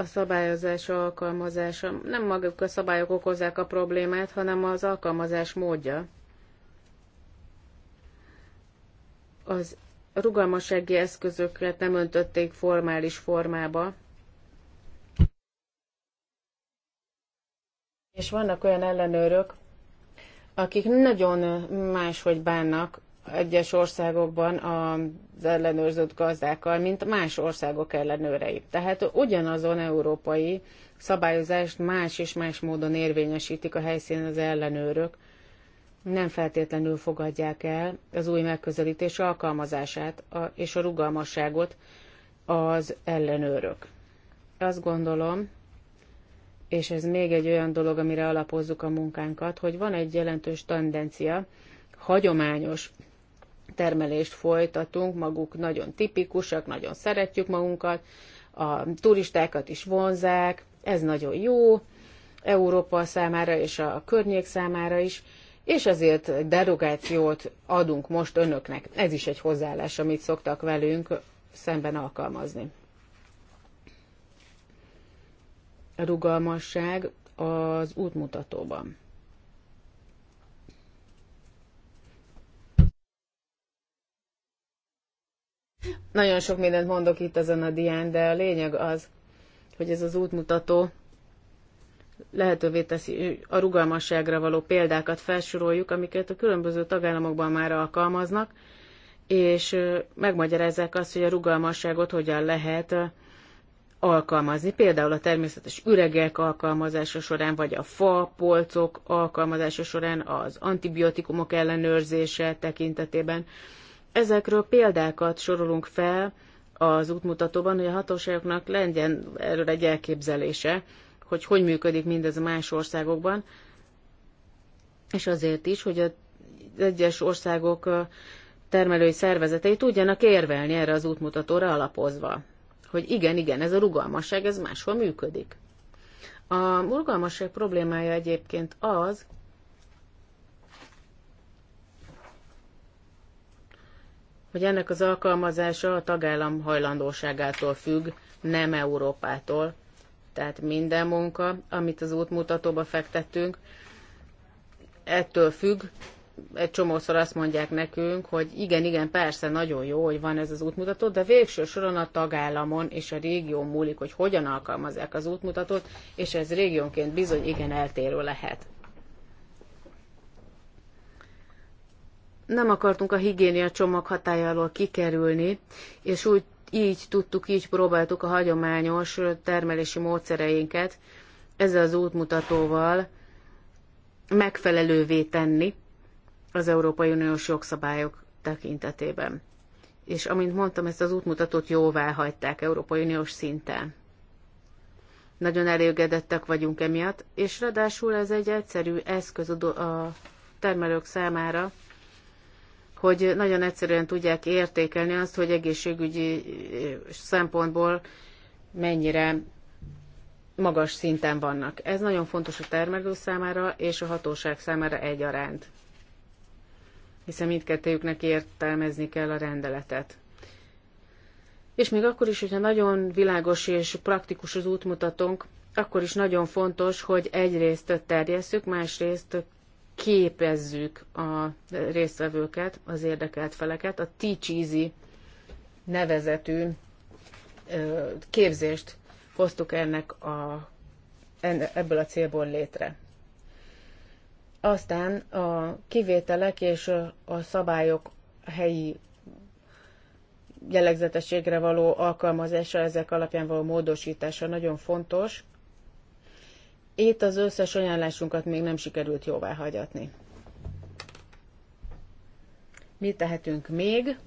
a szabályozás alkalmazása. Nem maguk a szabályok okozzák a problémát, hanem az alkalmazás módja. Az rugalmassági eszközöket nem öntötték formális formába. És vannak olyan ellenőrök, akik nagyon máshogy bánnak egyes országokban az ellenőrzött gazdákkal, mint más országok ellenőrei. Tehát ugyanazon európai szabályozást más és más módon érvényesítik a helyszínen az ellenőrök, nem feltétlenül fogadják el az új megközelítés alkalmazását és a rugalmasságot az ellenőrök. Azt gondolom, és ez még egy olyan dolog, amire alapozzuk a munkánkat, hogy van egy jelentős tendencia, hagyományos termelést folytatunk, maguk nagyon tipikusak, nagyon szeretjük magunkat, a turistákat is vonzák, ez nagyon jó Európa számára és a környék számára is, és ezért derogációt adunk most önöknek. Ez is egy hozzáállás, amit szoktak velünk szemben alkalmazni. A rugalmasság az útmutatóban. Nagyon sok mindent mondok itt ezen a dián, de a lényeg az, hogy ez az útmutató lehetővé teszi a rugalmasságra való példákat felsoroljuk, amiket a különböző tagállamokban már alkalmaznak, és megmagyarázzák azt, hogy a rugalmasságot hogyan lehet alkalmazni. Például a természetes üregek alkalmazása során, vagy a fa, polcok alkalmazása során, az antibiotikumok ellenőrzése tekintetében. Ezekről példákat sorolunk fel az útmutatóban, hogy a hatóságoknak legyen erről egy elképzelése, hogy hogy működik mindez a más országokban, és azért is, hogy az egyes országok termelői szervezetei tudjanak érvelni erre az útmutatóra alapozva. Hogy igen, igen, ez a rugalmasság, ez máshol működik. A rugalmasság problémája egyébként az, hogy ennek az alkalmazása a tagállam hajlandóságától függ, nem Európától. Tehát minden munka, amit az útmutatóba fektettünk, ettől függ. Egy csomószor azt mondják nekünk, hogy igen, igen, persze, nagyon jó, hogy van ez az útmutató, de végső soron a tagállamon és a régió múlik, hogy hogyan alkalmazzák az útmutatót, és ez régiónként bizony igen eltérő lehet. nem akartunk a higiénia csomag hatája alól kikerülni, és úgy így tudtuk, így próbáltuk a hagyományos termelési módszereinket ezzel az útmutatóval megfelelővé tenni az Európai Uniós jogszabályok tekintetében. És amint mondtam, ezt az útmutatót jóvá hagyták Európai Uniós szinten. Nagyon elégedettek vagyunk emiatt, és ráadásul ez egy egyszerű eszköz a termelők számára, hogy nagyon egyszerűen tudják értékelni azt, hogy egészségügyi eh, szempontból mennyire magas szinten vannak. Ez nagyon fontos a termelő számára és a hatóság számára egyaránt, hiszen mindkettőjüknek értelmezni kell a rendeletet. És még akkor is, hogyha nagyon világos és praktikus az útmutatónk, akkor is nagyon fontos, hogy egyrészt terjesszük, másrészt képezzük a résztvevőket, az érdekelt feleket, a Teach Easy nevezetű képzést hoztuk ennek a, ebből a célból létre. Aztán a kivételek és a szabályok helyi jellegzetességre való alkalmazása, ezek alapján való módosítása nagyon fontos, itt az összes ajánlásunkat még nem sikerült jóvá hagyatni. Mit tehetünk még?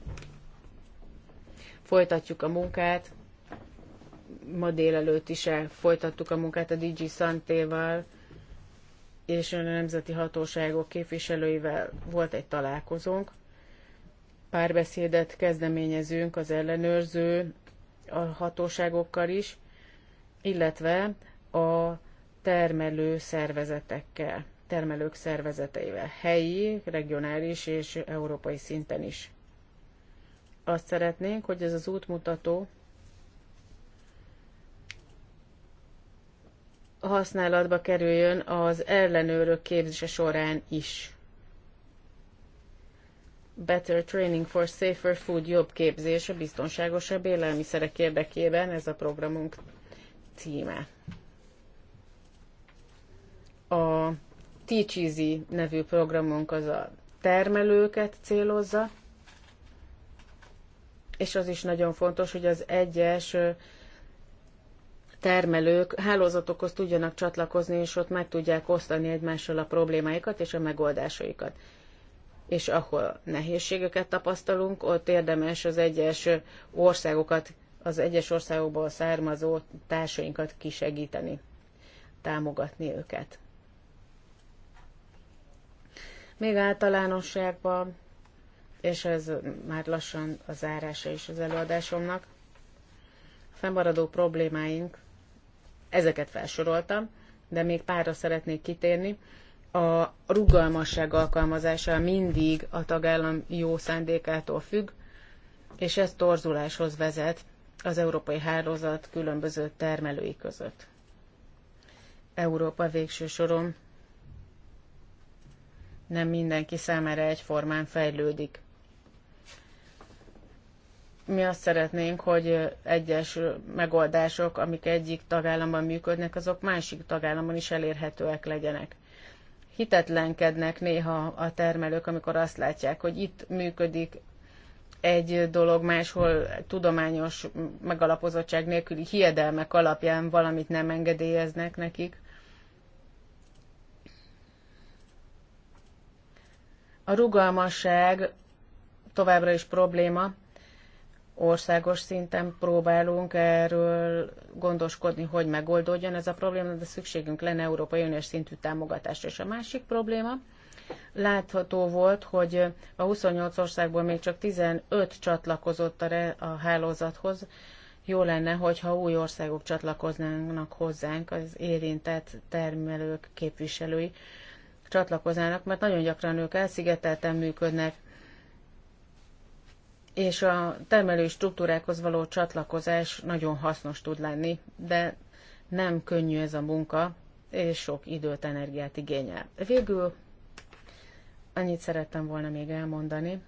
Folytatjuk a munkát. Ma délelőtt is folytattuk a munkát a DG Santéval és a nemzeti hatóságok képviselőivel volt egy találkozónk. Párbeszédet kezdeményezünk az ellenőrző a hatóságokkal is, illetve a termelő szervezetekkel, termelők szervezeteivel, helyi, regionális és európai szinten is. Azt szeretnénk, hogy ez az útmutató használatba kerüljön az ellenőrök képzése során is. Better Training for Safer Food jobb képzés a biztonságosabb élelmiszerek érdekében ez a programunk címe. A Teach Easy nevű programunk az a termelőket célozza, és az is nagyon fontos, hogy az egyes termelők hálózatokhoz tudjanak csatlakozni, és ott meg tudják osztani egymással a problémáikat és a megoldásaikat. És ahol nehézségeket tapasztalunk, ott érdemes az egyes országokat, az egyes országokból származó társainkat kisegíteni, támogatni őket. Még általánosságban, és ez már lassan a zárása is az előadásomnak, a fennmaradó problémáink, ezeket felsoroltam, de még párra szeretnék kitérni. A rugalmasság alkalmazása mindig a tagállam jó szándékától függ, és ez torzuláshoz vezet az európai hálózat különböző termelői között. Európa végső soron nem mindenki számára egyformán fejlődik. Mi azt szeretnénk, hogy egyes megoldások, amik egyik tagállamban működnek, azok másik tagállamon is elérhetőek legyenek. Hitetlenkednek néha a termelők, amikor azt látják, hogy itt működik egy dolog máshol tudományos megalapozottság nélküli hiedelmek alapján valamit nem engedélyeznek nekik. A rugalmasság továbbra is probléma. Országos szinten próbálunk erről gondoskodni, hogy megoldódjon ez a probléma, de szükségünk lenne Európai Uniós szintű támogatásra. És a másik probléma, látható volt, hogy a 28 országból még csak 15 csatlakozott a, a hálózathoz. Jó lenne, hogyha új országok csatlakoznának hozzánk, az érintett termelők képviselői, csatlakozának, mert nagyon gyakran ők elszigetelten működnek, és a termelői struktúrákhoz való csatlakozás nagyon hasznos tud lenni, de nem könnyű ez a munka, és sok időt, energiát igényel. Végül annyit szerettem volna még elmondani,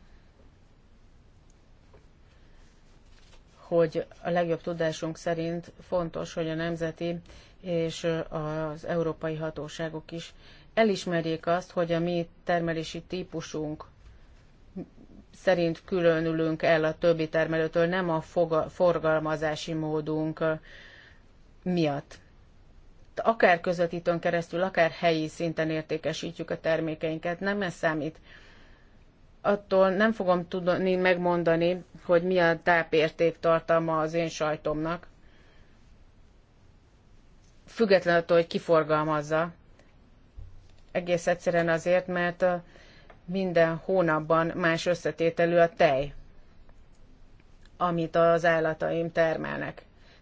hogy a legjobb tudásunk szerint fontos, hogy a nemzeti és az európai hatóságok is elismerjék azt, hogy a mi termelési típusunk szerint különülünk el a többi termelőtől, nem a forgalmazási módunk miatt. Akár közvetítőn keresztül, akár helyi szinten értékesítjük a termékeinket, nem ez számít. Attól nem fogom tudni megmondani, hogy mi a tápérték tartalma az én sajtomnak, független attól, hogy kiforgalmazza, egész egyszerűen azért, mert minden hónapban más összetételű a tej, amit az állataim termelnek.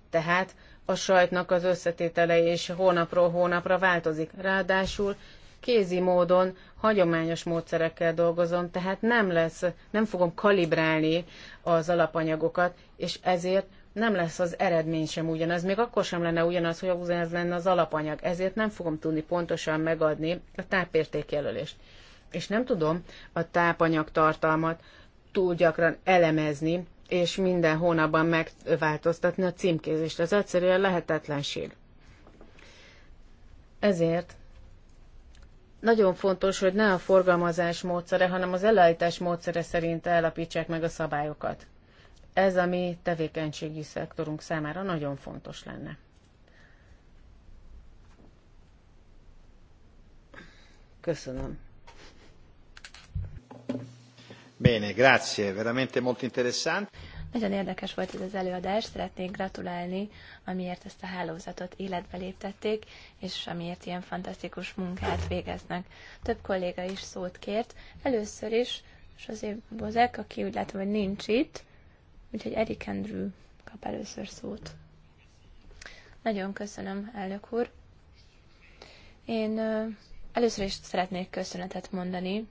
Tehát a sajtnak az összetétele és hónapról hónapra változik. Ráadásul kézi módon, hagyományos módszerekkel dolgozom, tehát nem lesz, nem fogom kalibrálni az alapanyagokat, és ezért nem lesz az eredmény sem ugyanaz, még akkor sem lenne ugyanaz, hogy ugyanaz lenne az alapanyag. Ezért nem fogom tudni pontosan megadni a tápértékjelölést. És nem tudom a tápanyag tartalmat túl gyakran elemezni, és minden hónapban megváltoztatni a címkézést. Ez egyszerűen lehetetlenség. Ezért nagyon fontos, hogy ne a forgalmazás módszere, hanem az elállítás módszere szerint állapítsák meg a szabályokat ez a mi tevékenységi szektorunk számára nagyon fontos lenne. Köszönöm. Bene, grazie, veramente molto interessante. Nagyon érdekes volt ez az előadás, szeretnék gratulálni, amiért ezt a hálózatot életbe léptették, és amiért ilyen fantasztikus munkát végeznek. Több kolléga is szót kért, először is és azért Bozek, aki úgy látom, hogy nincs itt, Úgyhogy Erik Andrew kap először szót. Nagyon köszönöm, elnök úr. Én először is szeretnék köszönetet mondani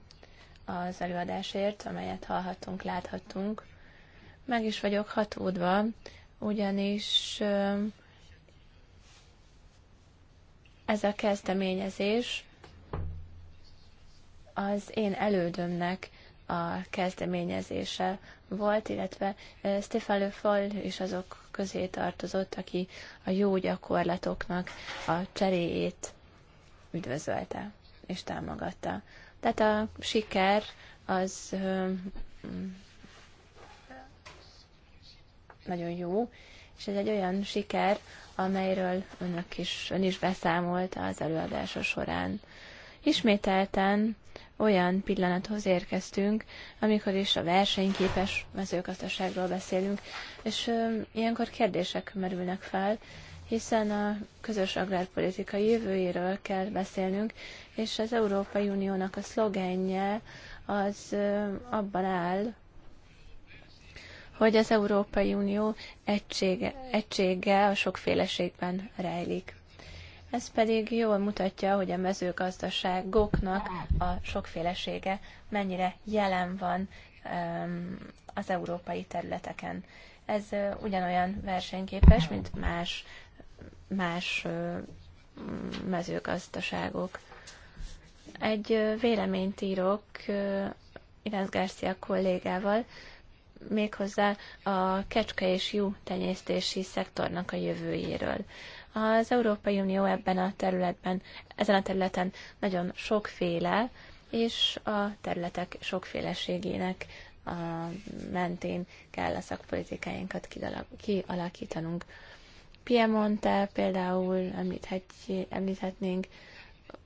az előadásért, amelyet hallhattunk, láthattunk. Meg is vagyok hatódva, ugyanis ez a kezdeményezés az én elődömnek a kezdeményezése volt, illetve Stefan Le Foll is azok közé tartozott, aki a jó gyakorlatoknak a cseréjét üdvözölte és támogatta. Tehát a siker az mm, nagyon jó, és ez egy olyan siker, amelyről önök is, ön is beszámolt az előadása során. Ismételten olyan pillanathoz érkeztünk, amikor is a versenyképes mezőgazdaságról beszélünk, és ö, ilyenkor kérdések merülnek fel, hiszen a közös agrárpolitika jövőjéről kell beszélnünk, és az Európai Uniónak a szlogenje az ö, abban áll, hogy az Európai Unió egysége, egysége a sokféleségben rejlik. Ez pedig jól mutatja, hogy a mezőgazdaságoknak a sokfélesége mennyire jelen van ehm, az európai területeken. Ez ugyanolyan versenyképes, mint más, más mezőgazdaságok. Egy véleményt írok Iránc Garcia kollégával, méghozzá a kecske és jú tenyésztési szektornak a jövőjéről. Az Európai Unió ebben a területben, ezen a területen nagyon sokféle, és a területek sokféleségének a mentén kell a szakpolitikáinkat kialakítanunk. Piemonte például említhetnénk,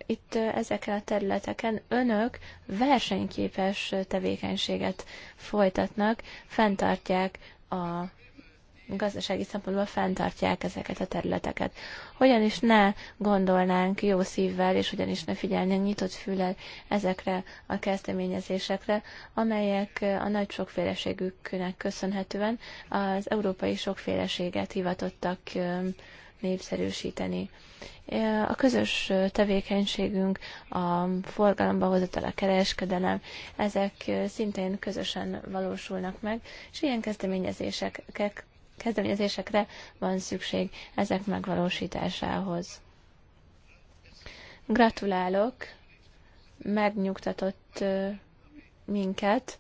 itt ezeken a területeken önök versenyképes tevékenységet folytatnak, fenntartják a gazdasági szempontból fenntartják ezeket a területeket. Hogyan is ne gondolnánk jó szívvel, és hogyan is ne figyelnénk nyitott füllel ezekre a kezdeményezésekre, amelyek a nagy sokféleségüknek köszönhetően az európai sokféleséget hivatottak népszerűsíteni. A közös tevékenységünk, a forgalomba hozatal, a kereskedelem, ezek szintén közösen valósulnak meg, és ilyen kezdeményezések kezdeményezésekre van szükség ezek megvalósításához. Gratulálok, megnyugtatott minket,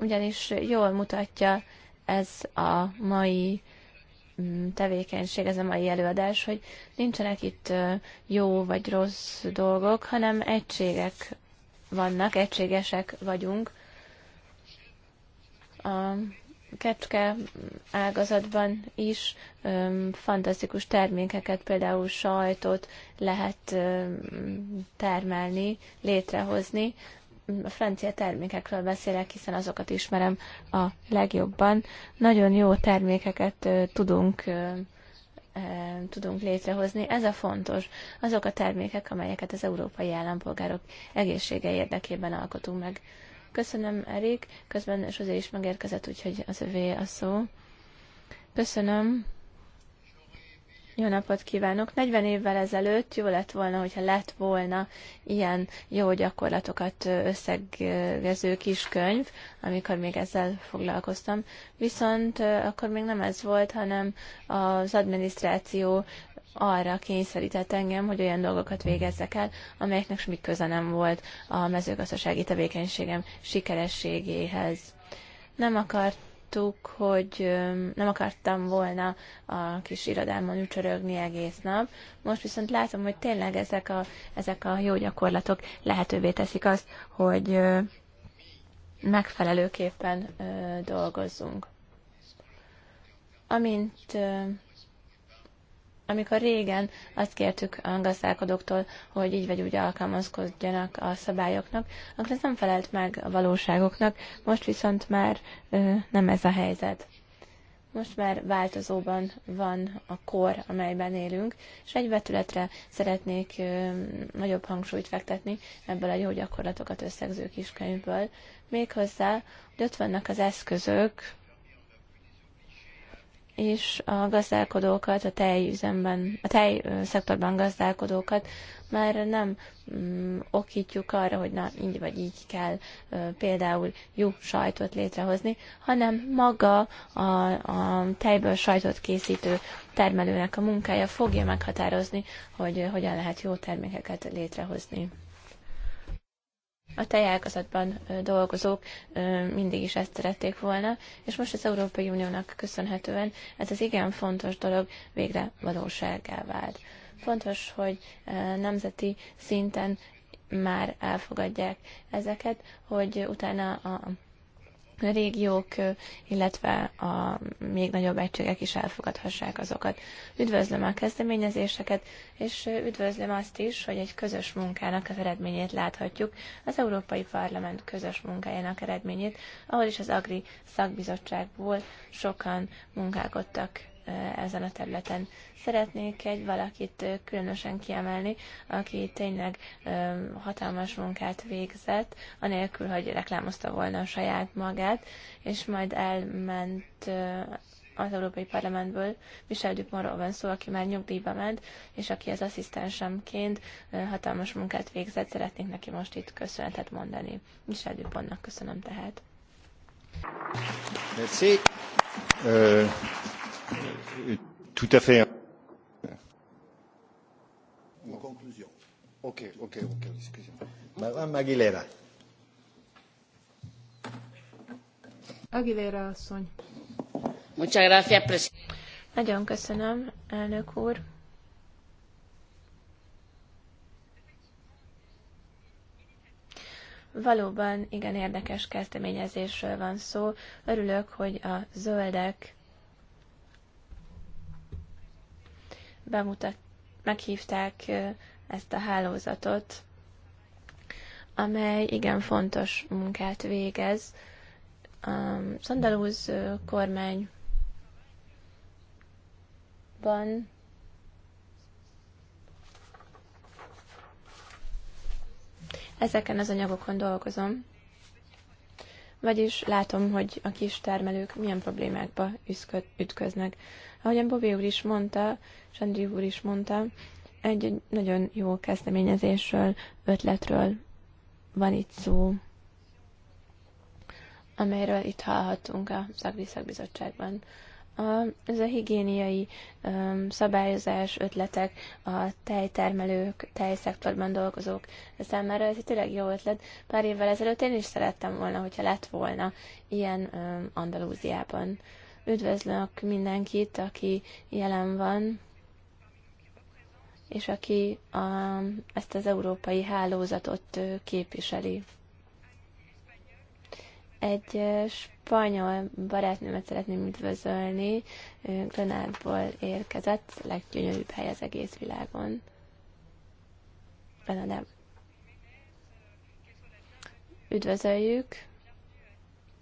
ugyanis jól mutatja ez a mai mm, tevékenység, ez a mai előadás, hogy nincsenek itt jó vagy rossz dolgok, hanem egységek vannak, egységesek vagyunk a kecske ágazatban is öm, fantasztikus termékeket, például sajtot lehet öm, termelni, létrehozni. A francia termékekről beszélek, hiszen azokat ismerem a legjobban. Nagyon jó termékeket ö, tudunk ö, tudunk létrehozni. Ez a fontos. Azok a termékek, amelyeket az európai állampolgárok egészsége érdekében alkotunk meg. Köszönöm, Erik. Közben Zsuzsi is megérkezett, úgyhogy az övé a szó. Köszönöm. Jó napot kívánok! 40 évvel ezelőtt jó lett volna, hogyha lett volna ilyen jó gyakorlatokat összegező kis könyv, amikor még ezzel foglalkoztam. Viszont akkor még nem ez volt, hanem az adminisztráció arra kényszerített engem, hogy olyan dolgokat végezzek el, amelyeknek semmi köze nem volt a mezőgazdasági tevékenységem sikerességéhez. Nem akartuk, hogy nem akartam volna a kis irodámon ücsörögni egész nap. Most viszont látom, hogy tényleg ezek a, ezek a jó gyakorlatok lehetővé teszik azt, hogy megfelelőképpen dolgozzunk. Amint amikor régen azt kértük a gazdálkodóktól, hogy így vagy úgy alkalmazkodjanak a szabályoknak, akkor ez nem felelt meg a valóságoknak, most viszont már ö, nem ez a helyzet. Most már változóban van a kor, amelyben élünk, és egy vetületre szeretnék ö, nagyobb hangsúlyt fektetni ebből a jó gyakorlatokat összegző kiskönyvből. Méghozzá, hogy ott vannak az eszközök, és a gazdálkodókat, a tejüzemben, a tej szektorban gazdálkodókat már nem mm, okítjuk arra, hogy na így vagy így kell ö, például jó sajtot létrehozni, hanem maga a, a tejből sajtot készítő termelőnek a munkája fogja meghatározni, hogy hogyan lehet jó termékeket létrehozni. A tejágazatban dolgozók mindig is ezt szerették volna, és most az Európai Uniónak köszönhetően ez az igen fontos dolog végre valóságá vált. Fontos, hogy nemzeti szinten már elfogadják ezeket, hogy utána a régiók, illetve a még nagyobb egységek is elfogadhassák azokat. Üdvözlöm a kezdeményezéseket, és üdvözlöm azt is, hogy egy közös munkának az eredményét láthatjuk, az Európai Parlament közös munkájának eredményét, ahol is az Agri szakbizottságból sokan munkálkodtak Eh, ezen a területen. Szeretnék egy valakit eh, különösen kiemelni, aki tényleg eh, hatalmas munkát végzett, anélkül, hogy reklámozta volna a saját magát, és majd elment az Európai Parlamentből Michel Dupont van szó, aki már nyugdíjba ment, és aki az asszisztensemként hatalmas munkát végzett, szeretnék neki most itt köszönetet mondani. Michel Dupontnak köszönöm tehát. Merci. Euh, Tout à fait. En conclusion. Ok, ok, ok, excusez-moi. Madame Aguilera. Aguilera asszony. Muchas gracias, presidente. Nagyon köszönöm, elnök úr. Valóban igen érdekes kezdeményezésről van szó. Örülök, hogy a zöldek bemutat, meghívták ezt a hálózatot, amely igen fontos munkát végez. A szandalúz kormányban ezeken az anyagokon dolgozom, vagyis látom, hogy a kis termelők milyen problémákba ütköznek. Ahogyan Bobi úr is mondta, Sandri úr is mondta, egy, nagyon jó kezdeményezésről, ötletről van itt szó, amelyről itt hallhattunk a Szakbizottságban. A, ez a higiéniai um, szabályozás, ötletek a tejtermelők, tejszektorban dolgozók számára, ez egy tényleg jó ötlet. Pár évvel ezelőtt én is szerettem volna, hogyha lett volna ilyen um, Andalúziában. Üdvözlök mindenkit, aki jelen van, és aki a, ezt az európai hálózatot képviseli. Egy spanyol barátnőmet szeretném üdvözölni, Granádból érkezett, a leggyönyörűbb hely az egész világon. Granadában. Üdvözöljük!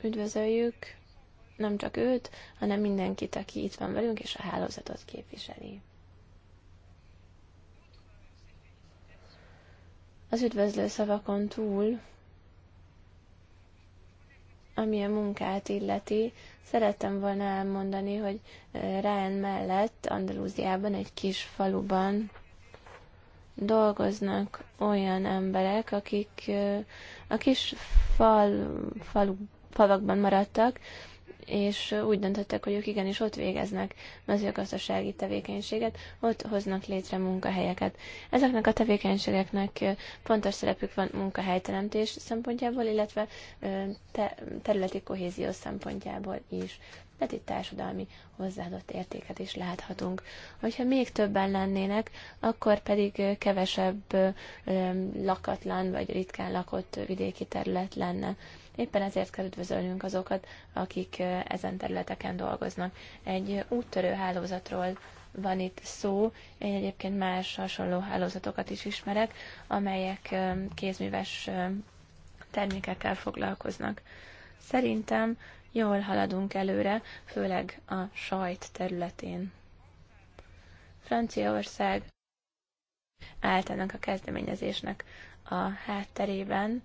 Üdvözöljük! nem csak őt, hanem mindenkit, aki itt van velünk, és a hálózatot képviseli. Az üdvözlő szavakon túl, ami a munkát illeti, szerettem volna elmondani, hogy Ryan mellett Andalúziában, egy kis faluban dolgoznak olyan emberek, akik a kis fal, falu, falakban maradtak, és úgy döntöttek, hogy ők igenis ott végeznek mezőgazdasági tevékenységet, ott hoznak létre munkahelyeket. Ezeknek a tevékenységeknek fontos szerepük van munkahelyteremtés szempontjából, illetve te- területi kohézió szempontjából is. Tehát itt társadalmi hozzáadott értéket is láthatunk. Hogyha még többen lennének, akkor pedig kevesebb lakatlan vagy ritkán lakott vidéki terület lenne. Éppen ezért kell üdvözölnünk azokat, akik ezen területeken dolgoznak. Egy úttörő hálózatról van itt szó, én egyébként más hasonló hálózatokat is ismerek, amelyek kézműves termékekkel foglalkoznak. Szerintem jól haladunk előre, főleg a sajt területén. Franciaország állt ennek a kezdeményezésnek a hátterében,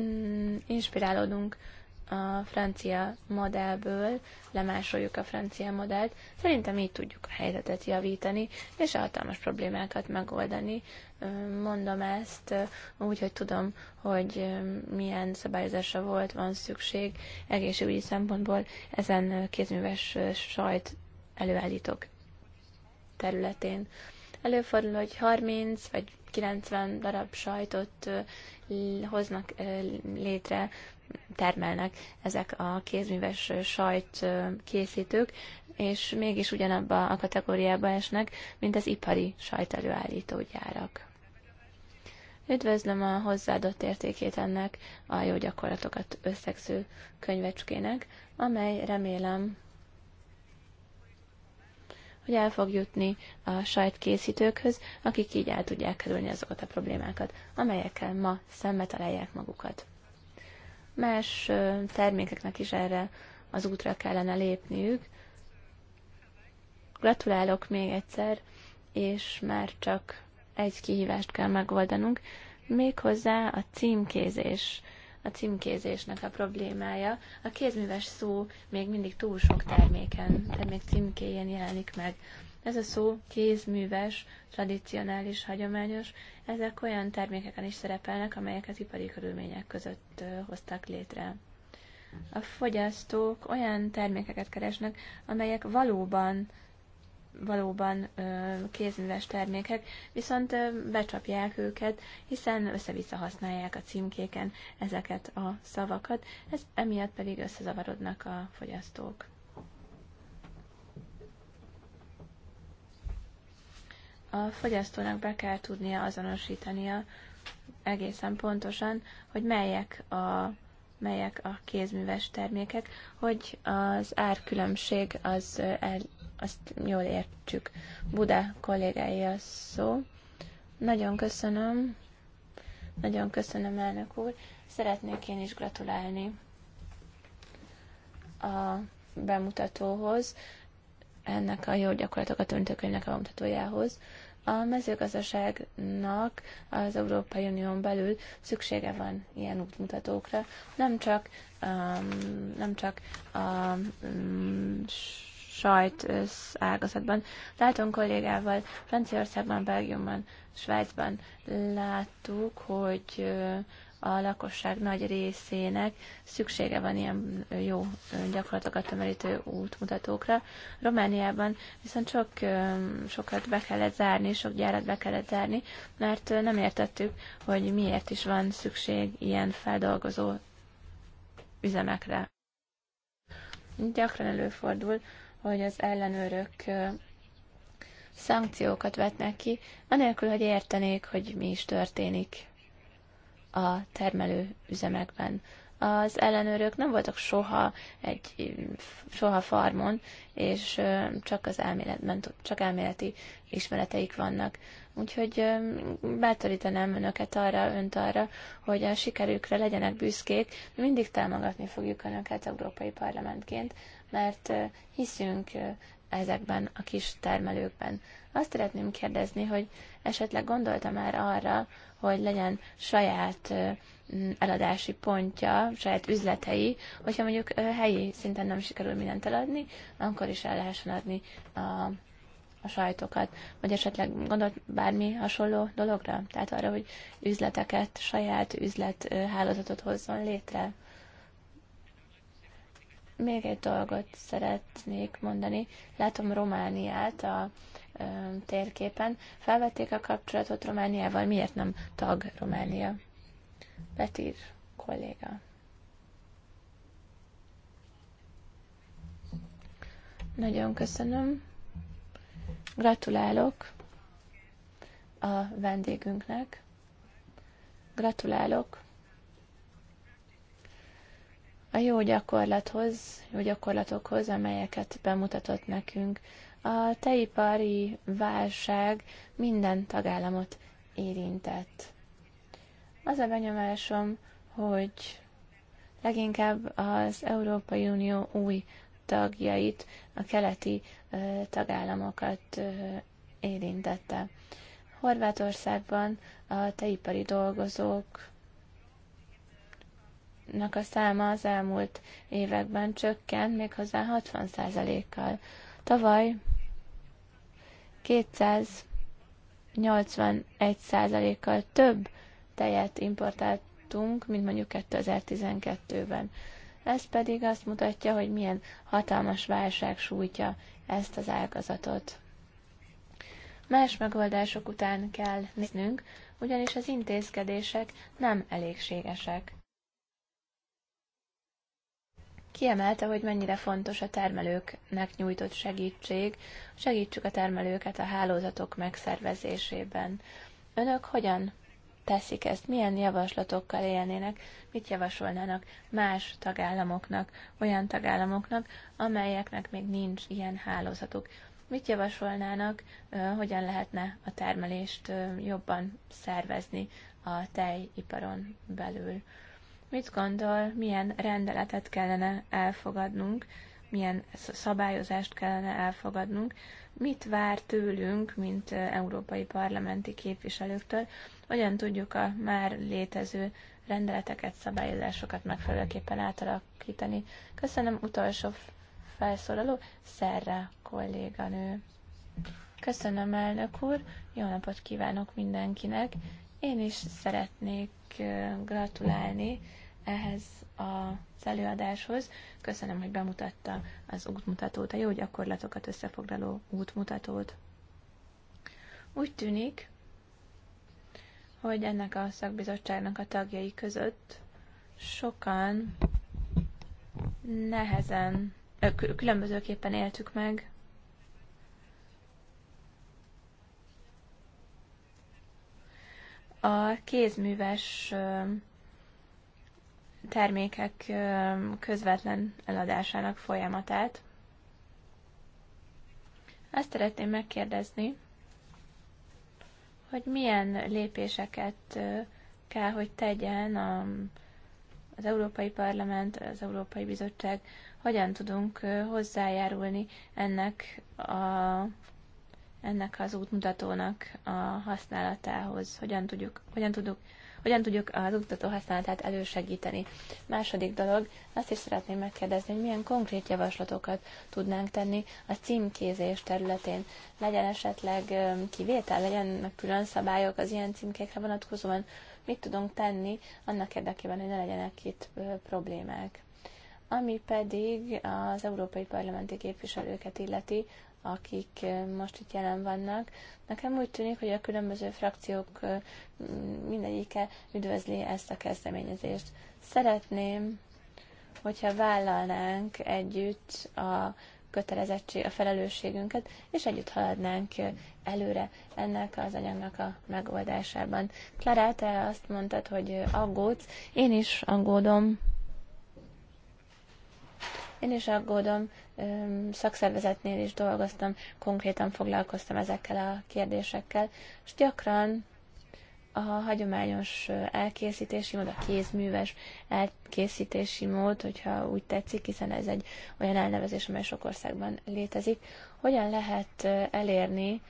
Mm, inspirálódunk a francia modellből, lemásoljuk a francia modellt, szerintem így tudjuk a helyzetet javítani, és a hatalmas problémákat megoldani. Mondom ezt úgy, hogy tudom, hogy milyen szabályozásra volt, van szükség egészségügyi szempontból ezen kézműves sajt előállítók területén. Előfordul, hogy 30 vagy 90 darab sajtot hoznak létre, termelnek ezek a kézműves sajt készítők, és mégis ugyanabba a kategóriába esnek, mint az ipari sajtelőállító gyárak. Üdvözlöm a hozzáadott értékét ennek a jó gyakorlatokat összegző könyvecskének, amely remélem hogy el fog jutni a sajtkészítőkhöz, akik így el tudják kerülni azokat a problémákat, amelyekkel ma szembe találják magukat. Más termékeknek is erre az útra kellene lépniük. Gratulálok még egyszer, és már csak egy kihívást kell megoldanunk, méghozzá a címkézés a címkézésnek a problémája. A kézműves szó még mindig túl sok terméken, termék címkéjén jelenik meg. Ez a szó kézműves, tradicionális, hagyományos, ezek olyan termékeken is szerepelnek, amelyek az ipari körülmények között hoztak létre. A fogyasztók olyan termékeket keresnek, amelyek valóban valóban kézműves termékek, viszont becsapják őket, hiszen össze-vissza használják a címkéken ezeket a szavakat, ez emiatt pedig összezavarodnak a fogyasztók. A fogyasztónak be kell tudnia azonosítania egészen pontosan, hogy melyek a melyek a kézműves termékek, hogy az árkülönbség az el, azt jól értsük. Buda kollégái a szó. Nagyon köszönöm. Nagyon köszönöm, elnök úr. Szeretnék én is gratulálni a bemutatóhoz, ennek a jó gyakorlatokat öntőkönyvnek a bemutatójához. A mezőgazdaságnak az Európai Unión belül szüksége van ilyen útmutatókra, nem csak, um, nem csak a um, sajt ágazatban. Látom kollégával Franciaországban, Belgiumban, Svájcban láttuk, hogy a lakosság nagy részének szüksége van ilyen jó gyakorlatokat tömörítő útmutatókra. Romániában viszont sok, sokat be kellett zárni, sok gyárat be kellett zárni, mert nem értettük, hogy miért is van szükség ilyen feldolgozó üzemekre. Gyakran előfordul, hogy az ellenőrök szankciókat vetnek ki, anélkül, hogy értenék, hogy mi is történik a termelő üzemekben. Az ellenőrök nem voltak soha egy soha farmon, és csak az elméletben, csak elméleti ismereteik vannak. Úgyhogy bátorítanám önöket arra, önt arra, hogy a sikerükre legyenek büszkék. Mindig támogatni fogjuk önöket Európai Parlamentként mert hiszünk ezekben a kis termelőkben. Azt szeretném kérdezni, hogy esetleg gondoltam már arra, hogy legyen saját eladási pontja, saját üzletei, hogyha mondjuk helyi szinten nem sikerül mindent eladni, akkor is el lehessen adni a a sajtokat, vagy esetleg gondolt bármi hasonló dologra? Tehát arra, hogy üzleteket, saját üzlethálózatot hozzon létre? még egy dolgot szeretnék mondani. Látom Romániát a ö, térképen. Felvették a kapcsolatot Romániával. Miért nem tag Románia? Petír kolléga. Nagyon köszönöm. Gratulálok a vendégünknek. Gratulálok a jó gyakorlathoz, jó gyakorlatokhoz, amelyeket bemutatott nekünk. A teipari válság minden tagállamot érintett. Az a benyomásom, hogy leginkább az Európai Unió új tagjait, a keleti tagállamokat érintette. Horvátországban a teipari dolgozók nak a száma az elmúlt években csökkent, méghozzá 60%-kal. Tavaly 281%-kal több tejet importáltunk, mint mondjuk 2012-ben. Ez pedig azt mutatja, hogy milyen hatalmas válság sújtja ezt az ágazatot. Más megoldások után kell néznünk, ugyanis az intézkedések nem elégségesek. Kiemelte, hogy mennyire fontos a termelőknek nyújtott segítség, segítsük a termelőket a hálózatok megszervezésében. Önök hogyan teszik ezt? Milyen javaslatokkal élnének? Mit javasolnának más tagállamoknak, olyan tagállamoknak, amelyeknek még nincs ilyen hálózatuk? Mit javasolnának, hogyan lehetne a termelést jobban szervezni a tejiparon belül? Mit gondol, milyen rendeletet kellene elfogadnunk, milyen szabályozást kellene elfogadnunk, mit vár tőlünk, mint európai parlamenti képviselőktől, hogyan tudjuk a már létező rendeleteket, szabályozásokat megfelelőképpen átalakítani. Köszönöm utolsó felszólaló, Szerra kolléganő. Köszönöm, elnök úr, jó napot kívánok mindenkinek, én is szeretnék gratulálni ehhez az előadáshoz. Köszönöm, hogy bemutatta az útmutatót, a jó gyakorlatokat összefoglaló útmutatót. Úgy tűnik, hogy ennek a szakbizottságnak a tagjai között sokan nehezen, különbözőképpen éltük meg a kézműves termékek közvetlen eladásának folyamatát. Azt szeretném megkérdezni, hogy milyen lépéseket kell, hogy tegyen a, az Európai Parlament, az Európai Bizottság, hogyan tudunk hozzájárulni ennek a ennek az útmutatónak a használatához, hogyan tudjuk, hogyan tudjuk hogyan tudjuk az oktató használatát elősegíteni. Második dolog, azt is szeretném megkérdezni, hogy milyen konkrét javaslatokat tudnánk tenni a címkézés területén. Legyen esetleg kivétel, legyenek külön szabályok az ilyen címkékre vonatkozóan, mit tudunk tenni annak érdekében, hogy ne legyenek itt problémák. Ami pedig az európai parlamenti képviselőket illeti, akik eh, most itt jelen vannak. Nekem úgy tűnik, hogy a különböző frakciók eh, mindegyike üdvözli ezt a kezdeményezést. Szeretném, hogyha vállalnánk együtt a kötelezettség, a felelősségünket, és együtt haladnánk eh, előre ennek az anyagnak a megoldásában. Klará, te azt mondtad, hogy aggódsz, én is aggódom. Én is aggódom, szakszervezetnél is dolgoztam, konkrétan foglalkoztam ezekkel a kérdésekkel, és gyakran a hagyományos elkészítési mód, a kézműves elkészítési mód, hogyha úgy tetszik, hiszen ez egy olyan elnevezés, amely sok országban létezik, hogyan lehet elérni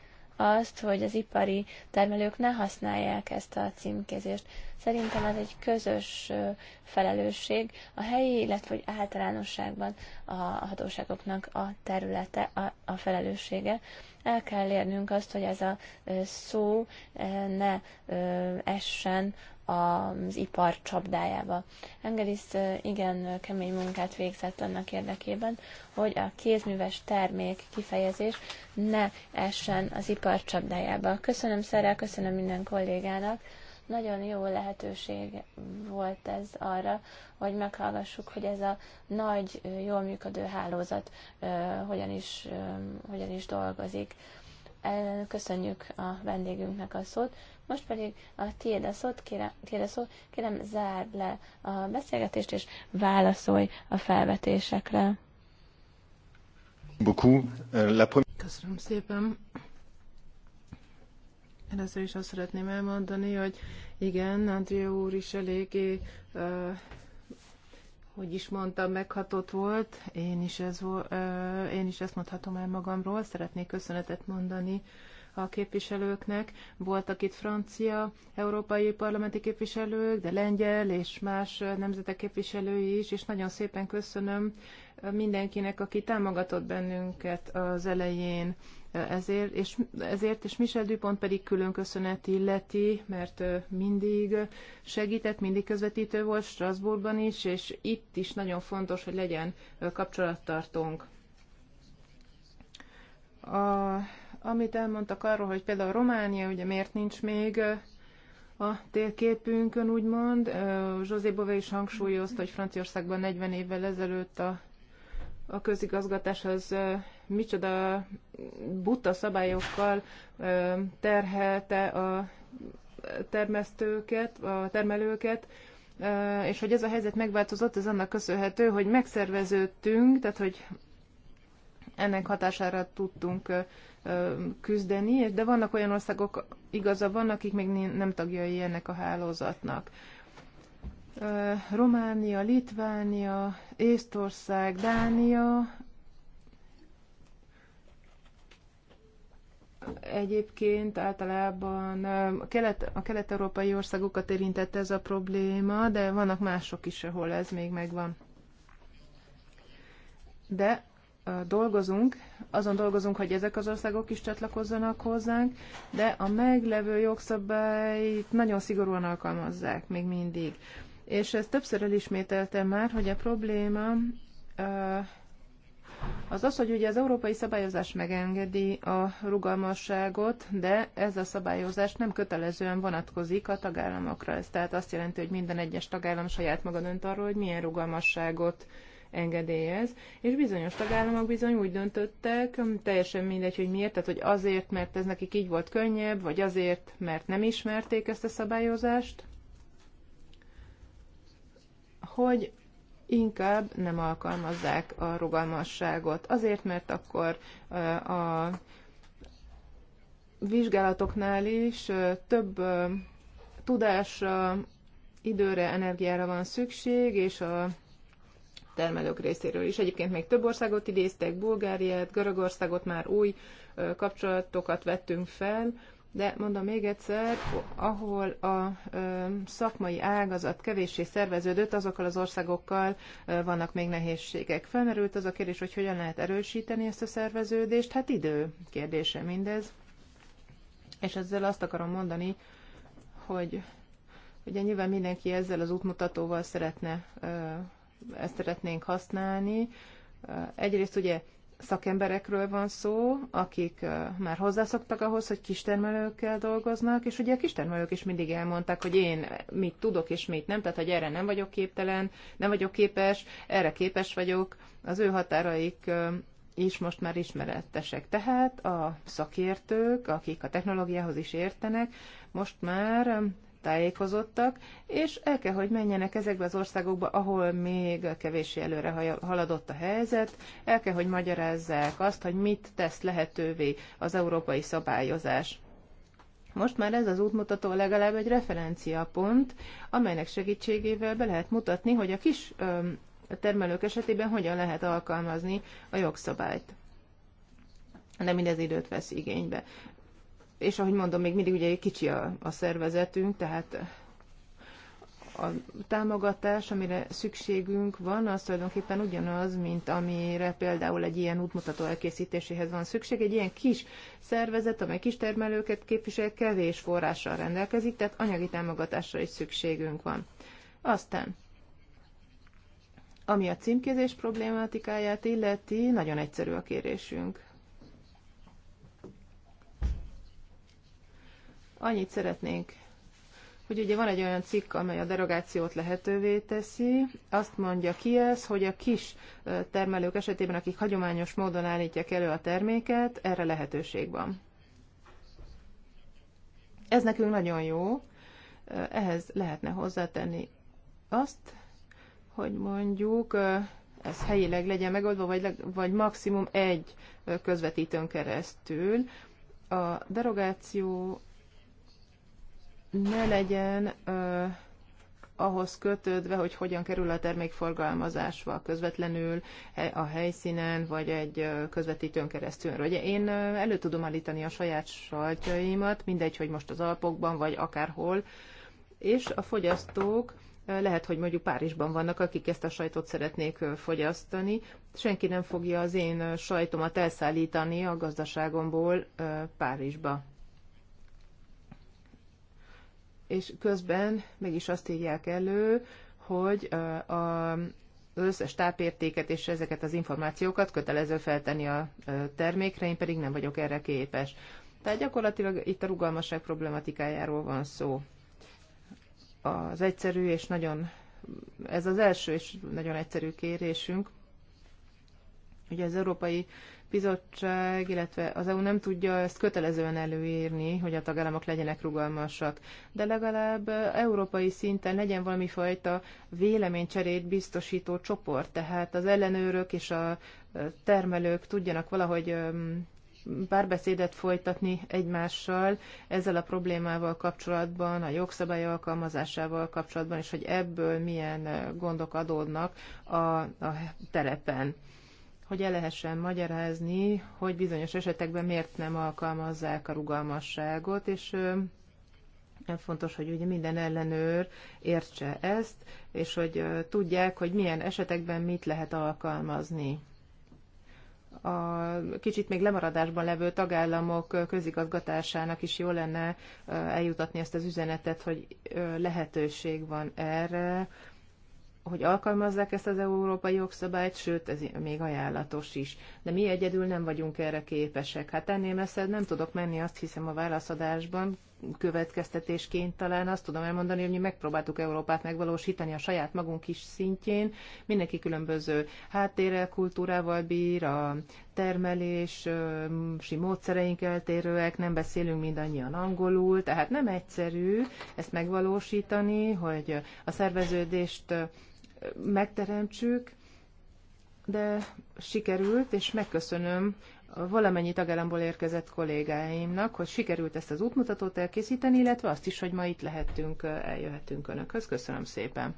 azt, hogy az ipari termelők ne használják ezt a címkézést. Szerintem ez egy közös felelősség a helyi, illetve hogy általánosságban a hatóságoknak a területe, a, a felelőssége, el kell érnünk azt, hogy ez a szó ne essen az ipar csapdájába. Engelis igen kemény munkát végzett annak érdekében, hogy a kézműves termék kifejezés ne essen az ipar csapdájába. Köszönöm Szerrel, köszönöm minden kollégának, nagyon jó lehetőség volt ez arra, hogy meghallgassuk, hogy ez a nagy, jól működő hálózat hogyan is, hogyan is dolgozik. E, köszönjük a vendégünknek a szót. Most pedig a tiéd a szót, kérem, tiéd a szó, kérem zárd le a beszélgetést, és válaszolj a felvetésekre. Euh, Köszönöm szépen. Először is azt szeretném elmondani, hogy igen, Andrea úr is eléggé, uh, hogy is mondtam, meghatott volt. Én is, ez, uh, én is ezt mondhatom el magamról. Szeretnék köszönetet mondani a képviselőknek. Voltak itt francia, európai parlamenti képviselők, de lengyel és más nemzetek képviselői is, és nagyon szépen köszönöm mindenkinek, aki támogatott bennünket az elején ezért, és ezért, és Michel Dupont pedig külön köszönet illeti, mert mindig segített, mindig közvetítő volt Strasbourgban is, és itt is nagyon fontos, hogy legyen kapcsolattartónk. A, amit elmondtak arról, hogy például Románia ugye miért nincs még a térképünkön, úgymond. José Bové is hangsúlyozta, hogy Franciaországban 40 évvel ezelőtt a a az micsoda buta szabályokkal terhelte a termesztőket, a termelőket, és hogy ez a helyzet megváltozott, ez annak köszönhető, hogy megszerveződtünk, tehát hogy ennek hatására tudtunk küzdeni, de vannak olyan országok, igaza van, akik még nem tagjai ennek a hálózatnak. Románia, Litvánia, Észtország, Dánia, Egyébként általában a, kelet, a kelet-európai országokat érintette ez a probléma, de vannak mások is, ahol ez még megvan. De dolgozunk, azon dolgozunk, hogy ezek az országok is csatlakozzanak hozzánk, de a meglevő jogszabályt nagyon szigorúan alkalmazzák még mindig és ezt többször elismételtem már, hogy a probléma az az, hogy ugye az európai szabályozás megengedi a rugalmasságot, de ez a szabályozás nem kötelezően vonatkozik a tagállamokra. Ez tehát azt jelenti, hogy minden egyes tagállam saját maga dönt arról, hogy milyen rugalmasságot engedélyez, és bizonyos tagállamok bizony úgy döntöttek, teljesen mindegy, hogy miért, tehát hogy azért, mert ez nekik így volt könnyebb, vagy azért, mert nem ismerték ezt a szabályozást, hogy inkább nem alkalmazzák a rugalmasságot. Azért, mert akkor a vizsgálatoknál is több tudásra, időre, energiára van szükség, és a termelők részéről is. Egyébként még több országot idéztek, Bulgáriát, Görögországot már új kapcsolatokat vettünk fel, de mondom még egyszer, ahol a szakmai ágazat kevéssé szerveződött, azokkal az országokkal vannak még nehézségek. Felmerült az a kérdés, hogy hogyan lehet erősíteni ezt a szerveződést. Hát idő kérdése mindez. És ezzel azt akarom mondani, hogy ugye nyilván mindenki ezzel az útmutatóval szeretne, ezt szeretnénk használni. Egyrészt ugye szakemberekről van szó, akik már hozzászoktak ahhoz, hogy kistermelőkkel dolgoznak, és ugye a kistermelők is mindig elmondták, hogy én mit tudok és mit nem, tehát hogy erre nem vagyok képtelen, nem vagyok képes, erre képes vagyok, az ő határaik is most már ismeretesek. Tehát a szakértők, akik a technológiához is értenek, most már tájékozottak, és el kell, hogy menjenek ezekbe az országokba, ahol még kevéssé előre haladott a helyzet, el kell, hogy magyarázzák azt, hogy mit tesz lehetővé az európai szabályozás. Most már ez az útmutató legalább egy referenciapont, amelynek segítségével be lehet mutatni, hogy a kis termelők esetében hogyan lehet alkalmazni a jogszabályt de mindez időt vesz igénybe és ahogy mondom, még mindig ugye kicsi a, a szervezetünk, tehát a támogatás, amire szükségünk van, az tulajdonképpen ugyanaz, mint amire például egy ilyen útmutató elkészítéséhez van szükség. Egy ilyen kis szervezet, amely kis termelőket képvisel, kevés forrással rendelkezik, tehát anyagi támogatásra is szükségünk van. Aztán, ami a címkézés problématikáját illeti, nagyon egyszerű a kérésünk Annyit szeretnénk, hogy ugye van egy olyan cikk, amely a derogációt lehetővé teszi. Azt mondja ki ez, hogy a kis termelők esetében, akik hagyományos módon állítják elő a terméket, erre lehetőség van. Ez nekünk nagyon jó. Ehhez lehetne hozzátenni azt, hogy mondjuk ez helyileg legyen megoldva, vagy, vagy maximum egy közvetítőn keresztül. A derogáció ne legyen ö, ahhoz kötődve, hogy hogyan kerül a termék forgalmazásba közvetlenül e, a helyszínen, vagy egy közvetítőn keresztül. Ugye én elő tudom állítani a saját sajtjaimat, mindegy, hogy most az Alpokban, vagy akárhol, és a fogyasztók lehet, hogy mondjuk Párizsban vannak, akik ezt a sajtot szeretnék fogyasztani. Senki nem fogja az én sajtomat elszállítani a gazdaságomból Párizsba és közben mégis azt írják elő, hogy a az összes tápértéket és ezeket az információkat kötelező feltenni a termékre, én pedig nem vagyok erre képes. Tehát gyakorlatilag itt a rugalmasság problematikájáról van szó. Az egyszerű és nagyon, ez az első és nagyon egyszerű kérésünk, Ugye az Európai bizottság, illetve az EU nem tudja ezt kötelezően előírni, hogy a tagállamok legyenek rugalmasak, de legalább európai szinten legyen valami fajta véleménycserét biztosító csoport, tehát az ellenőrök és a termelők tudjanak valahogy párbeszédet folytatni egymással ezzel a problémával kapcsolatban, a jogszabály alkalmazásával kapcsolatban, és hogy ebből milyen gondok adódnak a, a terepen hogy el lehessen magyarázni, hogy bizonyos esetekben miért nem alkalmazzák a rugalmasságot, és fontos, hogy ugye minden ellenőr értse ezt, és hogy tudják, hogy milyen esetekben mit lehet alkalmazni. A kicsit még lemaradásban levő tagállamok közigazgatásának is jó lenne eljutatni ezt az üzenetet, hogy lehetőség van erre, hogy alkalmazzák ezt az európai jogszabályt, sőt, ez még ajánlatos is. De mi egyedül nem vagyunk erre képesek. Hát ennél messze nem tudok menni, azt hiszem a válaszadásban következtetésként talán azt tudom elmondani, hogy mi megpróbáltuk Európát megvalósítani a saját magunk is szintjén. Mindenki különböző háttérrel, kultúrával bír, a termelési módszereink eltérőek, nem beszélünk mindannyian angolul, tehát nem egyszerű ezt megvalósítani, hogy a szerveződést megteremtsük, de sikerült, és megköszönöm valamennyi tagállamból érkezett kollégáimnak, hogy sikerült ezt az útmutatót elkészíteni, illetve azt is, hogy ma itt lehettünk, eljöhetünk Önökhöz. Köszönöm szépen!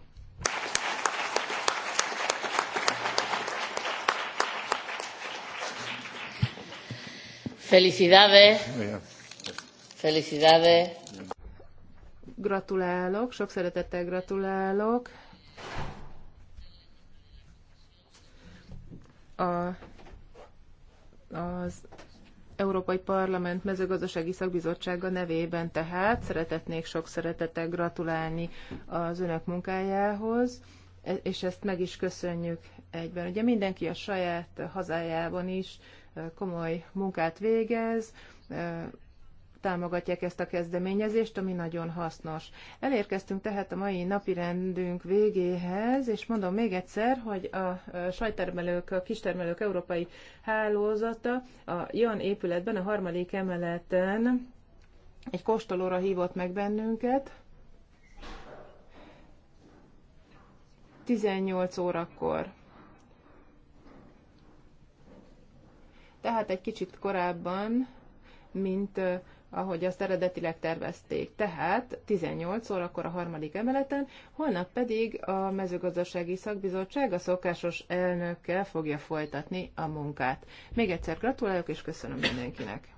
Felicidades! Felicidades! Gratulálok, sok szeretettel gratulálok! a, az Európai Parlament mezőgazdasági szakbizottsága nevében tehát szeretetnék sok szeretettel gratulálni az önök munkájához, e, és ezt meg is köszönjük egyben. Ugye mindenki a saját hazájában is e, komoly munkát végez, e, támogatják ezt a kezdeményezést, ami nagyon hasznos. Elérkeztünk tehát a mai napi rendünk végéhez, és mondom még egyszer, hogy a sajtermelők, a kistermelők európai hálózata a Jan épületben, a harmadik emeleten egy kóstolóra hívott meg bennünket, 18 órakor. Tehát egy kicsit korábban, mint ahogy azt eredetileg tervezték. Tehát 18 órakor a harmadik emeleten, holnap pedig a mezőgazdasági szakbizottság a szokásos elnökkel fogja folytatni a munkát. Még egyszer gratulálok és köszönöm mindenkinek!